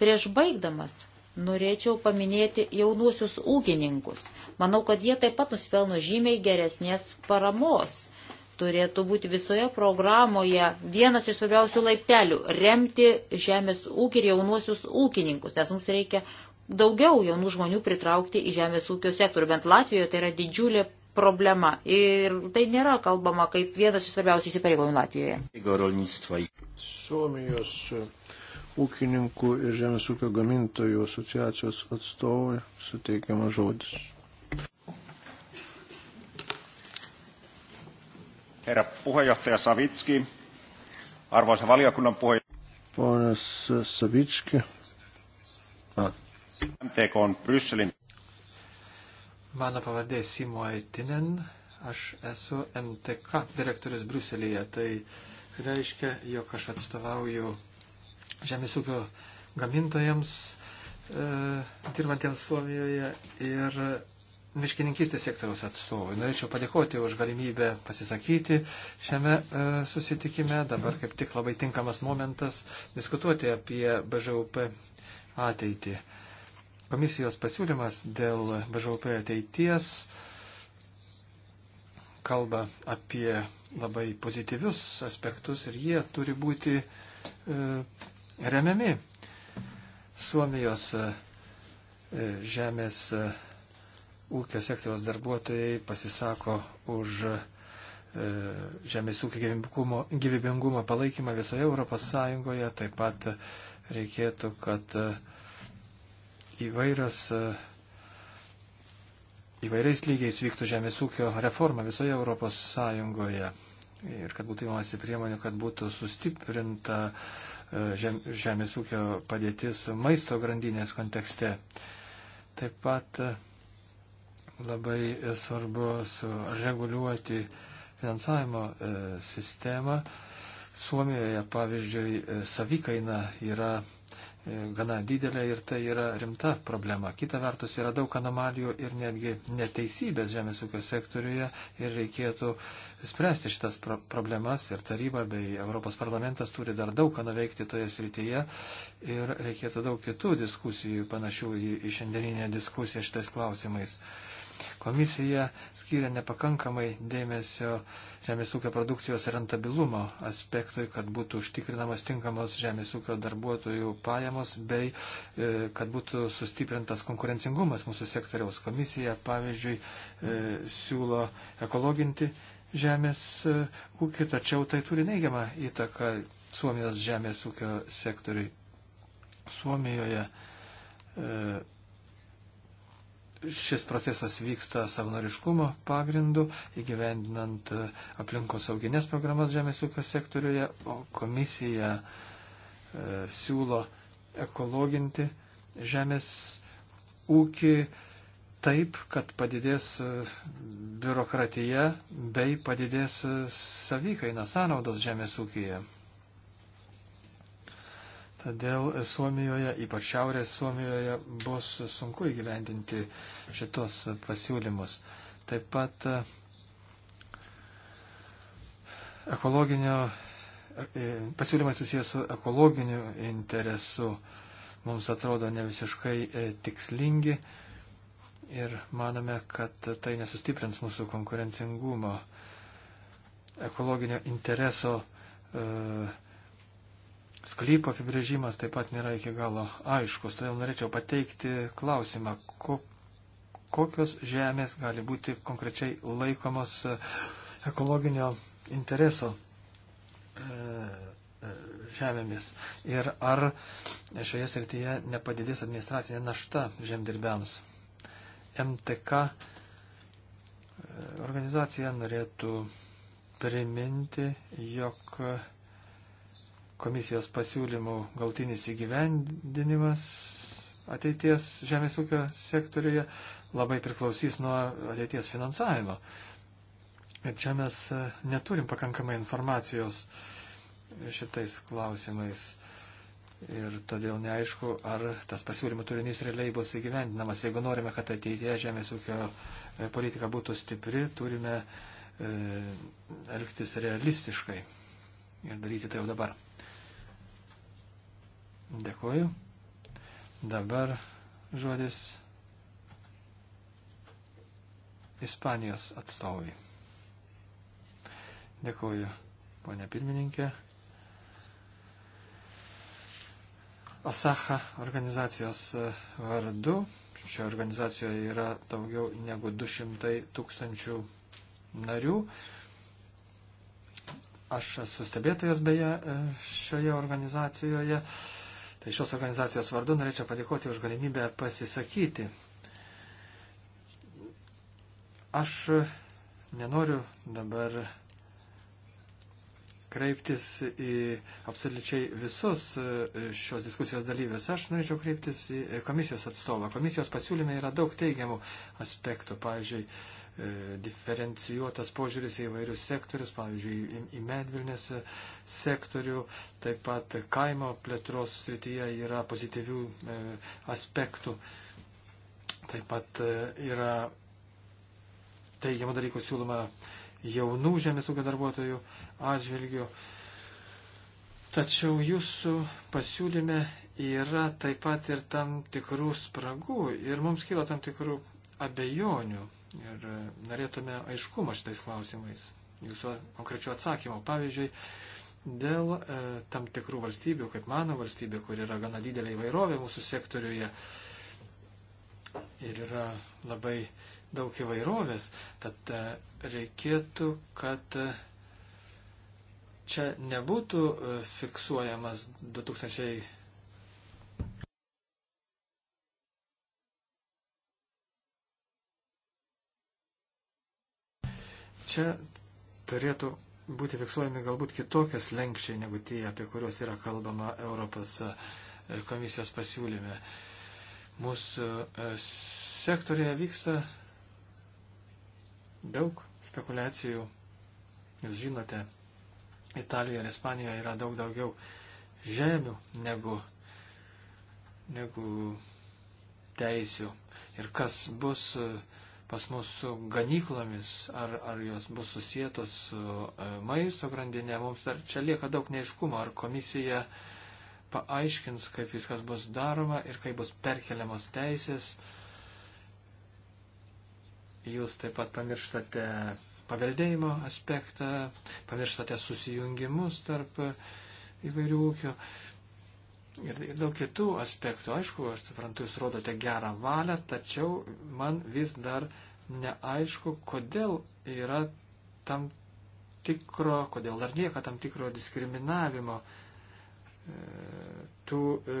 Prieš baigdamas norėčiau paminėti jaunuosius ūkininkus. Manau, kad jie taip pat nusipelno žymiai geresnės paramos. Turėtų būti visoje programoje vienas iš svarbiausių laiptelių - remti žemės ūkį ir jaunuosius ūkininkus, nes mums reikia daugiau jaunų žmonių pritraukti į žemės ūkio sektorių. Bent Latvijoje tai yra didžiulė problema ir tai nėra kalbama kaip vienas iš svarbiausių įsipareigojimų Latvijoje. Suomijos ūkininkų ir žemės ūkio gamintojų asociacijos atstovai suteikiama žodis. Herra puheenjohtaja Savitski, arvoisa valiokunnan puheenjohtaja. Ponas Savitski. A. MTK on Brysselin. Mano pavardė Simo Aitinen, aš esu MTK direktorius Bruselėje, tai reiškia, jog aš atstovauju žemės ūkio gamintojams e, dirbantiems Slovijoje ir miškininkistės sektoriaus atstovui. Norėčiau padėkoti už galimybę pasisakyti šiame e, susitikime. Dabar kaip tik labai tinkamas momentas diskutuoti apie BŽUP ateitį. Komisijos pasiūlymas dėl BŽUP ateities kalba apie labai pozityvius aspektus ir jie turi būti e, remiami. Suomijos e, e, žemės e, ūkio sektoriaus darbuotojai pasisako už žemės ūkio gyvybingumo, gyvybingumo palaikymą visoje Europos Sąjungoje. Taip pat reikėtų, kad įvairios, įvairiais lygiais vyktų žemės ūkio reforma visoje Europos Sąjungoje. Ir kad būtų įmasi priemonių, kad būtų sustiprinta uh, žemės ūkio padėtis maisto grandinės kontekste. Taip pat e, labai svarbu sureguliuoti finansavimo e, sistemą. Suomijoje, pavyzdžiui, e, savikaina yra E, gana didelė ir tai yra rimta problema. Kita vertus yra daug anomalijų ir netgi neteisybės žemės ūkio sektoriuje ir reikėtų spręsti šitas pro problemas ir taryba bei Europos parlamentas turi dar daug ką nuveikti toje srityje ir reikėtų daug kitų diskusijų panašių į, į šiandieninę diskusiją šitais klausimais. Uh, Komisija skiria nepakankamai dėmesio žemės ūkio produkcijos rentabilumo aspektui, kad būtų užtikrinamos tinkamos žemės ūkio darbuotojų pajamos bei e, kad būtų sustiprintas konkurencingumas mūsų sektoriaus. Komisija, pavyzdžiui, e, siūlo ekologinti žemės e, ūkį, tačiau tai turi neigiamą įtaką Suomijos žemės ūkio sektoriui. Suomijoje e, Šis procesas vyksta savanoriškumo pagrindu, įgyvendinant aplinkos sauginės programas žemės ūkio sektoriuje, o komisija e, siūlo ekologinti žemės ūkį taip, kad padidės e, biurokratija bei padidės e, savikaina sąnaudos žemės ūkyje. Todėl Suomijoje, ypač Šiaurės Suomijoje, bus sunku įgyvendinti šitos pasiūlymus. Taip pat e, ekologinio, e, pasiūlymas susijęs su ekologiniu interesu mums atrodo ne visiškai e, tikslingi ir manome, kad tai nesustiprins mūsų konkurencingumo ekologinio intereso uh, sklypo apibrėžimas taip pat nėra iki galo aiškus, todėl norėčiau pateikti klausimą, ko, kokios žemės gali būti konkrečiai laikomos e, ekologinio intereso e, e, žemėmis ir ar šioje srityje nepadidės administracinė našta žemdirbiams. MTK organizacija norėtų priminti, jog komisijos pasiūlymų galtinis įgyvendinimas ateities žemės ūkio sektoriuje labai priklausys nuo ateities finansavimo. Ir čia mes e, neturim pakankamai informacijos šitais klausimais. Ir todėl neaišku, ar tas pasiūlymų turinys realiai bus įgyvendinamas. Jeigu norime, kad ateityje žemės ūkio e, politika būtų stipri, turime e, elgtis realistiškai ir daryti tai jau dabar. Dėkuoju. Dabar žodis Ispanijos atstovai. Dėkuoju, ponė pirmininkė. Osaha organizacijos e, vardu. Šioje organizacijoje yra daugiau negu 200 tūkstančių narių. Aš esu stebėtojas beje e, šioje organizacijoje. Tai šios organizacijos vardu norėčiau padėkoti už galimybę pasisakyti. Aš nenoriu dabar kreiptis į absoliučiai visus šios diskusijos dalyvius. Aš norėčiau kreiptis į komisijos atstovą. Komisijos pasiūlyme yra daug teigiamų aspektų. Pavyzdžiui, E, diferencijuotas požiūris į vairius sektorius, pavyzdžiui, į medvilnės sektorių, taip pat kaimo plėtros srityje yra pozityvių e, aspektų, taip pat e, yra teigiamų dalykų siūloma jaunų žemės ūkio darbuotojų atžvilgių. Tačiau jūsų pasiūlyme yra taip pat ir tam tikrų spragų ir mums kyla tam tikrų abejonių Ir e, norėtume aiškumo šitais klausimais, jūsų konkrečių atsakymų. Pavyzdžiui, dėl e, tam tikrų valstybių, kaip mano valstybė, kur yra gana didelė įvairovė mūsų sektoriuje ir yra labai daug įvairovės, tad e, reikėtų, kad e, čia nebūtų e, fiksuojamas 2000 Čia turėtų būti fiksuojami galbūt kitokios lenkščiai negu tie, apie kuriuos yra kalbama Europos e, komisijos pasiūlyme. Mūsų e, e, sektorėje vyksta daug spekulacijų. Jūs žinote, Italijoje ir Ispanijoje yra daug daugiau žemių negu, negu teisių. Ir kas bus uh, pas mus su ganyklomis, ar, ar jos bus susijėtos su e, maisto grandinė, mums dar čia lieka daug neiškumo, ar komisija paaiškins, kaip viskas bus daroma ir kaip bus perkeliamos teisės. Jūs taip pat pamirštate paveldėjimo aspektą, pamirštate susijungimus tarp įvairių ūkių. Uh, ir, ir daug kitų aspektų. Aišku, aš suprantu, jūs rodote gerą valią, tačiau man vis dar neaišku, kodėl yra tam tikro, kodėl dar lieka tam tikro diskriminavimo e, tų e,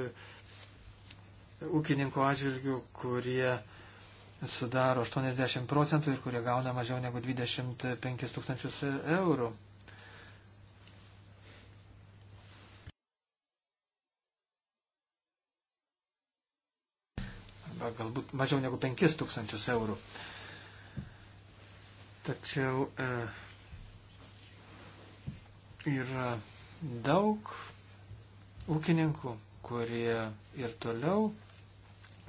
ūkininkų atžvilgių, kurie sudaro 80 procentų ir kurie gauna mažiau negu 25 tūkstančius eurų. galbūt mažiau negu 5000 eurų. Tačiau e, yra daug ūkininkų, kurie ir toliau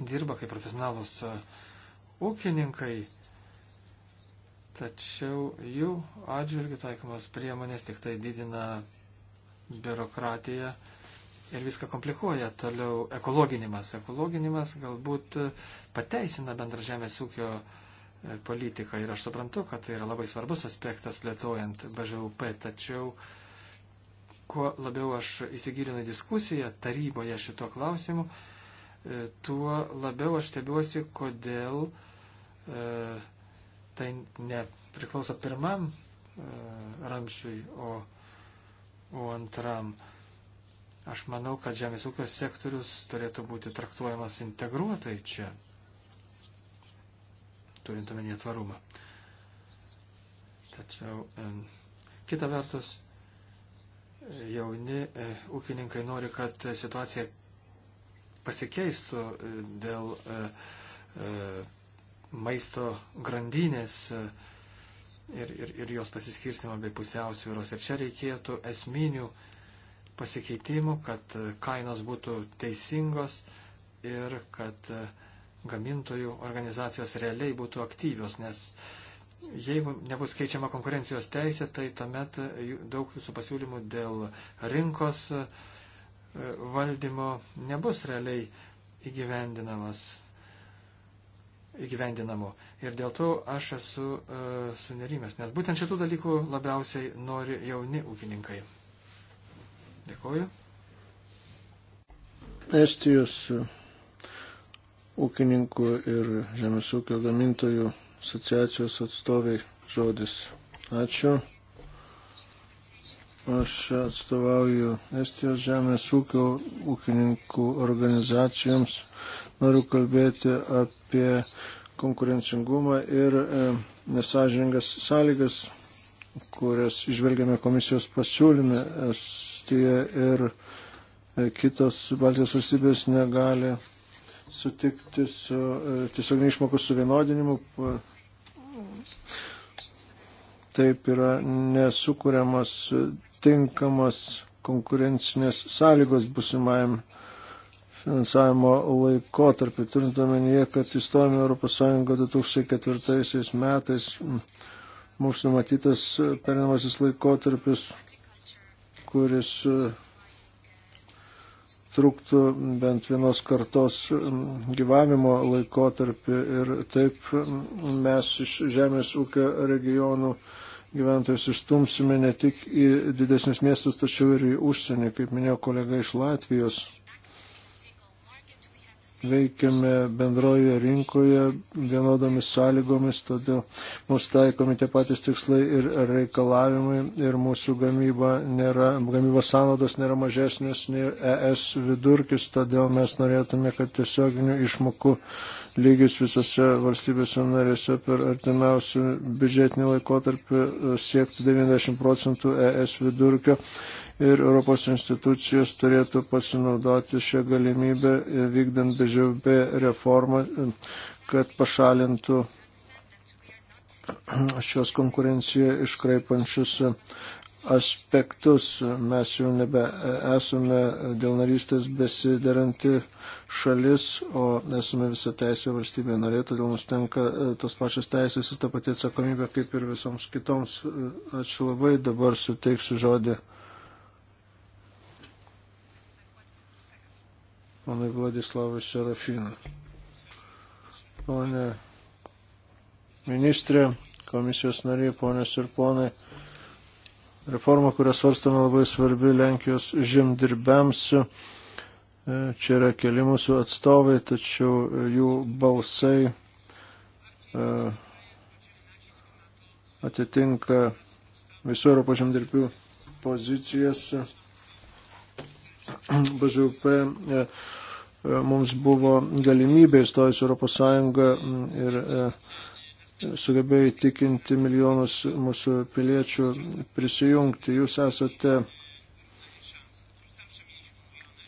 dirba kaip profesionalus e, ūkininkai, tačiau jų atžvilgių taikomas priemonės tik tai didina biurokratiją ir viską komplikuoja. Toliau ekologinimas. Ekologinimas galbūt pateisina bendrą žemės ūkio e, politiką ir aš suprantu, kad tai yra labai svarbus aspektas plėtojant BŽUP, tačiau kuo labiau aš įsigilinu į diskusiją taryboje šito klausimu, e, tuo labiau aš stebiuosi, kodėl e, tai nepriklauso pirmam e, ramšiui, o, o antram. E, Aš manau, kad žemės ūkio sektorius turėtų būti traktuojamas integruotai čia, turint omenyje tvarumą. Tačiau kita vertus, jauni e, ūkininkai nori, kad situacija pasikeistų e, dėl e, maisto grandinės ir, ir, ir jos pasiskirstimo bei pusiausvyros. Ir čia reikėtų esminių pasikeitimų, kad kainos būtų teisingos ir kad gamintojų organizacijos realiai būtų aktyvios, nes jeigu nebus keičiama konkurencijos teisė, tai tuomet daug jūsų pasiūlymų dėl rinkos e, valdymo nebus realiai įgyvendinamas. Įgyvendinamo. Ir dėl to aš esu e, sunerimęs, nes būtent šitų dalykų labiausiai nori jauni ūkininkai. Dėkuoju. Estijos ūkininkų ir žemės ūkio gamintojų asociacijos atstoviai žodis. Ačiū. Aš atstovauju Estijos žemės ūkio ūkininkų organizacijoms. Noriu kalbėti apie konkurencingumą ir e, nesažingas sąlygas, kurias išvelgiame komisijos pasiūlyme. Es, Estija ir e, kitos Baltijos valstybės negali sutikti su e, tiesiog neišmokos suvienodinimu. Taip yra nesukūriamas tinkamas konkurencinės sąlygos busimajam finansavimo laikotarpį, turint omenyje, kad įstojame Europos Sąjungą 2004 metais, mums numatytas perinamasis laikotarpis kuris e, truktų bent vienos kartos gyvavimo laikotarpį ir taip mes iš žemės ūkio regionų gyventojus išstumsime ne tik į didesnius miestus, tačiau ir į užsienį, kaip minėjo kolega iš Latvijos veikiame bendroje rinkoje vienodomis sąlygomis, todėl mūsų taikomi tie patys tikslai ir reikalavimai ir mūsų gamyba nėra, gamybos sąnaudos nėra mažesnės nei ES vidurkis, todėl mes norėtume, kad tiesioginių išmokų lygis visose valstybėse narėse per artimiausių biudžetinį laikotarpį siektų 90 procentų ES vidurkio ir Europos institucijos turėtų pasinaudoti šią galimybę e, vykdant BŽP reformą, e, kad pašalintų <clears throat> šios konkurenciją iškraipančius e, aspektus. Mes jau nebe esame dėl narystės besideranti šalis, o esame visą teisę valstybė narė, todėl mums tenka tos pačios teisės ir ta pati atsakomybė kaip ir visoms kitoms. Ačiū labai, dabar suteiksiu žodį ponui Vladislavui Serafinui. Pone ministrė, komisijos nariai, ponės ir ponai, reforma, kurią svarstame labai svarbi Lenkijos žemdirbiams. Čia yra keli mūsų atstovai, tačiau jų balsai e, atitinka visų Europos žemdirbių pozicijas BŽP e, e, mums buvo galimybė įstojus Europos Sąjungą ir e, sugebėjo įtikinti milijonus mūsų piliečių prisijungti. Jūs esate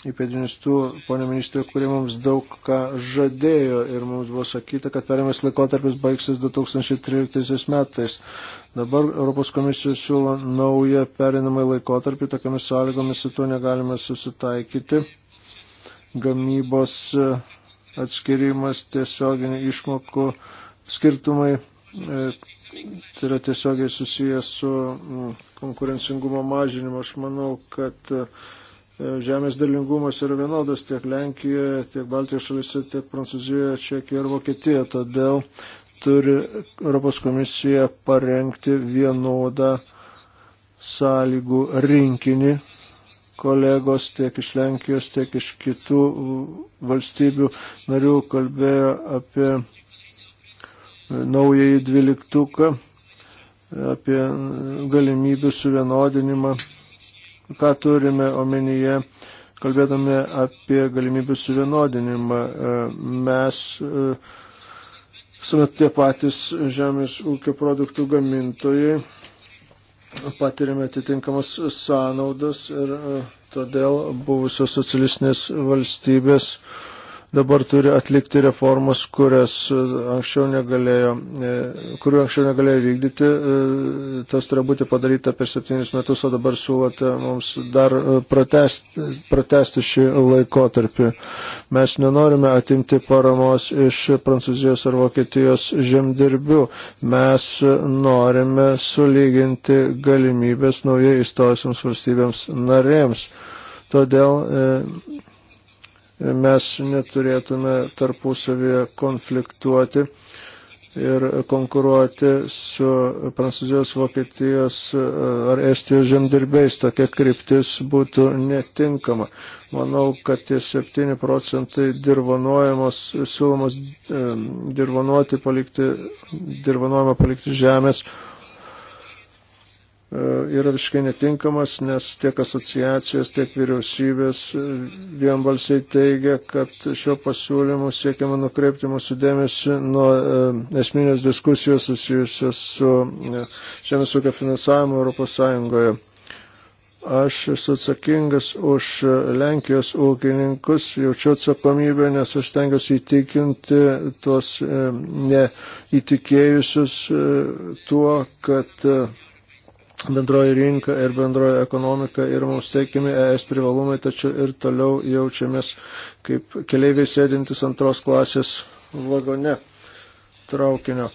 įpėdinius tų, ponė ministrė, kurie mums daug ką žadėjo ir mums buvo sakyta, kad perėmės laikotarpis baigsis 2013 metais. Dabar Europos komisija siūlo naują perinamą laikotarpį, tokiamis sąlygomis su tuo negalime susitaikyti. Gamybos e, atskirimas tiesioginių išmokų skirtumai. E, tai yra tiesiogiai susijęs su mm, konkurencingumo mažinimu. Aš manau, kad uh, E, žemės dalingumas yra vienodas tiek Lenkijoje, tiek Baltijos šalise, tiek Prancūzijoje, Čekijoje ir Vokietijoje. Todėl turi Europos komisija parengti vienodą sąlygų rinkinį. Kolegos tiek iš Lenkijos, tiek iš kitų valstybių narių kalbėjo apie naująjį dvyliktuką, apie galimybių suvienodinimą ką turime omenyje, kalbėdami apie galimybių suvienodinimą. E, mes esame tie patys žemės ūkio produktų gamintojai, patiriame atitinkamas sąnaudas ir e, todėl buvusios socialistinės valstybės uh, dabar turi atlikti reformas, kurias e, anksčiau negalėjo, e, kurių anksčiau negalėjo vykdyti. E, tas turi būti padaryta per septynis metus, o dabar siūlote mums dar pratesti, pratesti šį laikotarpį. Mes nenorime atimti paramos iš Prancūzijos ar Vokietijos žemdirbių. Mes norime sulyginti galimybės naujai įstojusiams valstybėms narėms. Todėl e, mes neturėtume tarpusavėje konfliktuoti ir konkuruoti su Prancūzijos, Vokietijos e, ar Estijos žemdirbiais. Tokia kryptis būtų netinkama. Manau, kad tie 7 procentai dirvanojamos, siūlomos e, dirvanuoti palikti, dirvanuojama palikti žemės E, yra visiškai netinkamas, nes tiek asociacijos, tiek vyriausybės e, vienbalsiai teigia, kad šio pasiūlymu siekiama nukreipti mūsų dėmesį nuo e, esminės diskusijos susijusios su žemės ūkio finansavimu ES. Aš esu atsakingas už Lenkijos ūkininkus, jaučiu atsakomybę, nes aš tengiuosi įtikinti tuos neįtikėjusius tuo, kad bendroji rinka ir bendroji ekonomika ir mums teikiami ES privalumai, tačiau ir toliau jaučiamės kaip keliaiviai sėdintis antros klasės vagone traukinio.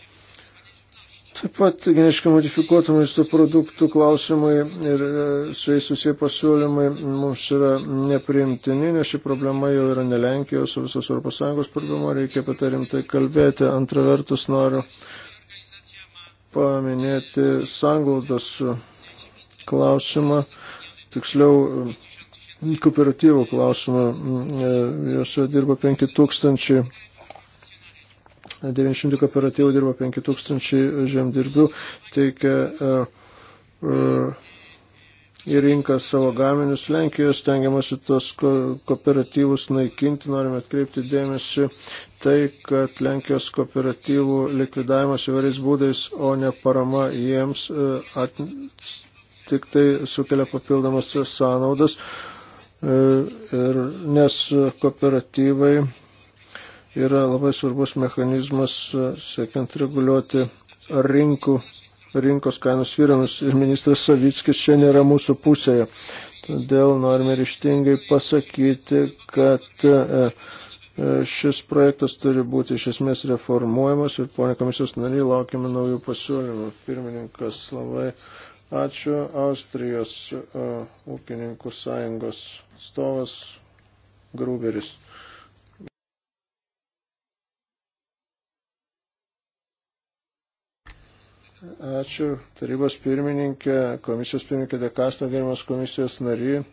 Taip pat geniškai modifikuotų maisto produktų klausimai ir e, su jais susiję pasiūlymai mums yra nepriimtini, nes ši problema jau yra ne Lenkijos, o visos ES problema, reikia apie tai rimtai kalbėti. Antra vertus noriu paminėti sanglaudos klausimą, tiksliau kooperatyvų klausimą. Jose dirba 5000, 900 kooperatyvų dirba 5000 žemdirbių, teikia e, e, į rinką savo gaminius. Lenkijos tengiamasi tos kooperatyvus naikinti, norime atkreipti dėmesį tai, kad Lenkijos kooperatyvų likvidavimas įvairiais būdais, o ne parama jiems e, at, tik tai sukelia papildomas sąnaudas, e, ir, nes kooperatyvai yra labai svarbus mechanizmas e, siekiant reguliuoti rinkų, rinkos kainų svyrimus ir ministras Savickis čia nėra mūsų pusėje. Todėl norime ryštingai pasakyti, kad e, E, šis projektas turi būti iš esmės reformuojamas ir ponė komisijos nariai laukiame naujų pasiūlymų. Pirmininkas labai ačiū. Austrijos uh, ūkininkų sąjungos stovas Gruberis. Ačiū tarybos pirmininkė, komisijos pirmininkė Dekasta, gerimas komisijos nariai.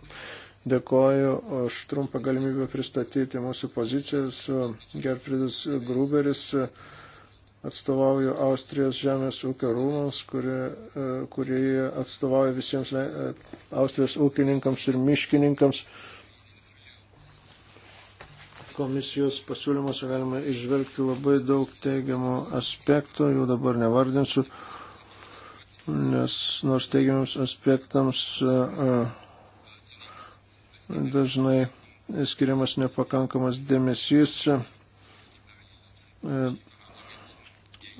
Dėkoju už trumpą galimybę pristatyti mūsų pozicijas. Gerfridas Gruberis atstovauju Austrijos žemės ūkio rūmams, kurie, e, kurie atstovauja visiems e, Austrijos ūkininkams ir miškininkams. Komisijos pasiūlymuose galima išvelgti labai daug teigiamų aspektų, jų dabar nevardinsiu, nes nors teigiamams aspektams. Uh, dažnai skiriamas nepakankamas dėmesys. E,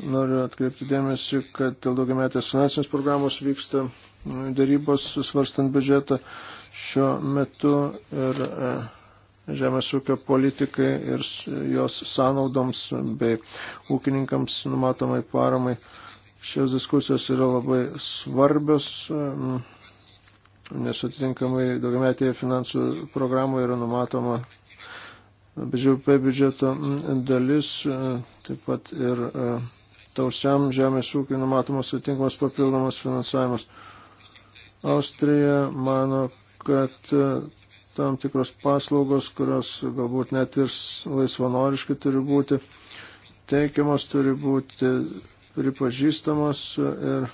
noriu atkreipti dėmesį, kad dėl daugiametės finansinės programos vyksta darybos svarstant biudžetą šiuo metu ir e, žemės ūkio politikai ir jos sąnaudoms bei ūkininkams numatomai paramai. Šios diskusijos yra labai svarbios. Mm nes atitinkamai daugiametėje finansų programoje yra numatoma BGP biudžeto dalis, taip pat ir e, tausiam žemės ūkiai numatomas atitinkamas papildomas finansavimas. Austrija mano, kad e, tam tikros paslaugos, kurios galbūt net ir laisvanoriškai turi būti teikiamas, turi būti pripažįstamas ir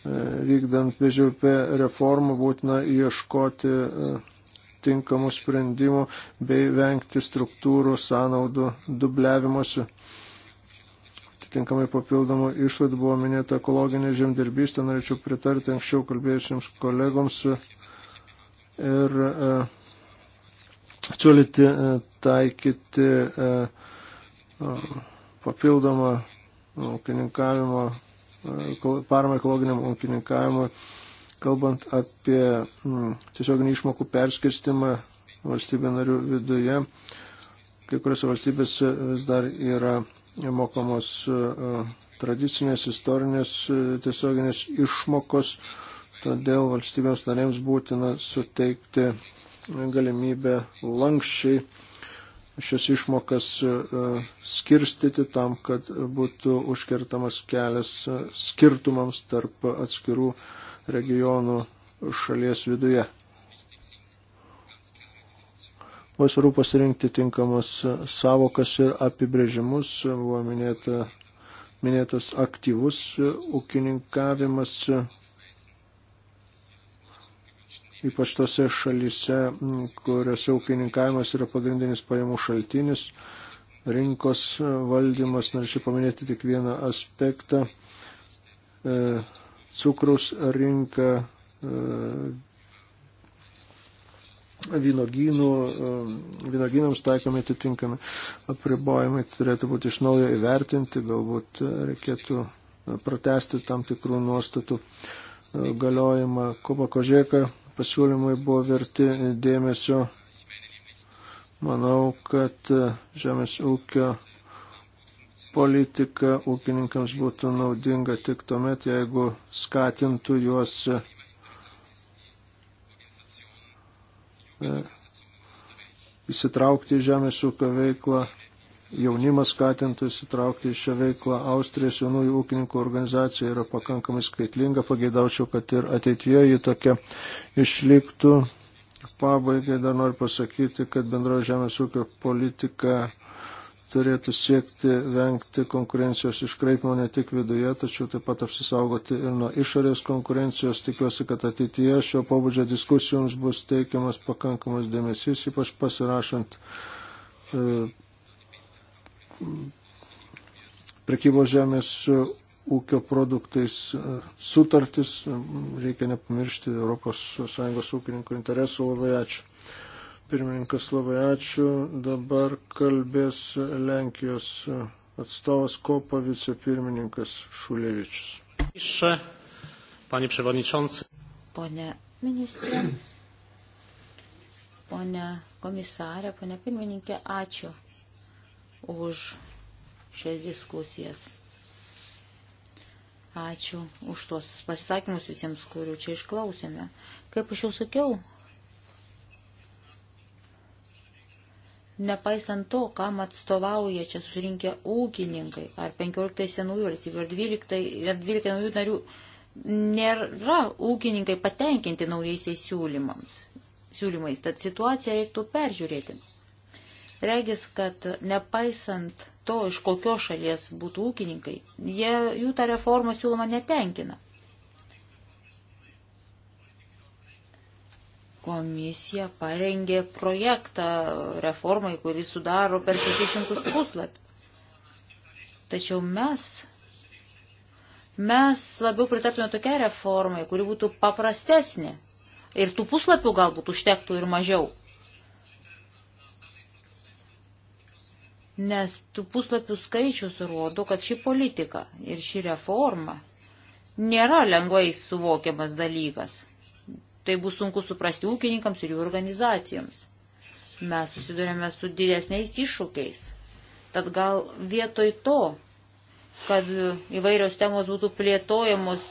E, vykdant BŽP reformą būtina ieškoti e, tinkamų sprendimų bei vengti struktūrų sąnaudų dubliavimuose. Atitinkamai papildomų išlaidų buvo minėta ekologinė žemdirbystė, norėčiau pritarti anksčiau kalbėjusiems kolegoms ir e, siūlyti taikyti papildomą ūkininkavimo paramą ekologiniam ūkininkavimui, kalbant apie mm, tiesioginį išmokų perskirstimą valstybė narių viduje. Kai kuriuose valstybėse vis dar yra mokamos e, tradicinės, istorinės e, tiesioginės išmokos, todėl valstybėms narėms būtina suteikti galimybę lankščiai šias išmokas e, e, skirstyti tam, kad būtų užkertamas kelias e, skirtumams tarp atskirų regionų šalies viduje. Buvo svarbu pasirinkti tinkamas savokas ir apibrėžimus, buvo minėta, minėtas aktyvus ūkininkavimas ypač tose šalyse, kuriuose ūkininkavimas yra pagrindinis pajamų šaltinis, rinkos valdymas, norėčiau paminėti tik vieną aspektą, e, cukrus rinka, vynogynų, e, vynogynams e, taikomi atitinkami apribojimai tai turėtų būti iš naujo įvertinti, galbūt reikėtų pratesti tam tikrų nuostatų galiojimą. Kuba Kožėka pasiūlymai buvo verti dėmesio. Manau, kad e, žemės ūkio politika ūkininkams būtų naudinga tik tuomet, jeigu skatintų juos e, e, įsitraukti į žemės ūkio veiklą jaunimas skatintų įsitraukti į šią veiklą. Austrijos jaunųjų ūkininkų organizacija yra pakankamai skaitlinga, pageidaučiau, kad ir ateityje ji tokia išliktų. Pabaigai dar noriu pasakyti, kad bendroji žemės ūkio politika turėtų siekti vengti konkurencijos iškraipimo ne tik viduje, tačiau taip pat apsisaugoti ir nuo išorės konkurencijos. Tikiuosi, kad ateityje šio pobūdžio diskusijoms bus teikiamas pakankamas dėmesys, ypač pasirašant e, prekybos žemės ūkio produktais sutartis. Reikia nepamiršti ES ūkininkų interesų. Labai ačiū. Pirmininkas, labai ačiū. Dabar kalbės Lenkijos atstovas Kopa vicepirmininkas Šulievičius. Pone ministrė, pone komisarė, pone pirmininkė, ačiū už šias diskusijas. Ačiū už tuos pasisakymus visiems, kurių čia išklausėme. Kaip aš jau sakiau, nepaisant to, kam atstovauja čia susirinkę ūkininkai, ar 15 senųjų valstybių, ar 12, ar 12 naujų narių, nėra ūkininkai patenkinti naujaisiais siūlymams. siūlymais. Tad situaciją reiktų peržiūrėti. Regis, kad nepaisant to, iš kokios šalies būtų ūkininkai, jie, jų ta reforma siūloma netenkina. Komisija parengė projektą reformai, kuris sudaro per 600 puslapį. Tačiau mes, mes labiau pritartume tokiai reformai, kuri būtų paprastesnė. Ir tų puslapių galbūt užtektų ir mažiau. nes tų puslapių skaičius rodo, kad ši politika ir ši reforma nėra lengvai suvokiamas dalykas. Tai bus sunku suprasti ūkininkams ir jų organizacijoms. Mes susidurėme su didesniais iššūkiais. Tad gal vietoj to, kad įvairios temos būtų plėtojamos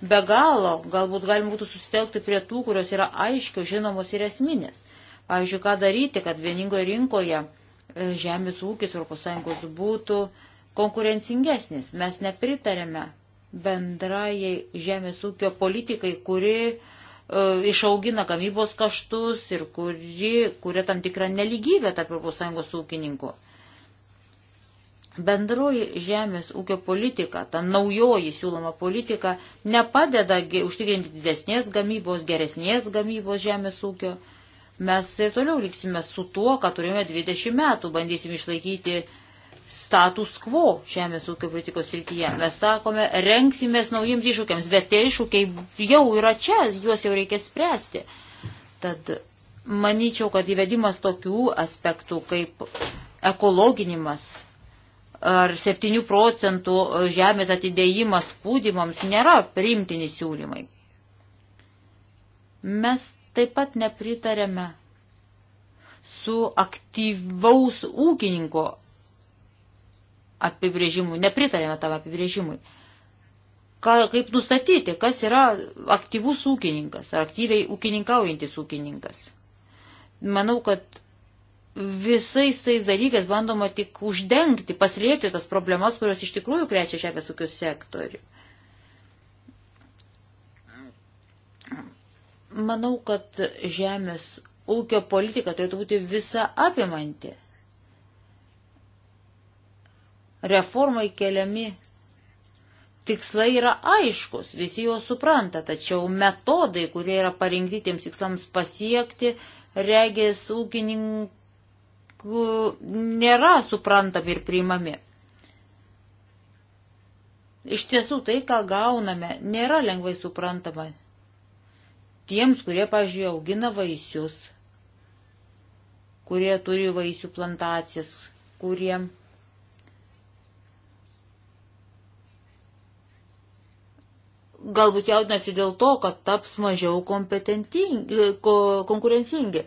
be galo, galbūt galima būtų susitelkti prie tų, kurios yra aiškios, žinomos ir esminės. Pavyzdžiui, ką daryti, kad vieningoje rinkoje E, žemės ūkis ES būtų konkurencingesnis. Mes nepritarėme bendrajai žemės ūkio politikai, kuri e, išaugina gamybos kaštus ir kuri kuria tam tikrą neligybę tarp ES ūkininkų. Bendroji žemės ūkio politika, ta naujoji siūloma politika, nepadeda užtikrinti didesnės gamybos, geresnės gamybos žemės ūkio. E, Mes ir toliau liksime su tuo, ką turėjome 20 metų, bandysim išlaikyti status quo žemės ūkio politikos srityje. Mes sakome, renksimės naujiems iššūkiams, bet tie iššūkiai jau yra čia, juos jau reikia spręsti. Tad manyčiau, kad įvedimas tokių aspektų kaip ekologinimas ar 7 procentų žemės atidėjimas spūdimams nėra priimtini siūlymai. Mes Taip pat nepritarėme su aktyvaus ūkininko apibrėžimui, nepritarėme tam apibrėžimui. Ka, kaip nustatyti, kas yra aktyvus ūkininkas ar aktyviai ūkininkaujantis ūkininkas. Manau, kad visais tais dalykais bandoma tik uždengti, paslėpti tas problemas, kurios iš tikrųjų krečia žemės ūkio sektorių. Manau, kad žemės ūkio politika turėtų būti visa apimanti. Reformai keliami tikslai yra aiškus, visi juos supranta, tačiau metodai, kurie yra parinkti tiems tikslams pasiekti, regės ūkininkų nėra suprantami ir priimami. Iš tiesų tai, ką gauname, nėra lengvai suprantama, tiems, kurie, pažiūrėjau, augina vaisius, kurie turi vaisių plantacijas, kurie galbūt jaudinasi dėl to, kad taps mažiau konkurencingi.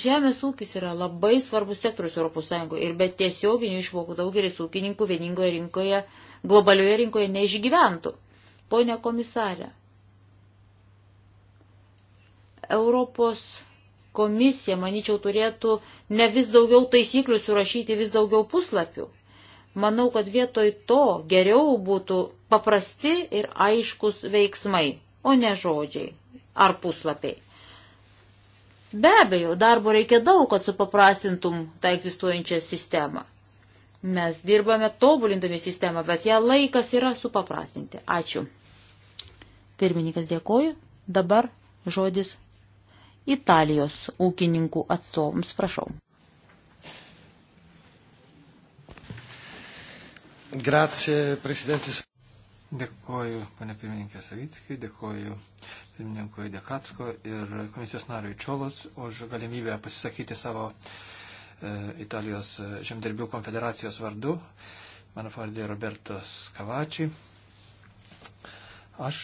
Žemės ūkis yra labai svarbus sektorius ES ir be tiesioginių išmokų daugelis ūkininkų vieningoje rinkoje, globalioje rinkoje neišgyventų. Pone komisarė, Europos komisija, manyčiau, turėtų ne vis daugiau taisyklių surašyti, vis daugiau puslapių. Manau, kad vietoj to geriau būtų paprasti ir aiškus veiksmai, o ne žodžiai ar puslapiai. Be abejo, darbo reikia daug, kad supaprastintum tą egzistuojančią sistemą. Mes dirbame tobulindami sistemą, bet ją laikas yra supaprastinti. Ačiū. Pirmininkas dėkoju. Dabar žodis Italijos ūkininkų atstovams. Prašau. Grazie, prezidentis. Dėkuoju, pane pirmininkė Savickiai, dėkuoju pirmininkui Dekatsko ir komisijos nariui Čiolos už galimybę pasisakyti savo e, Italijos žemdirbių konfederacijos vardu. Mano pavardė Roberto Skavačiai. Aš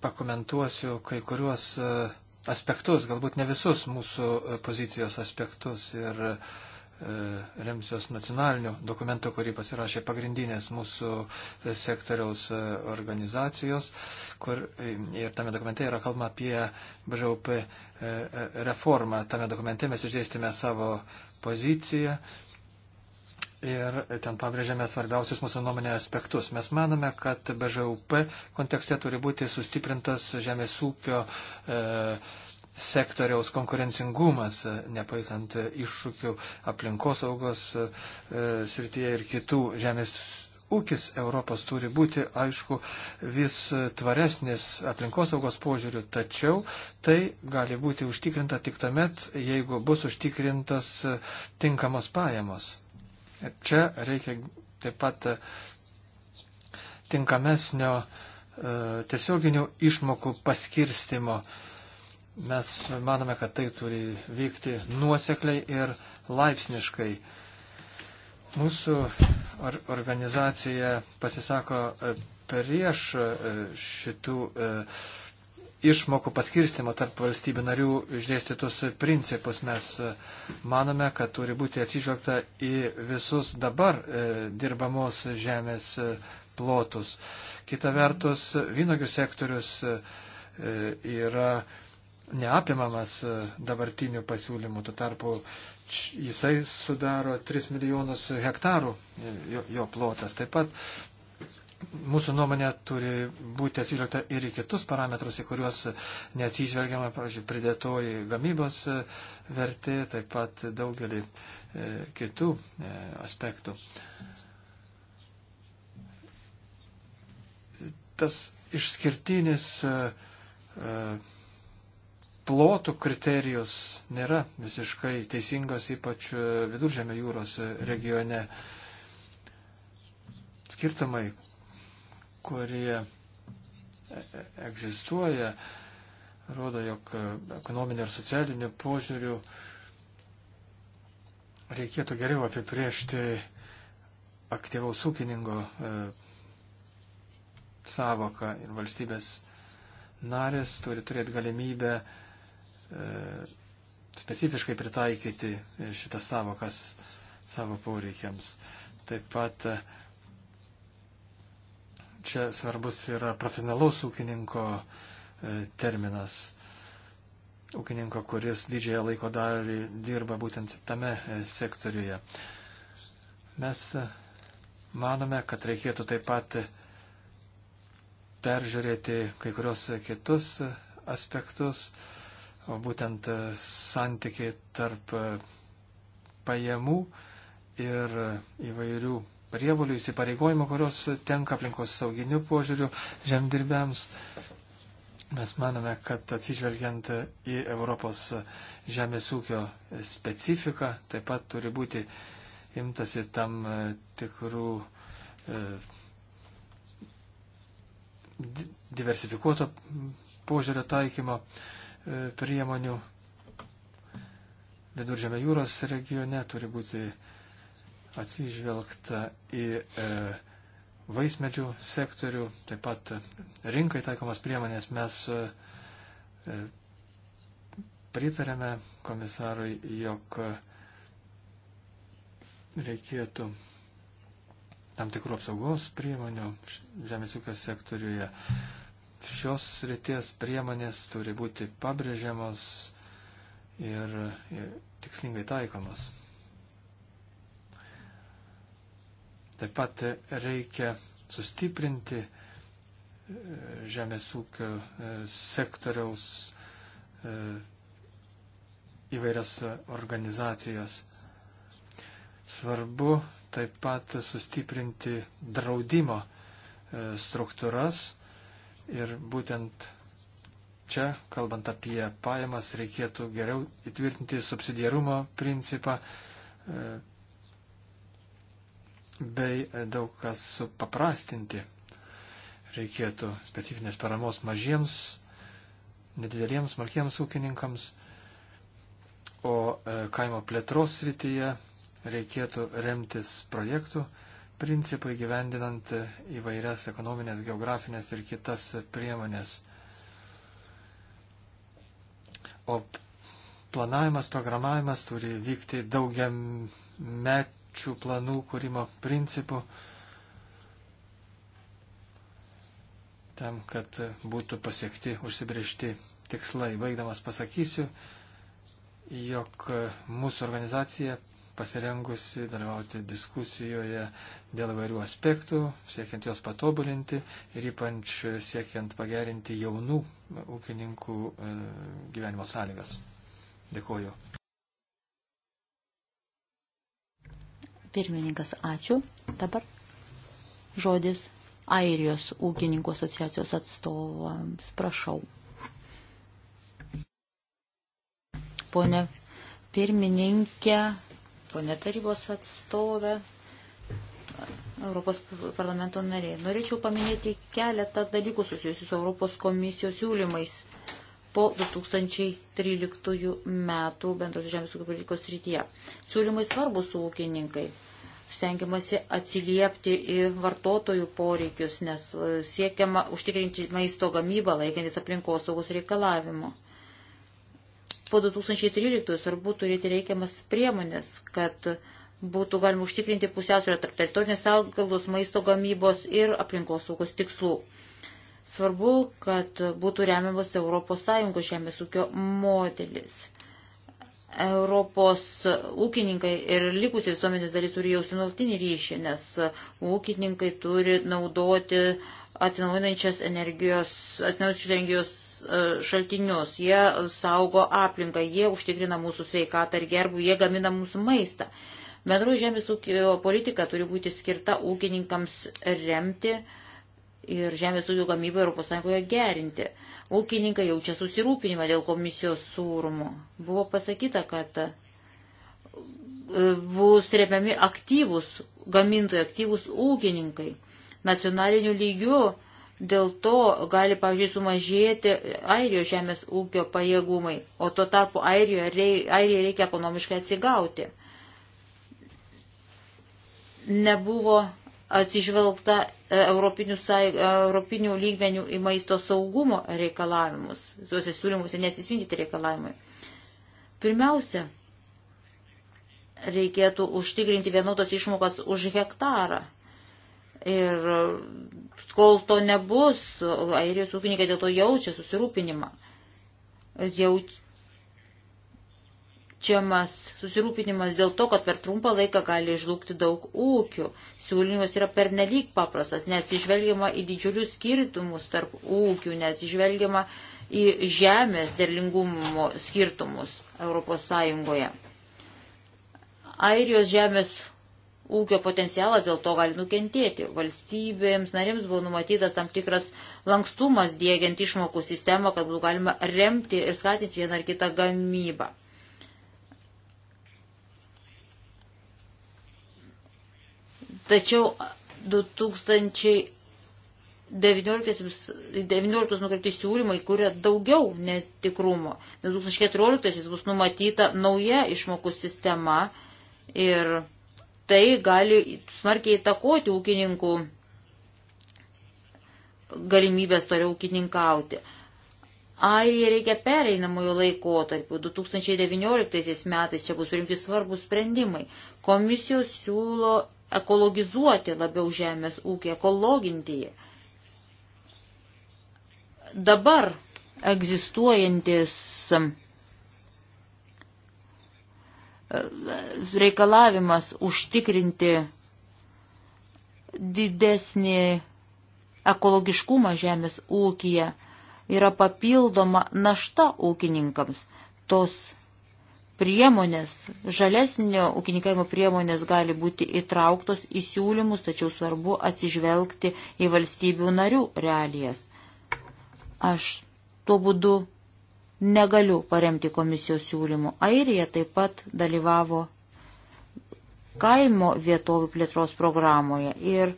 pakomentuosiu kai kuriuos e, aspektus, galbūt ne visus mūsų e, pozicijos aspektus ir e, remsiuos nacionaliniu dokumentu, kurį pasirašė pagrindinės mūsų sektoriaus organizacijos. Kur, ir tame dokumente yra kalba apie BŽUP reformą. Tame dokumente mes išdėstėme savo poziciją ir ten pabrėžėme svarbiausius mūsų nuomonė aspektus. Mes manome, kad BŽUP kontekste turi būti sustiprintas žemės ūkio e, sektoriaus konkurencingumas, nepaisant iššūkių aplinkosaugos e, srityje ir kitų žemės ūkis Europos turi būti, aišku, vis tvaresnis aplinkosaugos požiūrių, tačiau tai gali būti užtikrinta tik tuomet, jeigu bus užtikrintas tinkamos pajamos. Čia reikia taip pat e, tinkamesnio e, tiesioginių išmokų paskirstimo. Mes manome, kad tai turi vykti nuosekliai ir laipsniškai. Mūsų organizacija pasisako e, prieš šitų išmokų paskirstimo tarp valstybių narių išdėstytus principus. Mes e, manome, kad turi būti atsižvelgta į visus dabar e, dirbamos žemės e, plotus. Kita vertus, vynogių sektorius yra neapimamas dabartinių pasiūlymų. Tuo tarpu jisai sudaro 3 milijonus hektarų jo, jo plotas. Taip pat mūsų nuomonė turi būti atsižvelgta ir į kitus parametrus, į kuriuos neatsižvelgiama, pavyzdžiui, pridėtoji gamybos e, vertė, taip pat daugelį e, kitų e, aspektų. Tas išskirtinis plotų kriterijus nėra visiškai teisingas, ypač viduržėmio jūros regione. Skirtumai, kurie e, e, egzistuoja, rodo, jog ekonominio ir socialinio požiūrių reikėtų geriau apipriešti aktyvaus ūkininko e, savoką ir valstybės narės turi turėti galimybę e, specifiškai pritaikyti šitas savokas savo poreikiams. Taip pat e, čia svarbus yra profesionalaus ūkininko e, terminas. Ūkininko, kuris didžiąją laiko dalį dirba būtent tame e, sektoriuje. Mes e, manome, kad reikėtų taip pat peržiūrėti kai kurios kitus aspektus, o būtent santykiai tarp pajamų ir įvairių prievolių įsipareigojimų, kurios tenka aplinkos sauginių požiūrių žemdirbiams. Mes manome, kad atsižvelgiant į Europos žemės ūkio specifiką, taip pat turi būti imtasi tam e, tikrų e, diversifikuoto požiūrio taikymo e, priemonių. Viduržėme jūros regione turi būti atsižvelgta į e, vaismedžių sektorių, taip pat rinkai taikomas priemonės. Mes e, e, pritarėme komisarui, jog reikėtų tam tikrų apsaugos priemonių žemės ūkio sektoriuje. Šios ryties priemonės turi būti pabrėžiamos ir, ir tikslingai taikomos. Taip pat reikia sustiprinti e, žemės ūkio e, sektoriaus e, įvairias organizacijas. Svarbu taip pat sustiprinti draudimo struktūras ir būtent čia, kalbant apie pajamas, reikėtų geriau įtvirtinti subsidiarumo principą, bei daug kas supaprastinti. Reikėtų specifinės paramos mažiems, nedideliems, smulkiems ūkininkams, o e, kaimo plėtros srityje reikėtų remtis projektų principai gyvendinant įvairias ekonominės, geografinės ir kitas priemonės. O planavimas, programavimas turi vykti daugiam met pačių planų kūrimo principų, tam, kad būtų pasiekti užsibriežti tikslai. Baigdamas pasakysiu, jog mūsų organizacija pasirengusi dalyvauti diskusijoje dėl vairių aspektų, siekiant jos patobulinti ir ypač siekiant pagerinti jaunų ūkininkų e, gyvenimo sąlygas. Dėkuoju. Pirmininkas, ačiū. Dabar žodis Airijos ūkininkų asociacijos atstovams. Prašau. Pone pirmininkė, pone tarybos atstovė, Europos parlamento nariai. Norėčiau paminėti keletą dalykų susijusius su Europos komisijos siūlymais po 2013 metų bendros žemės ūkio politikos rytyje. Siūlymai svarbus ūkininkai stengiamasi atsiliepti į vartotojų poreikius, nes e, siekiama užtikrinti maisto gamybą laikantis aplinkosaugos reikalavimo. Po 2013 svarbu turėti reikiamas priemonės, kad būtų galima užtikrinti pusiausvyrą tarp teritorinės augalos maisto gamybos ir aplinkosaugos tikslų. Svarbu, kad būtų remiamas ES žemės ūkio modelis Europos ūkininkai ir likusiai visuomenės dalis turi jausti nuolatinį ryšį, nes ūkininkai turi naudoti atsinaujinančias energijos, atsinaujinančius energijos e, šaltinius, jie saugo aplinką, jie užtikrina mūsų sveikatą ir gerbų, jie gamina mūsų maistą. Bendro žemės ūkio politika turi būti skirta ūkininkams remti ir žemės ūkio gamybą ES gerinti. Ūkininkai jaučia susirūpinimą dėl komisijos sūrumo. Buvo pasakyta, kad e, bus remiami aktyvus gamintojai, aktyvus ūkininkai. Nacionaliniu lygiu dėl to gali, pavyzdžiui, sumažėti Airijos žemės ūkio pajėgumai, o tuo tarpu Airijai Airijo reikia ekonomiškai atsigauti. Nebuvo atsižvelgta E, Europinių, e, Europinių lygmenių į maisto saugumo reikalavimus. Tuose siūlymuose neatsispindyti reikalavimai. Pirmiausia, reikėtų užtikrinti vienodas išmokas už hektarą. Ir kol to nebus, airijos ūkininkai dėl to jaučia susirūpinimą. Jaučia jaučiamas susirūpinimas dėl to, kad per trumpą laiką gali išlūkti daug ūkių. Siūlymas yra pernelyg paprastas, neatsižvelgiama į didžiulius skirtumus tarp ūkių, neatsižvelgiama į žemės derlingumo skirtumus ES. Airijos žemės ūkio potencialas dėl to gali nukentėti. Valstybėms narėms buvo numatytas tam tikras lankstumas dėgiant išmokų sistemą, kad būtų galima remti ir skatinti vieną ar kitą gamybą. Tačiau 2019 nukreipti siūlymai kuria daugiau netikrumo. 2014 bus numatyta nauja išmokų sistema ir tai gali smarkiai įtakoti ūkininkų galimybės toliau ūkininkauti. Airijai reikia pereinamojo laikotarpiu. 2019 metais čia bus priimti svarbus sprendimai. Komisijos siūlo ekologizuoti labiau žemės ūkį, ekologinti jį. Dabar egzistuojantis e, reikalavimas užtikrinti didesnį ekologiškumą žemės ūkyje yra papildoma našta ūkininkams. Tos priemonės, žalesnio ūkininkavimo priemonės gali būti įtrauktos į siūlymus, tačiau svarbu atsižvelgti į valstybių narių realijas. Aš tuo būdu negaliu paremti komisijos siūlymų. Airija taip pat dalyvavo kaimo vietovių plėtros programoje ir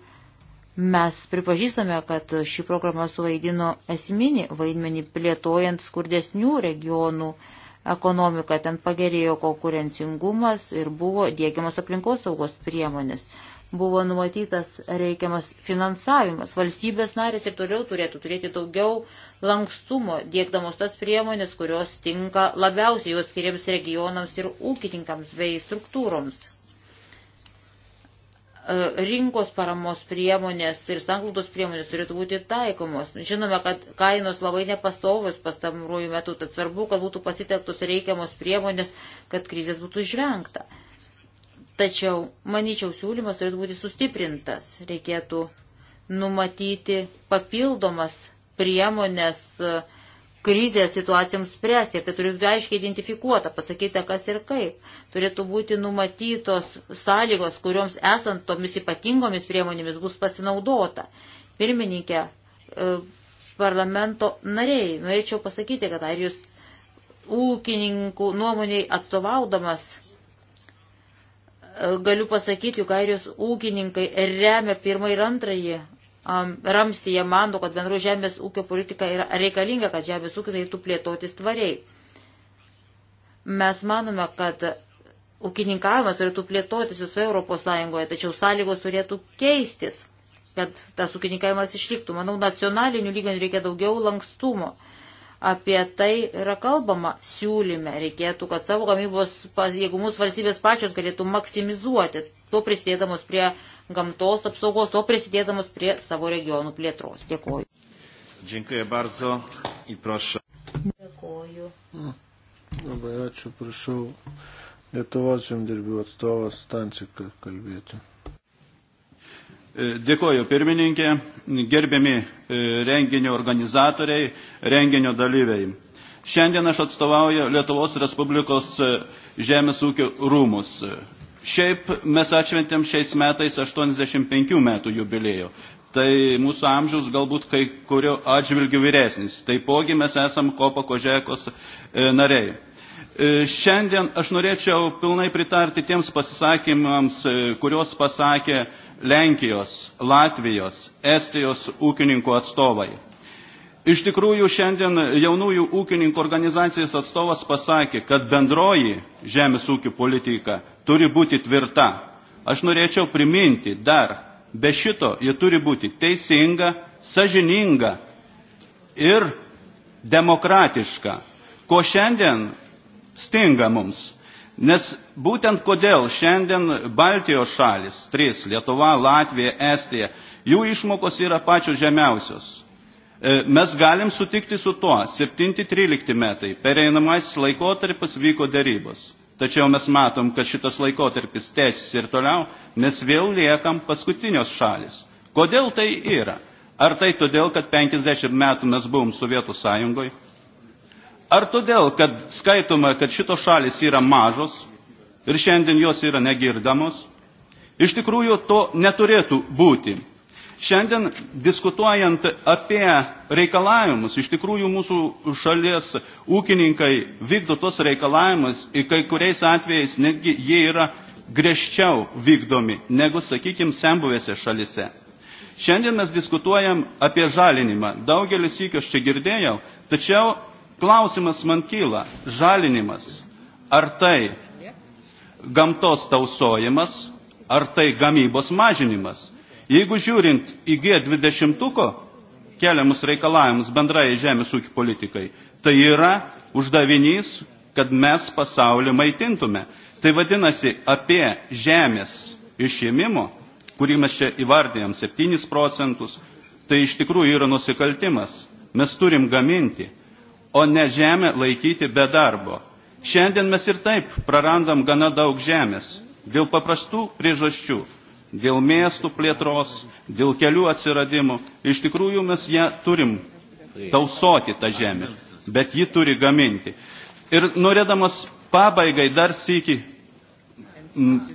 mes pripažįstame, kad ši programa suvaidino esminį vaidmenį plėtojant skurdesnių regionų uh, ekonomiką, ten pagerėjo konkurencingumas ir buvo dėkiamas aplinkos saugos priemonės. Buvo numatytas reikiamas finansavimas. Valstybės narės ir toliau turėtų turėti daugiau lankstumo, dėkdamos tas priemonės, kurios tinka labiausiai jų atskiriems regionams ir ūkininkams bei struktūroms. E, rinkos paramos priemonės ir sanglaudos priemonės turėtų būti taikomos. Žinome, kad kainos labai nepastovios pastaruoju metu, tad svarbu, kad būtų pasitelktos reikiamos priemonės, kad krizės būtų išvengta. Tačiau, manyčiau, siūlymas turėtų būti sustiprintas. Reikėtų numatyti papildomas priemonės uh, krizės situacijoms spręsti. Ir tai turi būti aiškiai identifikuota, pasakyta, kas ir kaip. Turėtų būti numatytos sąlygos, kurioms esant tomis ypatingomis priemonėmis bus pasinaudota. Pirmininkė, e, parlamento nariai, norėčiau pasakyti, kad ar jūs ūkininkų nuomoniai atstovaudamas e, galiu pasakyti, jog airijos ūkininkai remia pirmąjį ir antrąjį ramstyje mano, kad bendro žemės ūkio politika yra reikalinga, kad žemės ūkis eitų plėtotis tvariai. Mes manome, kad ūkininkavimas turėtų plėtotis visoje Europos Sąjungoje, tačiau sąlygos turėtų keistis, kad tas ūkininkavimas išliktų. Manau, nacionaliniu lygmeniu reikia daugiau lankstumo. Apie tai yra kalbama siūlyme. Reikėtų, kad savo gamybos pajėgumus valstybės pačios galėtų maksimizuoti to prisidėdamos prie gamtos apsaugos, to prisidėdamos prie savo regionų plėtros. Dėkoju. Dziękuję bardzo i proszę. Dėkoju. Mm. Labai ačiū, prašau. Lietuvos žemdirbių atstovas Stanciką kalbėti. E, dėkoju pirmininkė, gerbiami e, renginio organizatoriai, renginio dalyviai. Šiandien aš atstovauju Lietuvos Respublikos e, Žemės ūkio rūmus. Šiaip mes atšventėm šiais metais 85 metų jubiliejų. Tai mūsų amžiaus galbūt kai kurio atžvilgių vyresnis. Taipogi mes esam Kopa Kožekos e, nariai. E, šiandien aš norėčiau pilnai pritarti tiems pasisakymams, e, kuriuos pasakė Lenkijos, Latvijos, Estijos ūkininkų atstovai. Iš tikrųjų, šiandien jaunųjų ūkininkų organizacijos atstovas pasakė, kad bendroji žemės ūkio politika turi būti tvirta. Aš norėčiau priminti dar, be šito ji turi būti teisinga, sažininga ir demokratiška, ko šiandien stinga mums. Nes būtent kodėl šiandien Baltijos šalis, trys, Lietuva, Latvija, Estija, jų išmokos yra pačios žemiausios. E, mes galim sutikti su tuo, 7-13 metai pereinamasis laikotarpis vyko darybos. Tačiau mes matom, kad šitas laikotarpis tęsis ir toliau, mes vėl liekam paskutinios šalis. Kodėl tai yra? Ar tai todėl, kad 50 metų mes buvom Sovietų sąjungoje? Ar todėl, kad skaitoma, kad šitos šalis yra mažos ir šiandien jos yra negirdamos? Iš tikrųjų, to neturėtų būti. Šiandien diskutuojant apie reikalavimus, iš tikrųjų mūsų šalies ūkininkai vykdo tos reikalavimus ir kai kuriais atvejais netgi jie yra greščiau vykdomi negu, sakykime, sembuvėse šalise. Šiandien mes diskutuojam apie žalinimą. Daugelis įkios čia girdėjau, tačiau klausimas man kyla. Žalinimas. Ar tai gamtos tausojimas, ar tai gamybos mažinimas? Jeigu žiūrint į G20 keliamus reikalavimus bendrai žemės ūkio politikai, tai yra uždavinys, kad mes pasaulį maitintume. Tai vadinasi, apie žemės išėmimo, kurį mes čia įvardėjom 7 procentus, tai iš tikrųjų yra nusikaltimas. Mes turim gaminti, o ne žemę laikyti be darbo. Šiandien mes ir taip prarandam gana daug žemės dėl paprastų priežasčių dėl miestų plėtros, dėl kelių atsiradimo. Iš tikrųjų mes ją turim tausoti tą žemę, bet ji turi gaminti. Ir norėdamas pabaigai dar sėki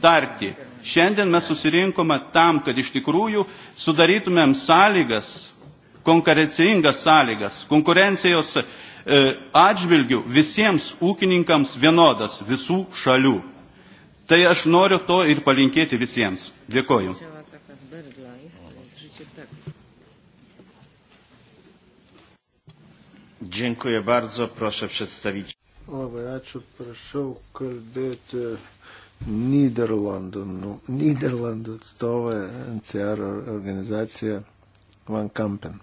tarti. Šiandien mes susirinkome tam, kad iš tikrųjų sudarytumėm sąlygas, konkurencingas sąlygas, konkurencijos e, atžvilgių visiems ūkininkams vienodas visų šalių. Tai aš noriu to ir palinkėti visiems. Dėkoju. Dziękuję bardzo. Proszę przedstawić. Labai ačiū, prašau kalbėti Niderlandų, nu, Niderlandų atstovą NCR organizaciją Van Kampen.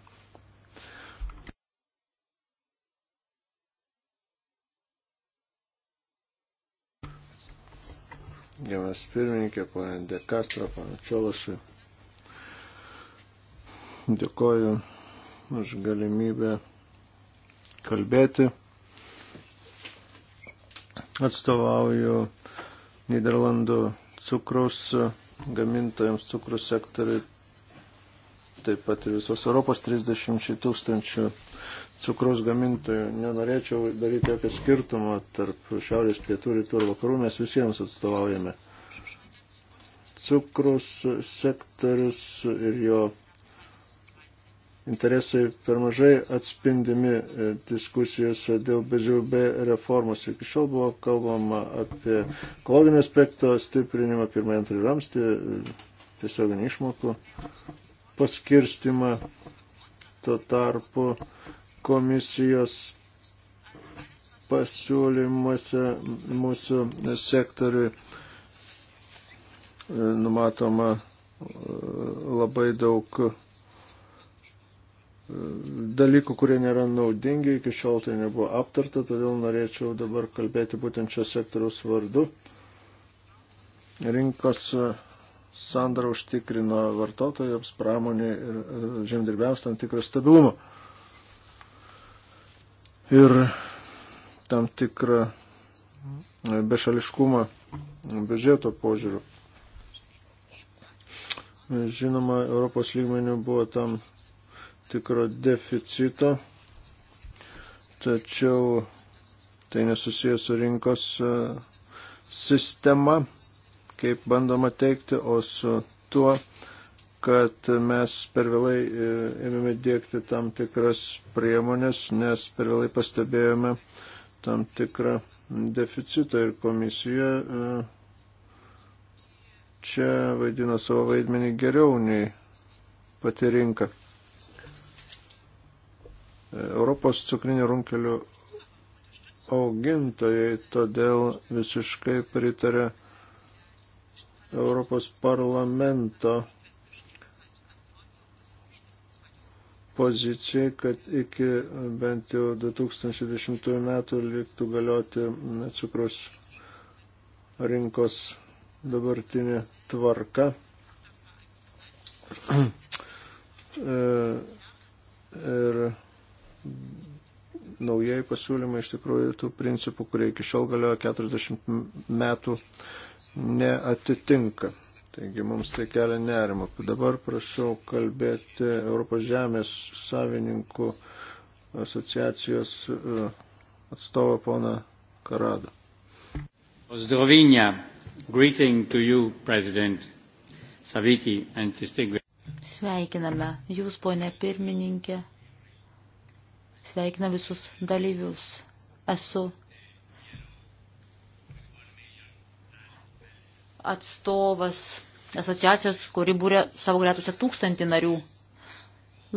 Gemas pirmininkė, ponė De Castro, ponė Čiolašui. Dėkoju už galimybę kalbėti. Atstovauju Niderlandų cukrus gamintojams, cukrus sektoriui, taip pat ir visos Europos 30 tūkstančių cukrus gamintojų. Nenorėčiau daryti jokio skirtumo tarp šiaurės, pietų, rytų ir vakarų, mes visiems atstovaujame. Cukrus sektorius ir jo interesai per mažai atspindimi e, diskusijose dėl BŽUB reformos. Iki šiol buvo kalbama apie ekologinio aspekto stiprinimą, pirmąjį antrąjį ramstį, e, tiesioginį išmokų paskirstimą. Tuo tarpu komisijos pasiūlymuose mūsų sektoriui e, numatoma e, labai daug e, dalykų, kurie nėra naudingi, iki šiol tai nebuvo aptarta, todėl norėčiau dabar kalbėti būtent šio sektoriaus vardu. Rinkos sandara užtikrino vartotojams, pramonė ir žemdirbiams tam tikrą stabilumą ir tam tikrą e, bešališkumą biudžeto požiūriu. Žinoma, Europos lygmenių buvo tam tikro deficito, tačiau tai nesusijęs su rinkos e, sistema, kaip bandoma teikti, o su tuo, kad mes per vėlai e, ėmėme dėkti tam tikras priemonės, nes per vėlai pastebėjome tam tikrą deficitą ir komisija e, čia vaidina savo vaidmenį geriau nei pati rinka. E, Europos cukrinių runkelių augintojai todėl visiškai pritarė Europos parlamento pozicijai, kad iki bent jau 2010 metų liktų galioti cukrus rinkos dabartinė tvarka. E, ir naujai pasiūlymai iš tikrųjų tų principų, kurie iki šiol galiojo 40 metų, neatitinka. Taigi mums tai kelia nerimo. Dabar prašau kalbėti Europos žemės savininkų asociacijos e, atstovą poną Karadą. Ozdrovinė, greeting to you, President Saviki and distinguished. Sveikiname jūs, ponė pirmininkė. Sveikina visus dalyvius. Esu atstovas asociacijos, kuri būrė savo gretusią tūkstantį narių.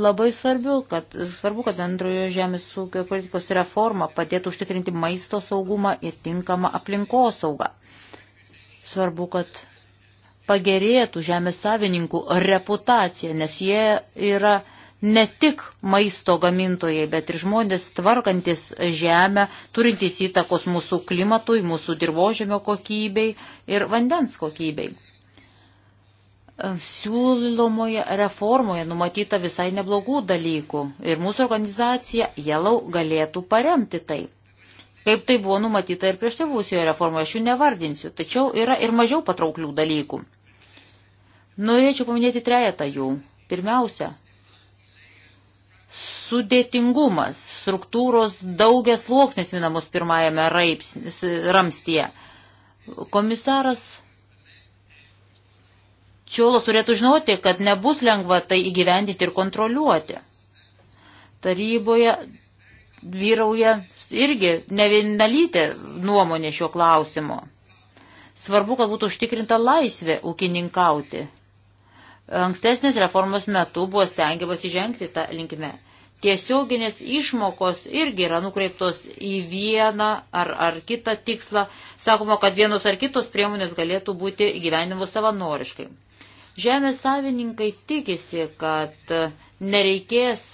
Labai svarbu, kad, svarbu, kad bendrojo žemės ūkio politikos reforma padėtų užtikrinti maisto saugumą ir tinkamą aplinkos saugą. Svarbu, kad pagerėtų žemės savininkų reputacija, nes jie yra ne tik maisto gamintojai, bet ir žmonės tvarkantis žemę, turintys įtakos mūsų klimatui, mūsų dirbožėmio kokybei ir vandens kokybei. Siūlomoje reformoje numatyta visai neblogų dalykų ir mūsų organizacija jau galėtų paremti tai. Kaip tai buvo numatyta ir prieš tai būsijoje reformoje, aš jų nevardinsiu, tačiau yra ir mažiau patrauklių dalykų. Norėčiau paminėti trejatą jų. Pirmiausia, sudėtingumas, struktūros daugias luoksnis minamos pirmajame raips, ramstyje. Komisaras Čiolas turėtų žinoti, kad nebus lengva tai įgyvendinti ir kontroliuoti. Taryboje vyrauja irgi nevienalytė nuomonė šiuo klausimu. Svarbu, kad būtų užtikrinta laisvė ūkininkauti. Ankstesnės reformos metu buvo stengiamas įžengti tą linkme tiesioginės išmokos irgi yra nukreiptos į vieną ar, ar kitą tikslą. Sakoma, kad vienos ar kitos priemonės galėtų būti gyvenimos savanoriškai. Žemės savininkai tikisi, kad nereikės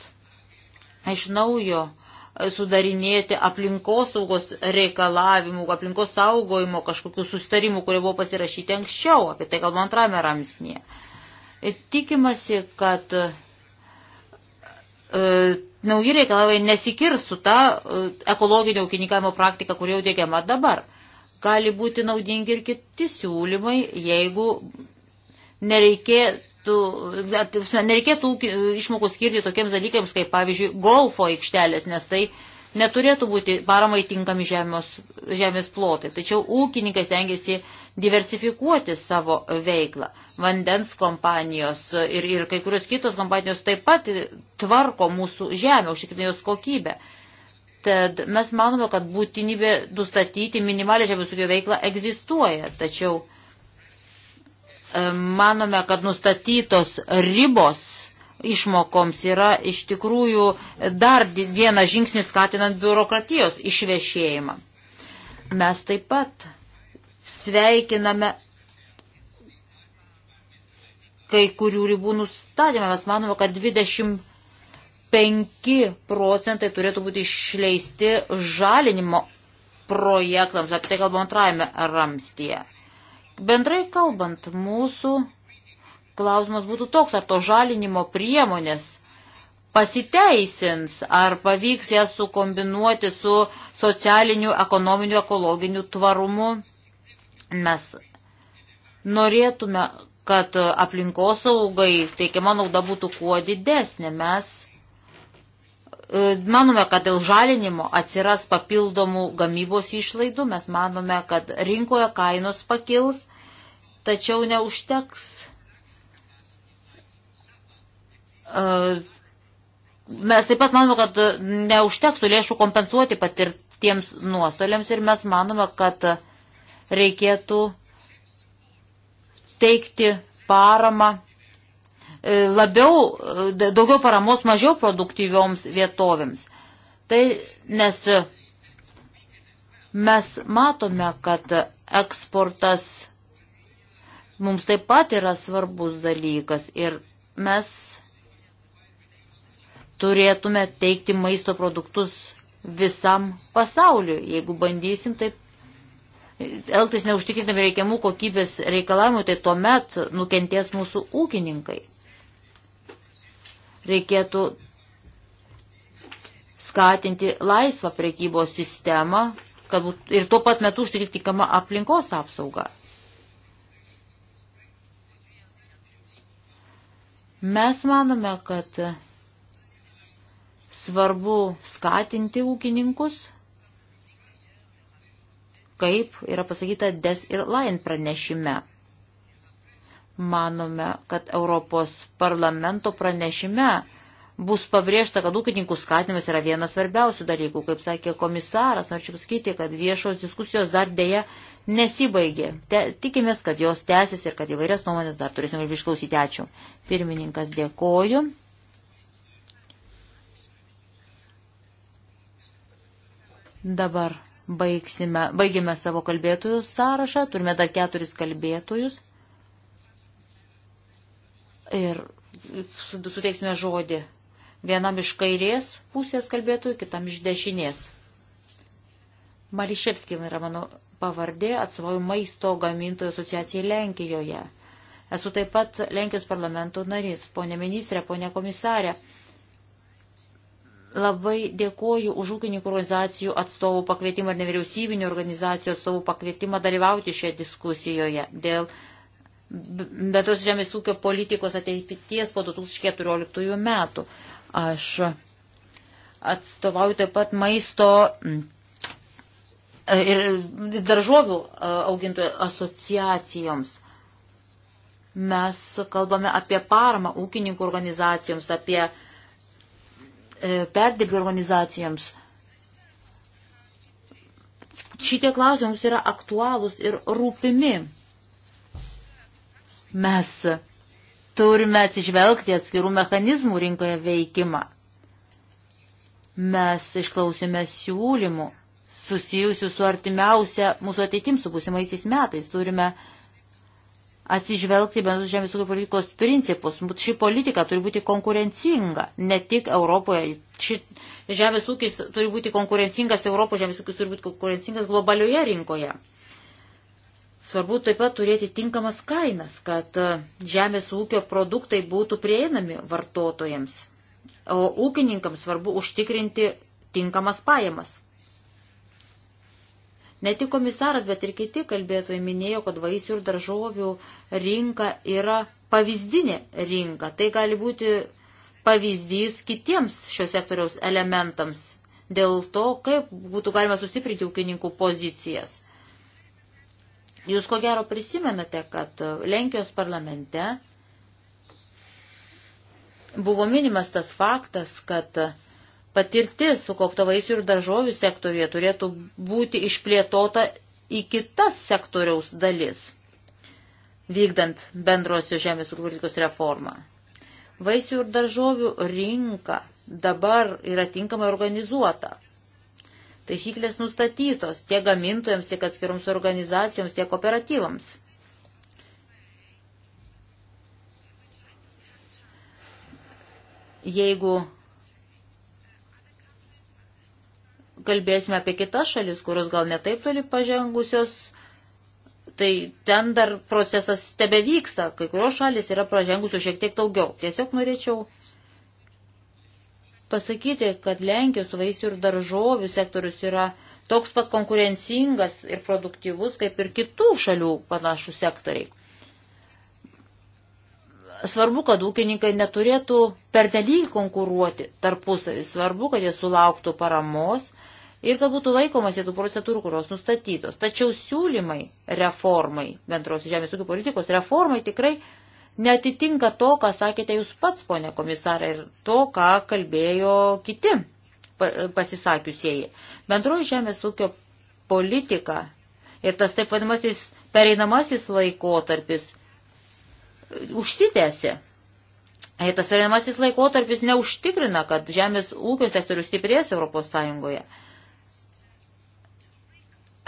iš naujo sudarinėti aplinkosaugos reikalavimų, aplinkos saugojimo kažkokių sustarimų, kurie buvo pasirašyti anksčiau, apie tai kalbant antrame ramsnėje. Tikimasi, kad E, nauji reikalavimai nesikirs su ta e, ekologinio ūkininkavimo praktika, kuri jau dėgiama dabar. Gali būti naudingi ir kiti siūlymai, jeigu nereikėtų, e, nereikėtų išmokų skirti tokiems dalykams, kaip pavyzdžiui, golfo aikštelės, nes tai neturėtų būti paramai tinkami žemės, žemės plotai. Tačiau ūkininkas tengiasi uh, diversifikuoti savo veiklą. Vandens kompanijos ir, ir kai kurios kitos kompanijos taip pat tvarko mūsų žemę, užtikrina jos kokybę. Tad mes manome, kad būtinybė nustatyti minimalę žemės ūkio veiklą egzistuoja, tačiau e, manome, kad nustatytos ribos išmokoms yra iš tikrųjų dar vienas žingsnis skatinant biurokratijos išvešėjimą. Mes taip pat sveikiname kai kurių ribų nustatymą. Mes manome, kad 25 procentai turėtų būti išleisti žalinimo projektams, apie tai kalbam antrajame ramstyje. Bendrai kalbant, mūsų klausimas būtų toks, ar to žalinimo priemonės pasiteisins, ar pavyks jas sukombinuoti su socialiniu, ekonominiu, ekologiniu tvarumu Mes norėtume, kad aplinkosaugai teikiama nauda būtų kuo didesnė. Mes e, manome, kad dėl žalinimo atsiras papildomų gamybos išlaidų, mes manome, kad rinkoje kainos pakils, tačiau neužteks e, Mes taip pat manome, kad neužtektų lėšų kompensuoti patirtiems nuostoliams ir mes manome, kad reikėtų teikti paramą e, labiau, e, daugiau paramos mažiau produktyvioms vietovėms. Tai nes mes matome, kad eksportas mums taip pat yra svarbus dalykas ir mes turėtume teikti maisto produktus visam pasauliu, jeigu bandysim taip elgtis neužtikrintami reikiamų kokybės reikalavimų, tai tuomet nukenties mūsų ūkininkai. Reikėtų skatinti laisvą prekybos sistemą kad, ir tuo pat metu užtikrinti tikamą aplinkos apsaugą. Mes manome, kad svarbu skatinti ūkininkus kaip yra pasakyta Des ir Lain pranešime. Manome, kad Europos parlamento pranešime bus pabrėžta, kad ūkininkų skatinimas yra vienas svarbiausių dalykų. Kaip sakė komisaras, norėčiau pasakyti, kad viešos diskusijos dar dėja nesibaigė. Te, tikimės, kad jos tęsis ir kad įvairias nuomonės dar turėsime išklausyti. Ačiū. Pirmininkas dėkoju. Dabar baigsime, baigėme savo kalbėtojų sąrašą, turime dar keturis kalbėtojus. Ir suteiksime žodį vienam iš kairės pusės kalbėtojų, kitam iš dešinės. Mališevskim yra mano pavardė, atsvoju maisto gamintojų asociacijai Lenkijoje. Esu taip pat Lenkijos parlamento narys. Pone ministrė, pone komisarė, Labai dėkoju už ūkininkų organizacijų atstovų pakvietimą ir nevyriausybinio organizacijų atstovų pakvietimą dalyvauti šioje diskusijoje dėl bendros žemės ūkio politikos ateities po 2014 metų. Aš atstovauju taip pat maisto e, ir daržovių e, augintojų asociacijoms. Mes kalbame apie paramą ūkininkų organizacijoms, apie uh, E, perdirbio organizacijoms. Šitie klausimus yra aktualūs ir rūpimi. Mes turime atsižvelgti atskirų mechanizmų rinkoje veikimą. Mes išklausėme siūlymų susijusių su artimiausia mūsų ateitim su būsimaisiais metais. Turime uh, atsižvelgti bendrus žemės ūkio politikos principus. Ši politika turi būti konkurencinga, ne tik Europoje. Ši žemės ūkis turi būti konkurencingas, Europos žemės ūkis turi būti konkurencingas globalioje rinkoje. Svarbu taip pat turėti tinkamas kainas, kad e, žemės ūkio produktai būtų prieinami vartotojams. O ūkininkams svarbu užtikrinti tinkamas pajamas. Ne tik komisaras, bet ir kiti kalbėtojai minėjo, kad vaisių ir daržovių rinka yra pavyzdinė rinka. Tai gali būti pavyzdys kitiems šio sektoriaus elementams dėl to, kaip būtų galima sustiprinti ūkininkų pozicijas. Jūs ko gero prisimenate, kad Lenkijos parlamente buvo minimas tas faktas, kad patirtis sukaupta vaisių ir daržovių sektorija turėtų būti išplėtota į kitas sektoriaus dalis, vykdant bendrosios žemės ūkio politikos reformą. Vaisių ir daržovių rinka dabar yra tinkamai organizuota. Taisyklės nustatytos tiek gamintojams, tiek atskiroms organizacijoms, tiek kooperatyvams. Jeigu kalbėsime apie kitas šalis, kurios gal netaip toli pažengusios, tai ten dar procesas tebe vyksta, kai kurios šalis yra pažengusios šiek tiek daugiau. Tiesiog norėčiau pasakyti, kad Lenkijos vaisių ir daržovių sektorius yra toks pat konkurencingas ir produktyvus, kaip ir kitų šalių panašų sektoriai. Svarbu, kad ūkininkai neturėtų pernelyg konkuruoti tarpusavį, svarbu, kad jie sulauktų paramos ir kad būtų laikomasi tų procedūrų, kurios nustatytos. Tačiau siūlymai reformai, bendros žemės ūkio politikos reformai tikrai netitinka to, ką sakėte jūs pats, ponė komisarė, ir to, ką kalbėjo kiti pasisakiusieji. Bendroji žemės ūkio politika ir tas taip vadinamasis pereinamasis laikotarpis uh, užsitęsė. Ir tas pereinamasis laikotarpis neužtikrina, kad žemės ūkio sektorius stiprės Europos Sąjungoje.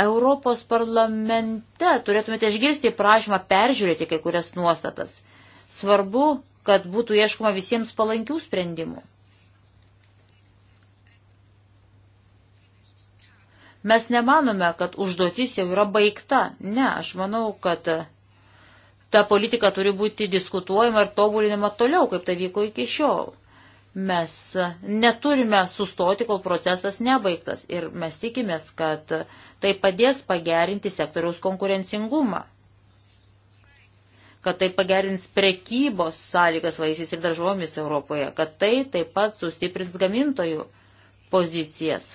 Europos parlamente turėtumėte išgirsti prašymą peržiūrėti kai kurias nuostatas. Svarbu, kad būtų ieškoma visiems palankių sprendimų. Mes nemanome, kad užduotis jau yra baigta. Ne, aš manau, kad ta politika turi būti diskutuojama ir tobulinama toliau, kaip tai vyko iki šiol. Mes neturime sustoti, kol procesas nebaigtas ir mes tikimės, kad tai padės pagerinti sektoriaus konkurencingumą kad tai pagerins prekybos sąlygas vaisiais ir daržovomis Europoje, kad tai taip pat sustiprins gamintojų pozicijas,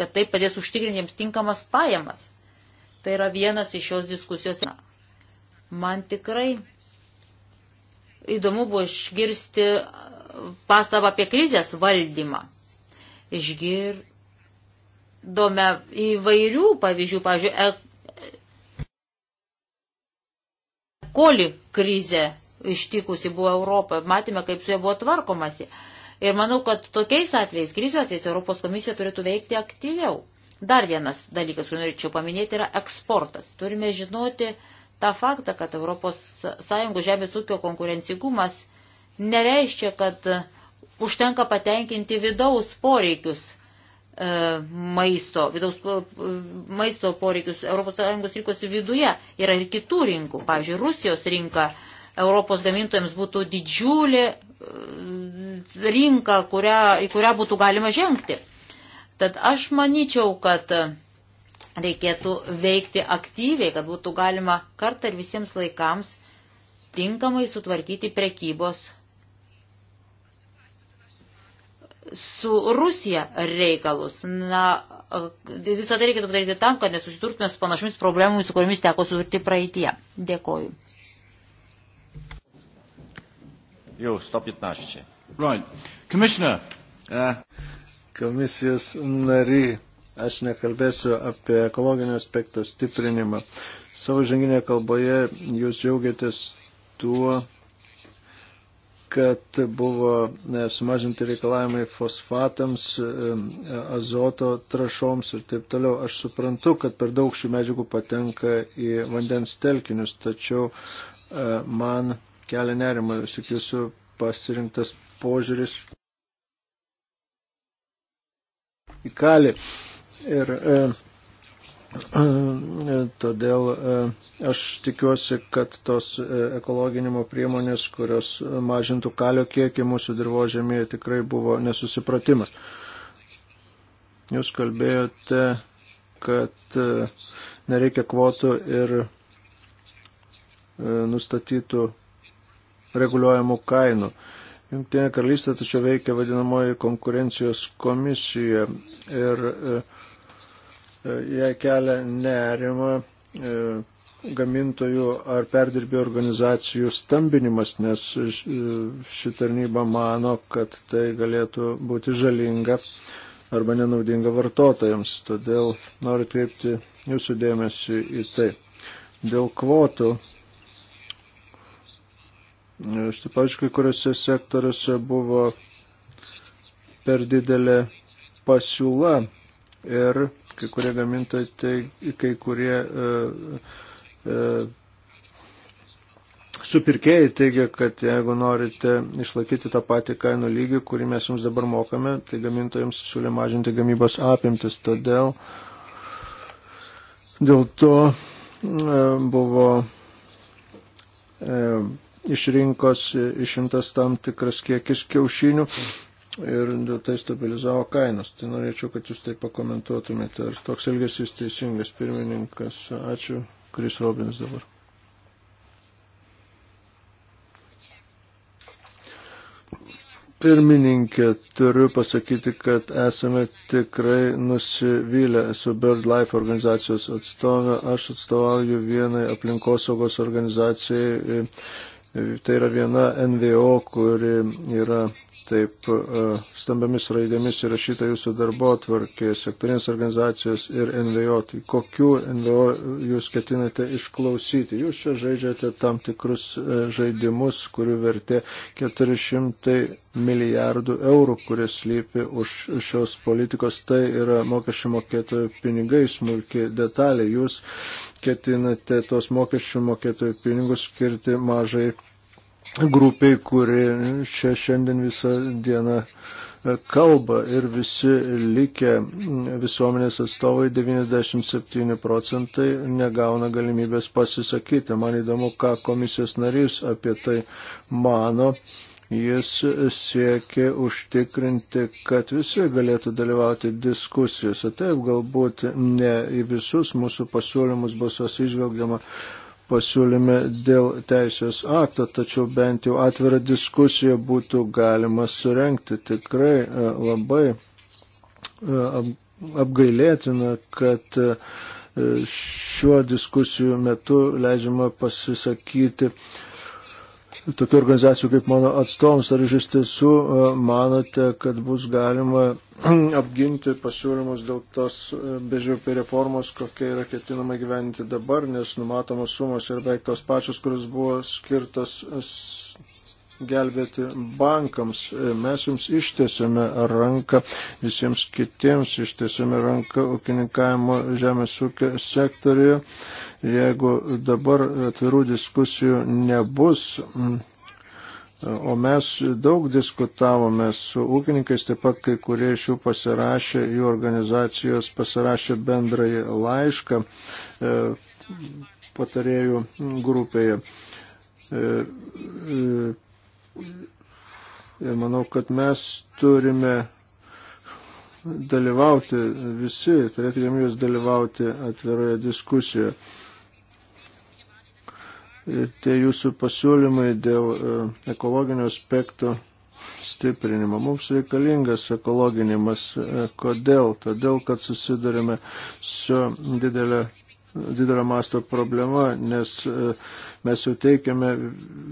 kad tai padės užtikrinti tinkamas pajamas. Tai yra vienas iš šios diskusijos. Man tikrai įdomu buvo išgirsti pastabą apie krizės valdymą. Išgirdome įvairių pavyzdžių, pavyzdžiui, e-, e... koli krizė ištikusi buvo Europoje, matėme, kaip su ja buvo tvarkomasi. Ir manau, kad tokiais atvejais, krizių atvejais, Europos komisija turėtų veikti aktyviau. Dar vienas dalykas, kurį norėčiau paminėti, yra eksportas. Turime žinoti tą faktą, kad ES žemės ūkio konkurencigumas nereiškia, kad užtenka patenkinti vidaus poreikius e, maisto, vidaus maisto poreikius ES rinkos viduje. Yra ir kitų rinkų. Pavyzdžiui, Rusijos rinka Europos gamintojams būtų didžiulė e, rinka, kurią, į kurią būtų galima žengti. Tad aš manyčiau, kad reikėtų veikti aktyviai, kad būtų galima kartą ir visiems laikams tinkamai sutvarkyti prekybos su Rusija reikalus. Na, visą tai reikėtų padaryti tam, kad nesusiturtume su panašiomis problemomis, su kuriomis teko susidurti praeitie. Dėkoju. Jau, 115. Right. Commissioner. Uh... Komisijos nary, aš nekalbėsiu apie ekologinio aspekto stiprinimą. Savo žanginėje kalboje jūs džiaugiatės tuo, kad buvo e, sumažinti reikalavimai fosfatams, e, e, azoto trašoms ir taip toliau. Aš suprantu, kad per daug šių medžiagų patenka į vandens telkinius, tačiau man kelia nerima vis tik jūsų pasirinktas požiūris į kalį. Ir e, E, todėl e, aš tikiuosi, kad tos e, ekologinimo priemonės, kurios mažintų kalio kiekį mūsų dirbožėmėje, tikrai buvo nesusipratimas. Jūs kalbėjote, kad nereikia kvotų ir nustatytų reguliuojamų kainų. Junktinė karalystė tačiau veikia vadinamoji konkurencijos komisija ir e, jai kelia nerima e, gamintojų ar perdirbėjų organizacijų stambinimas, nes e, ši tarnyba mano, kad tai galėtų būti žalinga arba nenaudinga vartotojams. Todėl noriu kreipti jūsų dėmesį į tai. Dėl kvotų. E, Štai, pavyzdžiui, kai kuriuose sektoriuose buvo per didelė pasiūla ir kai kurie gamintojai, tai kai kurie e, e, supirkėjai teigia, kad jeigu norite išlaikyti tą patį kainų lygį, kurį mes jums dabar mokame, tai gamintojams siūlė mažinti gamybos apimtis. Todėl dėl to e, buvo e, iš rinkos išimtas tam tikras kiekis kiaušinių. E, ir dėl tai stabilizavo kainas. Tai norėčiau, kad jūs tai pakomentuotumėte. Ar toks elgesys teisingas pirmininkas? Ačiū. Kris Robins dabar. Pirmininkė, turiu pasakyti, kad esame tikrai nusivylę. Esu BirdLife organizacijos atstovė. Aš atstovauju vienai aplinkosaugos organizacijai. Tai yra viena NVO, kuri yra taip e, stambiamis raidėmis įrašyta jūsų darbo atvarkė, sektorinės organizacijos ir NVO. Tai kokių NVO jūs ketinate išklausyti? Jūs čia žaidžiate tam tikrus e, žaidimus, kurių vertė 400 milijardų eurų, kurie slypi už šios politikos. Tai yra mokesčių mokėtojų pinigai, smulkiai detalė. Jūs ketinate tuos mokesčių mokėtojų pinigus skirti mažai grupiai, kuri čia šiandien visą dieną kalba ir visi likę visuomenės atstovai 97 procentai negauna galimybės pasisakyti. Man įdomu, ką komisijos narys apie tai mano. Jis siekia užtikrinti, kad visi galėtų dalyvauti diskusijose. Taip, galbūt ne į visus mūsų pasiūlymus bus atsižvelgiama pasiūlyme dėl teisės akto, tačiau bent jau atvirą diskusiją būtų galima surenkti. Tikrai e, labai e, apgailėtina, kad e, šiuo diskusijų metu leidžiama pasisakyti uh, tokių organizacijų kaip mano atstovams, ar iš tiesų e, manote, kad bus galima <clears throat> apginti pasiūlymus dėl tos e, bežiūpė reformos, kokia yra ketinama gyventi dabar, nes numatomos sumos yra beveik tos pačios, kuris buvo skirtas gelbėti bankams. E, mes jums ištiesėme ranką visiems kitiems, ištiesėme ranką ūkininkavimo žemės ūkio sektoriuje Jeigu dabar atvirų diskusijų nebus, mm, O mes daug diskutavome su ūkininkais, taip pat kai kurie iš jų pasirašė, jų organizacijos pasirašė bendrąjį laišką e, patarėjų grupėje. E, e, ir manau, kad mes turime dalyvauti visi, turėti galimybės dalyvauti atviroje diskusijoje tie jūsų pasiūlymai dėl e, ekologinio aspekto stiprinimo. Mums reikalingas ekologinimas. E, kodėl? Todėl, kad susidurime su didelė, didelio masto problema, nes e, mes jau teikiame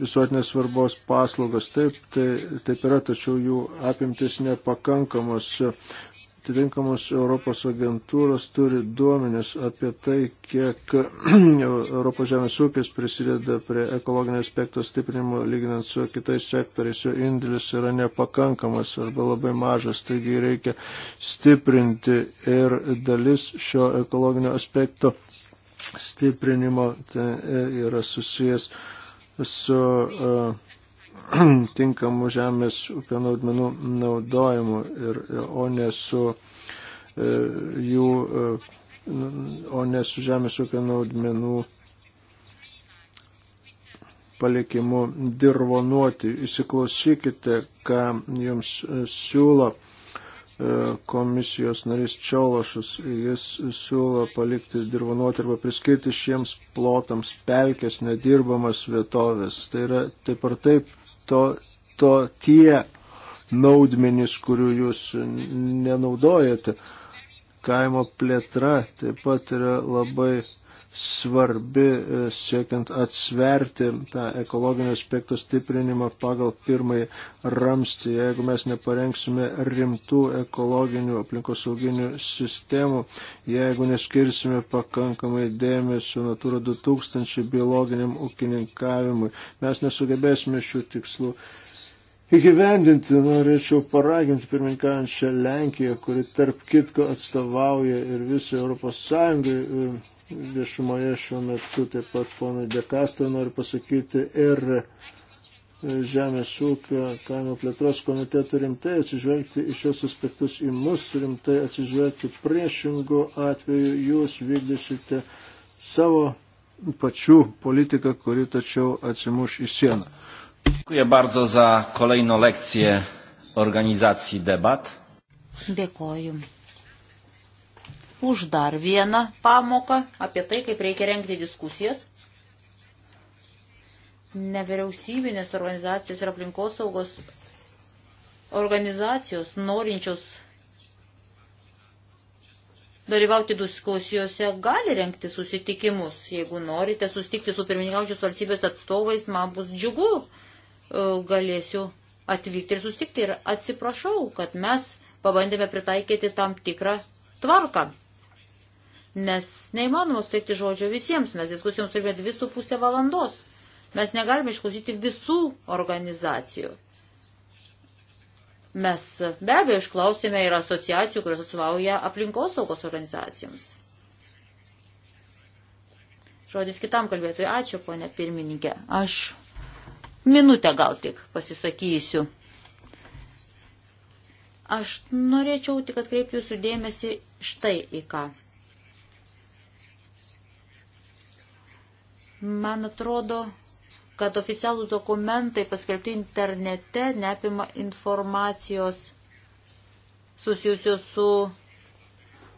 visuotinės svarbos paslaugas. Taip, tai, taip yra, tačiau jų apimtis nepakankamos atitinkamos Europos agentūros turi duomenis apie tai, kiek <clears throat> Europos žemės ūkis prisideda prie ekologinio aspekto stiprinimo lyginant su kitais sektoriais, jo indėlis yra nepakankamas arba labai mažas, taigi reikia stiprinti ir dalis šio ekologinio aspekto stiprinimo tai yra susijęs su uh, <clears throat> tinkamu žemės ūkio naudmenų naudojimu, ir, o ne su e, jų, e, o ne su žemės ūkio naudmenų palikimu dirvonuoti. Įsiklausykite, ką jums siūlo e, komisijos narys Čiološas. Jis siūlo palikti dirvonuoti arba priskirti šiems plotams pelkės nedirbamas vietovės. Tai yra taip ar taip to, to tie naudmenys, kurių jūs nenaudojate. Kaimo plėtra taip pat yra labai svarbi e, siekiant atsverti tą ekologinio aspekto stiprinimą pagal pirmąjį ramstį. Jeigu mes neparengsime rimtų ekologinių aplinkosauginių sistemų, jeigu neskirsime pakankamai dėmesio Natura 2000 biologiniam ūkininkavimui, mes nesugebėsime šių tikslų įgyvendinti. Norėčiau paraginti pirmininkančią Lenkiją, kuri tarp kitko atstovauja ir visą Europos Sąjungą. Viešumoje šiuo metu taip pat ponui Dekastro noriu pasakyti ir e, Žemės ūkio kaimo plėtros komitetų rimtai atsižvelgti į šios aspektus į mus, rimtai atsižvelgti priešingų atveju jūs vykdysite savo pačių politiką, kuri tačiau atsimuš į sieną. Dziękuję bardzo za kolejną lekcję organizacijai debat. Dėkoju. Už dar vieną pamoką apie tai, kaip reikia rengti diskusijas. Nevyriausybinės organizacijos ir aplinkosaugos organizacijos norinčios dalyvauti diskusijose gali renkti susitikimus. Jeigu norite susitikti su pirmininkaujančios valstybės atstovais, man bus džiugu E, galėsiu atvykti ir sustikti. Ir atsiprašau, kad mes pabandėme pritaikyti tam tikrą tvarką. Nes neįmanoma suteikti žodžio visiems. Mes diskusijoms turime dvi su pusę valandos. Mes negalime išklausyti visų organizacijų. Mes be abejo išklausėme ir asociacijų, kurios atsvauja aplinkosaugos organizacijoms. Žodis kitam kalbėtojui. Ačiū, ponė pirmininkė. Aš minutę gal tik pasisakysiu. Aš norėčiau tik atkreipti jūsų dėmesį štai į ką. Man atrodo, kad oficialūs dokumentai paskelbti internete neapima informacijos susijusios su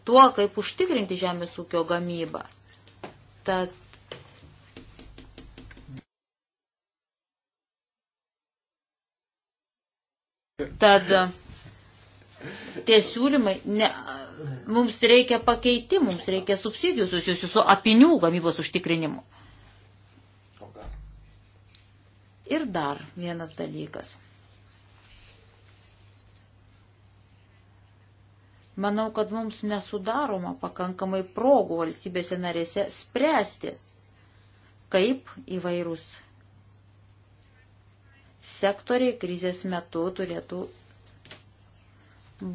tuo, kaip užtikrinti žemės ūkio gamybą. Tad Tad e, tie siūlymai, ne, mums reikia pakeitimų, mums reikia subsidijų susijusių su apinių gamybos užtikrinimu. Ir dar vienas dalykas. Manau, kad mums nesudaroma pakankamai progų valstybėse narėse spręsti, kaip įvairūs sektoriai krizės metu turėtų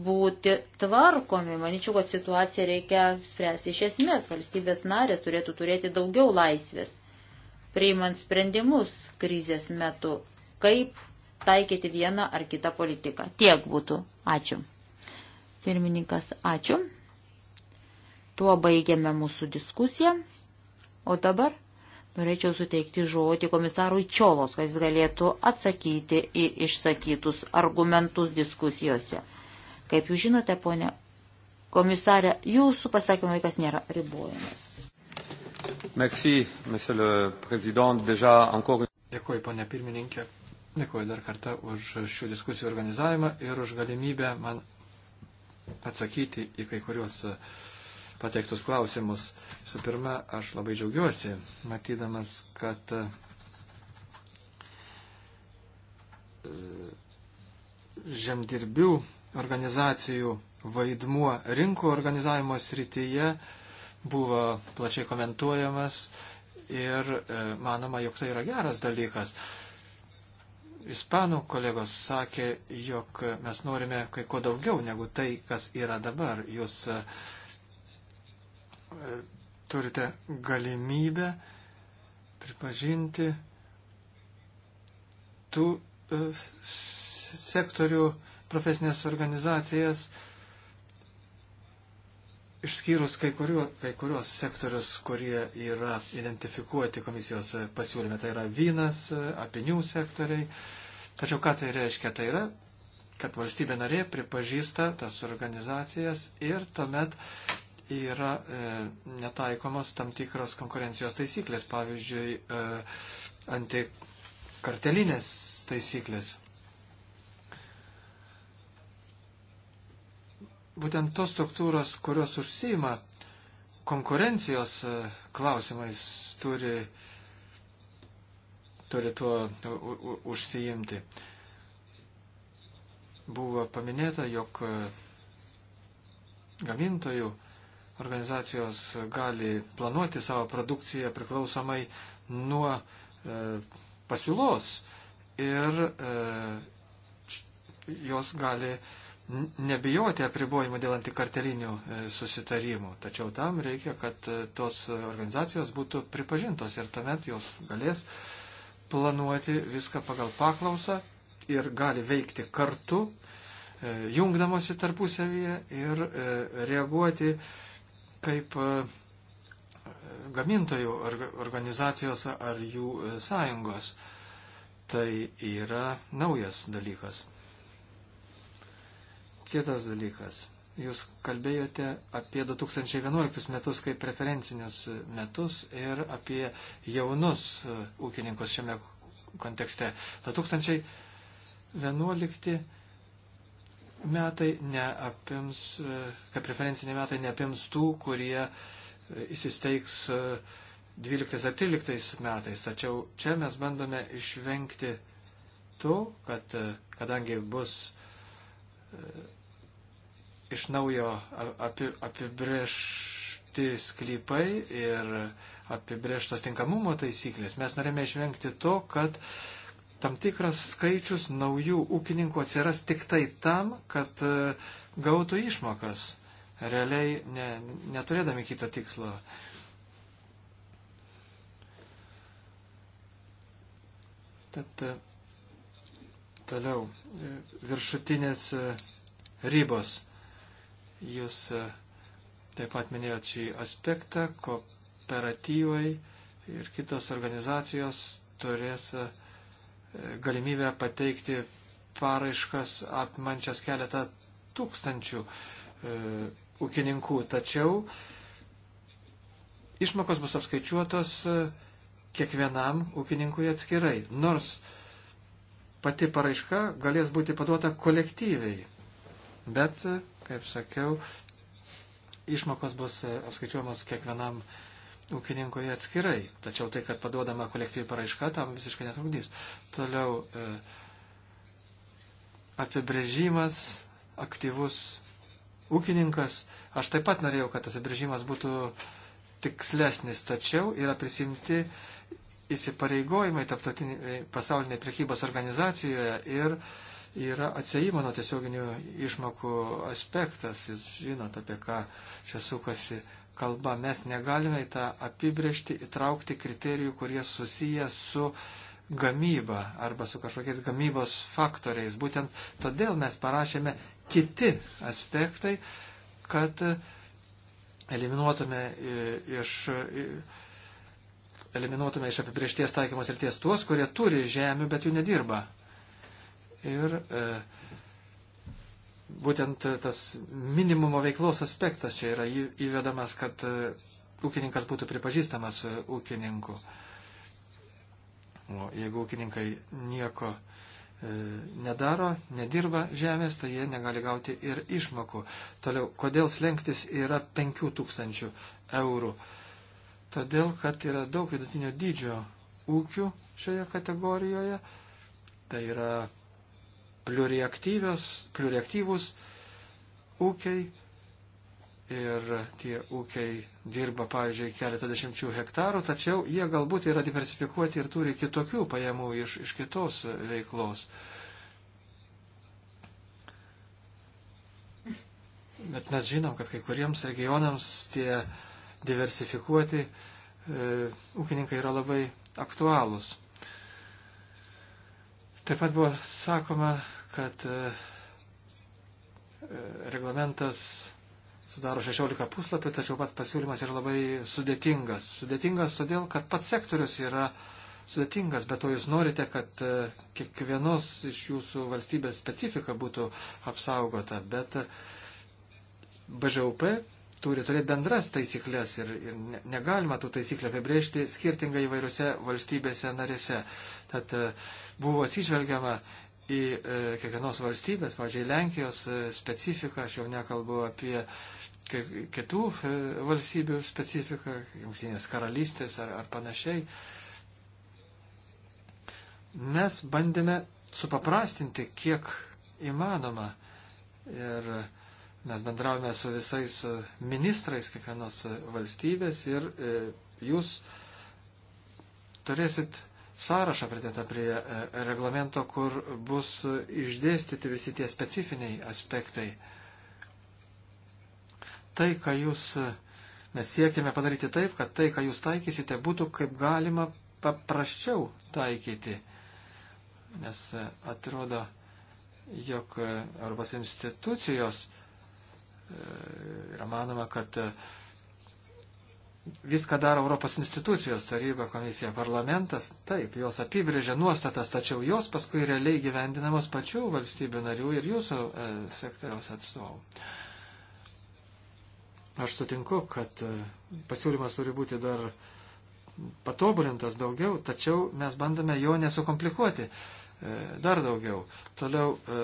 būti tvarkomi. Maničiau, kad situaciją reikia spręsti iš esmės. Valstybės narės turėtų turėti daugiau laisvės, priimant sprendimus krizės metu, kaip taikyti vieną ar kitą politiką. Tiek būtų. Ačiū. Pirmininkas, ačiū. Tuo baigiame mūsų diskusiją. O dabar Norėčiau suteikti žodį komisarui Čiolos, kad jis galėtų atsakyti į išsakytus argumentus diskusijose. Kaip jūs žinote, ponė komisarė, jūsų pasakymo laikas nėra ribojamas. Merci, monsieur le président. Déjà encore... Dėkuoju, ponė pirmininkė. Dėkuoju dar kartą už šių diskusijų organizavimą ir už galimybę man atsakyti į kai kuriuos uh, pateiktus klausimus. Visų pirma, aš labai džiaugiuosi, matydamas, kad e, žemdirbių organizacijų vaidmuo rinkų organizavimo srityje buvo plačiai komentuojamas ir e, manoma, jog tai yra geras dalykas. Ispanų kolegos sakė, jog mes norime kai ko daugiau negu tai, kas yra dabar. Jūs uh, E, turite galimybę pripažinti tų e, sektorių profesinės organizacijas, išskyrus kai, kuriuo, kai kuriuos sektorius, kurie yra identifikuoti komisijos pasiūlyme. Tai yra vynas, apinių sektoriai. Tačiau ką tai reiškia? Tai yra, kad valstybė narė pripažįsta tas organizacijas ir tuomet yra e, netaikomos tam tikros konkurencijos taisyklės, pavyzdžiui, e, antikartelinės taisyklės. Būtent tos struktūros, kurios užsima konkurencijos e, klausimais, turi, turi tuo užsiimti. Buvo paminėta, jog e, gamintojų organizacijos gali planuoti savo produkciją priklausomai nuo e, pasiūlos ir e, jos gali nebijoti apribojimų dėl antikartelinių e, susitarimų. Tačiau tam reikia, kad e, tos organizacijos būtų pripažintos ir tuomet jos galės planuoti viską pagal paklausą ir gali veikti kartu, e, jungdamosi tarpusavyje ir reaguoti kaip e, gamintojų organizacijos ar jų e, sąjungos. Tai yra naujas dalykas. Kitas dalykas. Jūs kalbėjote apie 2011 metus kaip preferencinius metus ir apie jaunus e, ūkininkus šiame kontekste. 2011 metai neapims, kad preferenciniai metai neapims tų, kurie įsisteigs 12 e, ar 13 metais. Tačiau čia mes bandome išvengti to, kad e, kadangi bus e, iš naujo api, apibriežti sklypai ir apibriežtos tinkamumo taisyklės, mes norime išvengti to, kad tam tikras skaičius naujų ūkininkų atsiras tik tai tam, kad e, gautų išmokas, realiai ne, neturėdami kito tikslo. Tad e, toliau e, viršutinės ribos. Jūs taip pat minėjot šį aspektą, kooperatyvai ir kitos organizacijos turės uh, galimybę pateikti paraiškas apmančias keletą tūkstančių e, ūkininkų. Tačiau išmokos bus apskaičiuotos e, kiekvienam ūkininkui atskirai. Nors pati paraiška galės būti paduota kolektyviai. Bet, e, kaip sakiau, išmokos bus e, apskaičiuojamos kiekvienam ūkininkui ūkininkoje atskirai. Tačiau tai, kad paduodama kolektyvi paraiška, tam visiškai netrukdys. Toliau e, apibrėžimas, aktyvus ūkininkas. Aš taip pat norėjau, kad tas apibrėžimas būtų tikslesnis, tačiau yra prisimti įsipareigojimai e, pasauliniai prekybos organizacijoje ir yra atsėjimo nuo tiesioginių išmokų aspektas. Jūs žinot, apie ką čia sukasi kalba. Mes negalime į tą apibriežti įtraukti kriterijų, kurie susiję su gamyba arba su kažkokiais gamybos faktoriais. Būtent todėl mes parašėme kiti aspektai, kad eliminuotume e, iš, e, eliminuotume iš apibriešties taikymos ir ties tuos, kurie turi žemių, bet jų nedirba. Ir e, būtent e, tas minimumo veiklos aspektas čia yra įvedamas, kad e, ūkininkas būtų pripažįstamas e, ūkininku. O jeigu ūkininkai nieko nedaro, nedirba žemės, tai jie negali gauti ir išmokų. Toliau, kodėl slengtis yra 5000 eurų? Todėl, kad yra daug vidutinio dydžio ūkių šioje kategorijoje. Tai yra pluriaktyvus ūkiai ir tie ūkiai dirba, pavyzdžiui, keletą dešimčių hektarų, tačiau jie galbūt yra diversifikuoti ir turi kitokių pajamų iš, iš kitos veiklos. Bet mes žinom, kad kai kuriems regionams tie diversifikuoti e, ūkininkai yra labai aktualūs. Taip pat buvo sakoma, kad e, e, reglamentas sudaro 16 puslapį, tačiau pats pasiūlymas yra labai sudėtingas. Sudėtingas todėl, kad pats sektorius yra sudėtingas, bet to jūs norite, kad e, kiekvienos iš jūsų valstybės specifika būtų apsaugota, bet BŽUP turi turėti bendras taisyklės ir, ir negalima tų taisyklių apibrėžti skirtingai įvairiose valstybėse narėse. Tad buvo atsižvelgiama į e, kiekvienos valstybės, pavyzdžiui, Lenkijos e, specifiką, aš jau nekalbu apie kitų e, valstybių specifiką, jungtinės karalystės ar, ar panašiai. Mes bandėme supaprastinti kiek įmanoma ir mes bendravome su visais ministrais kiekvienos valstybės ir jūs turėsit sąrašą pridėtą prie e, reglamento, kur bus išdėstyti visi tie specifiniai aspektai. Tai, ką jūs, e, mes siekime padaryti taip, kad tai, ką jūs taikysite, būtų kaip galima paprasčiau taikyti. Nes e, atrodo, jog Europos institucijos yra manoma, kad viską daro Europos institucijos, taryba, komisija, parlamentas, taip, jos apibrėžia nuostatas, tačiau jos paskui realiai gyvendinamos pačių valstybių narių ir jūsų e, sektoriaus atstovų. Aš sutinku, kad e, pasiūlymas turi būti dar patobulintas daugiau, tačiau mes bandome jo nesukomplikuoti e, dar daugiau. Toliau e,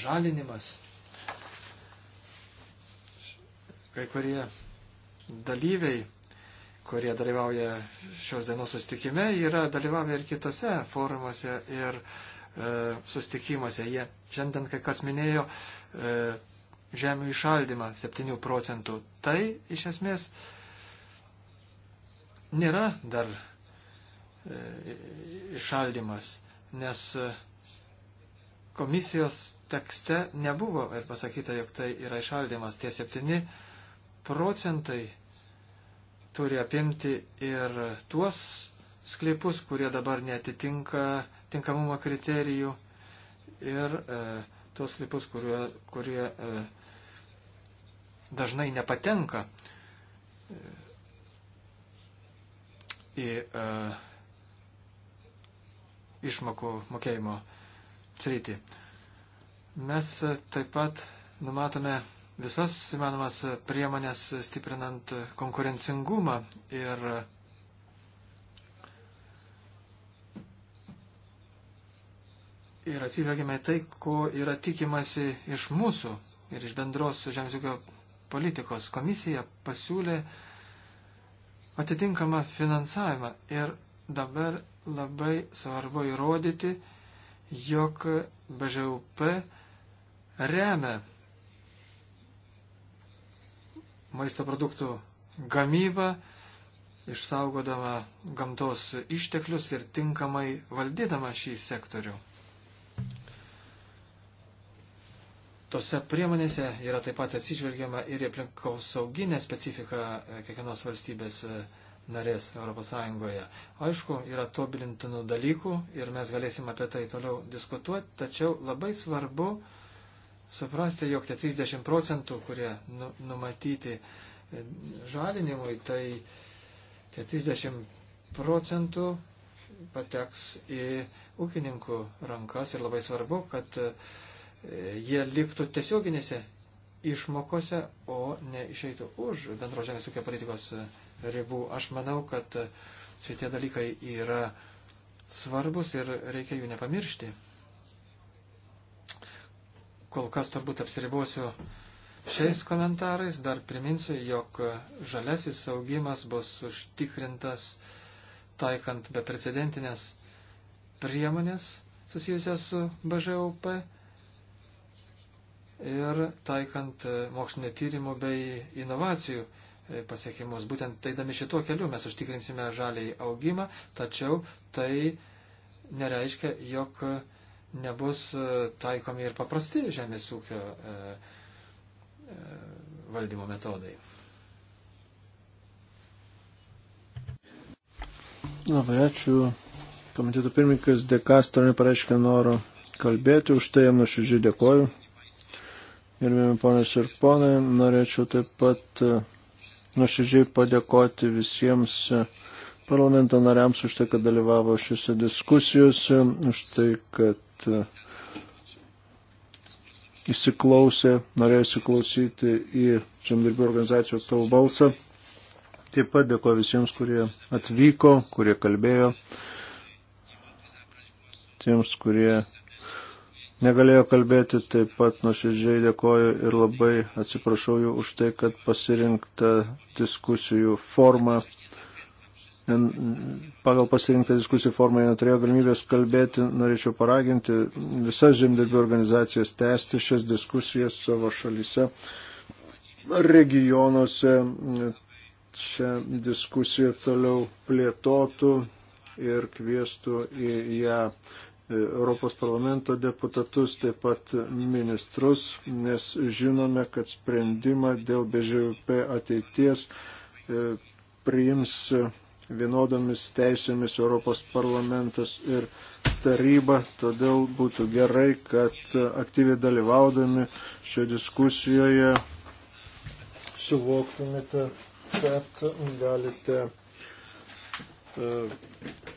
žalinimas. Kai kurie dalyviai, kurie dalyvauja šios dienos sustikime, yra dalyvavę ir kitose forumuose ir e, sustikimuose. Jie šiandien, kai kas minėjo, e, žemių išaldymą 7 procentų. Tai iš esmės nėra dar e, išaldymas, nes e, komisijos tekste nebuvo ir pasakyta, jog tai yra išaldymas. Tie 7 procentai procentai turi apimti ir tuos sklypus, kurie dabar netitinka tinkamumo kriterijų ir e, tuos sklypus, kurie, kurie e, dažnai nepatenka e, į e, išmokų mokėjimo sritį. Mes e, taip pat numatome visas įmanomas priemonės stiprinant konkurencingumą ir Ir atsižvelgime į tai, ko yra tikimasi iš mūsų ir iš bendros žemės ūkio politikos. Komisija pasiūlė atitinkamą finansavimą ir dabar labai svarbu įrodyti, jog BŽUP remia maisto produktų gamybą, išsaugodama gamtos išteklius ir tinkamai valdydama šį sektorių. Tose priemonėse yra taip pat atsižvelgiama ir į aplinkos sauginę specifiką kiekvienos valstybės e, narės ES. Aišku, yra tobulintinų dalykų ir mes galėsim apie tai toliau diskutuoti, tačiau labai svarbu, suprasti, jog tie 30 procentų, kurie nu, numatyti e, žalinimui, tai tie 30 procentų pateks į ūkininkų rankas ir labai svarbu, kad e, jie liktų tiesioginėse išmokose, o ne išeitų už bendro žemės ūkio politikos e, ribų. Aš manau, kad šitie dalykai yra svarbus ir reikia jų nepamiršti. Kol kas turbūt apsiribosiu šiais komentarais. Dar priminsiu, jog žalesis saugimas bus užtikrintas taikant beprecedentinės priemonės susijusias su BŽUP ir taikant mokslinio tyrimų bei inovacijų pasiekimus. Būtent taidami šituo keliu mes užtikrinsime žaliai augimą, tačiau tai nereiškia, jog nebus e, taikomi ir paprasti žemės ūkio e, e, valdymo metodai. Labai ačiū. Komiteto pirmininkas Dekastro nepareiškė noro kalbėti, už tai jam nuoširdžiai dėkoju. Gerbėjami ponės ir ponai, norėčiau taip pat nuoširdžiai padėkoti visiems uh, parlamento nariams už tai, kad dalyvavo šiuose diskusijose, už tai, kad e, įsiklausė, norėjo įsiklausyti į žemdirbių organizacijų atstovų balsą. Taip pat dėkoju visiems, kurie atvyko, kurie kalbėjo, tiems, kurie negalėjo kalbėti, taip pat nuoširdžiai dėkoju ir labai atsiprašau jų už tai, kad pasirinkta diskusijų forma pagal pasirinktą diskusijų formą jie neturėjo galimybės kalbėti, norėčiau paraginti visas žemdirbių organizacijas tęsti šias diskusijas savo šalyse, regionuose, šią diskusiją toliau plėtotų ir kvieštų į ją Europos parlamento deputatus, taip pat ministrus, nes žinome, kad sprendimą dėl BŽP ateities e, priims vienodomis teisėmis Europos parlamentas ir taryba, todėl būtų gerai, kad aktyviai dalyvaudami šioje diskusijoje suvoktumėte, kad galite uh,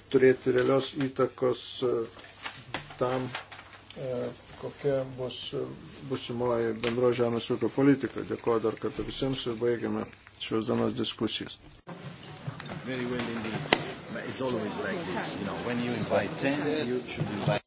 turėti realios įtakos uh, tam, uh, kokia bus busimoji bendro žemės ūkio politika. Dėkuoju dar kartą visiems ir baigiame šios dienos diskusijas. Very well indeed. But it's always like this, you know, when you invite 10, you should invite.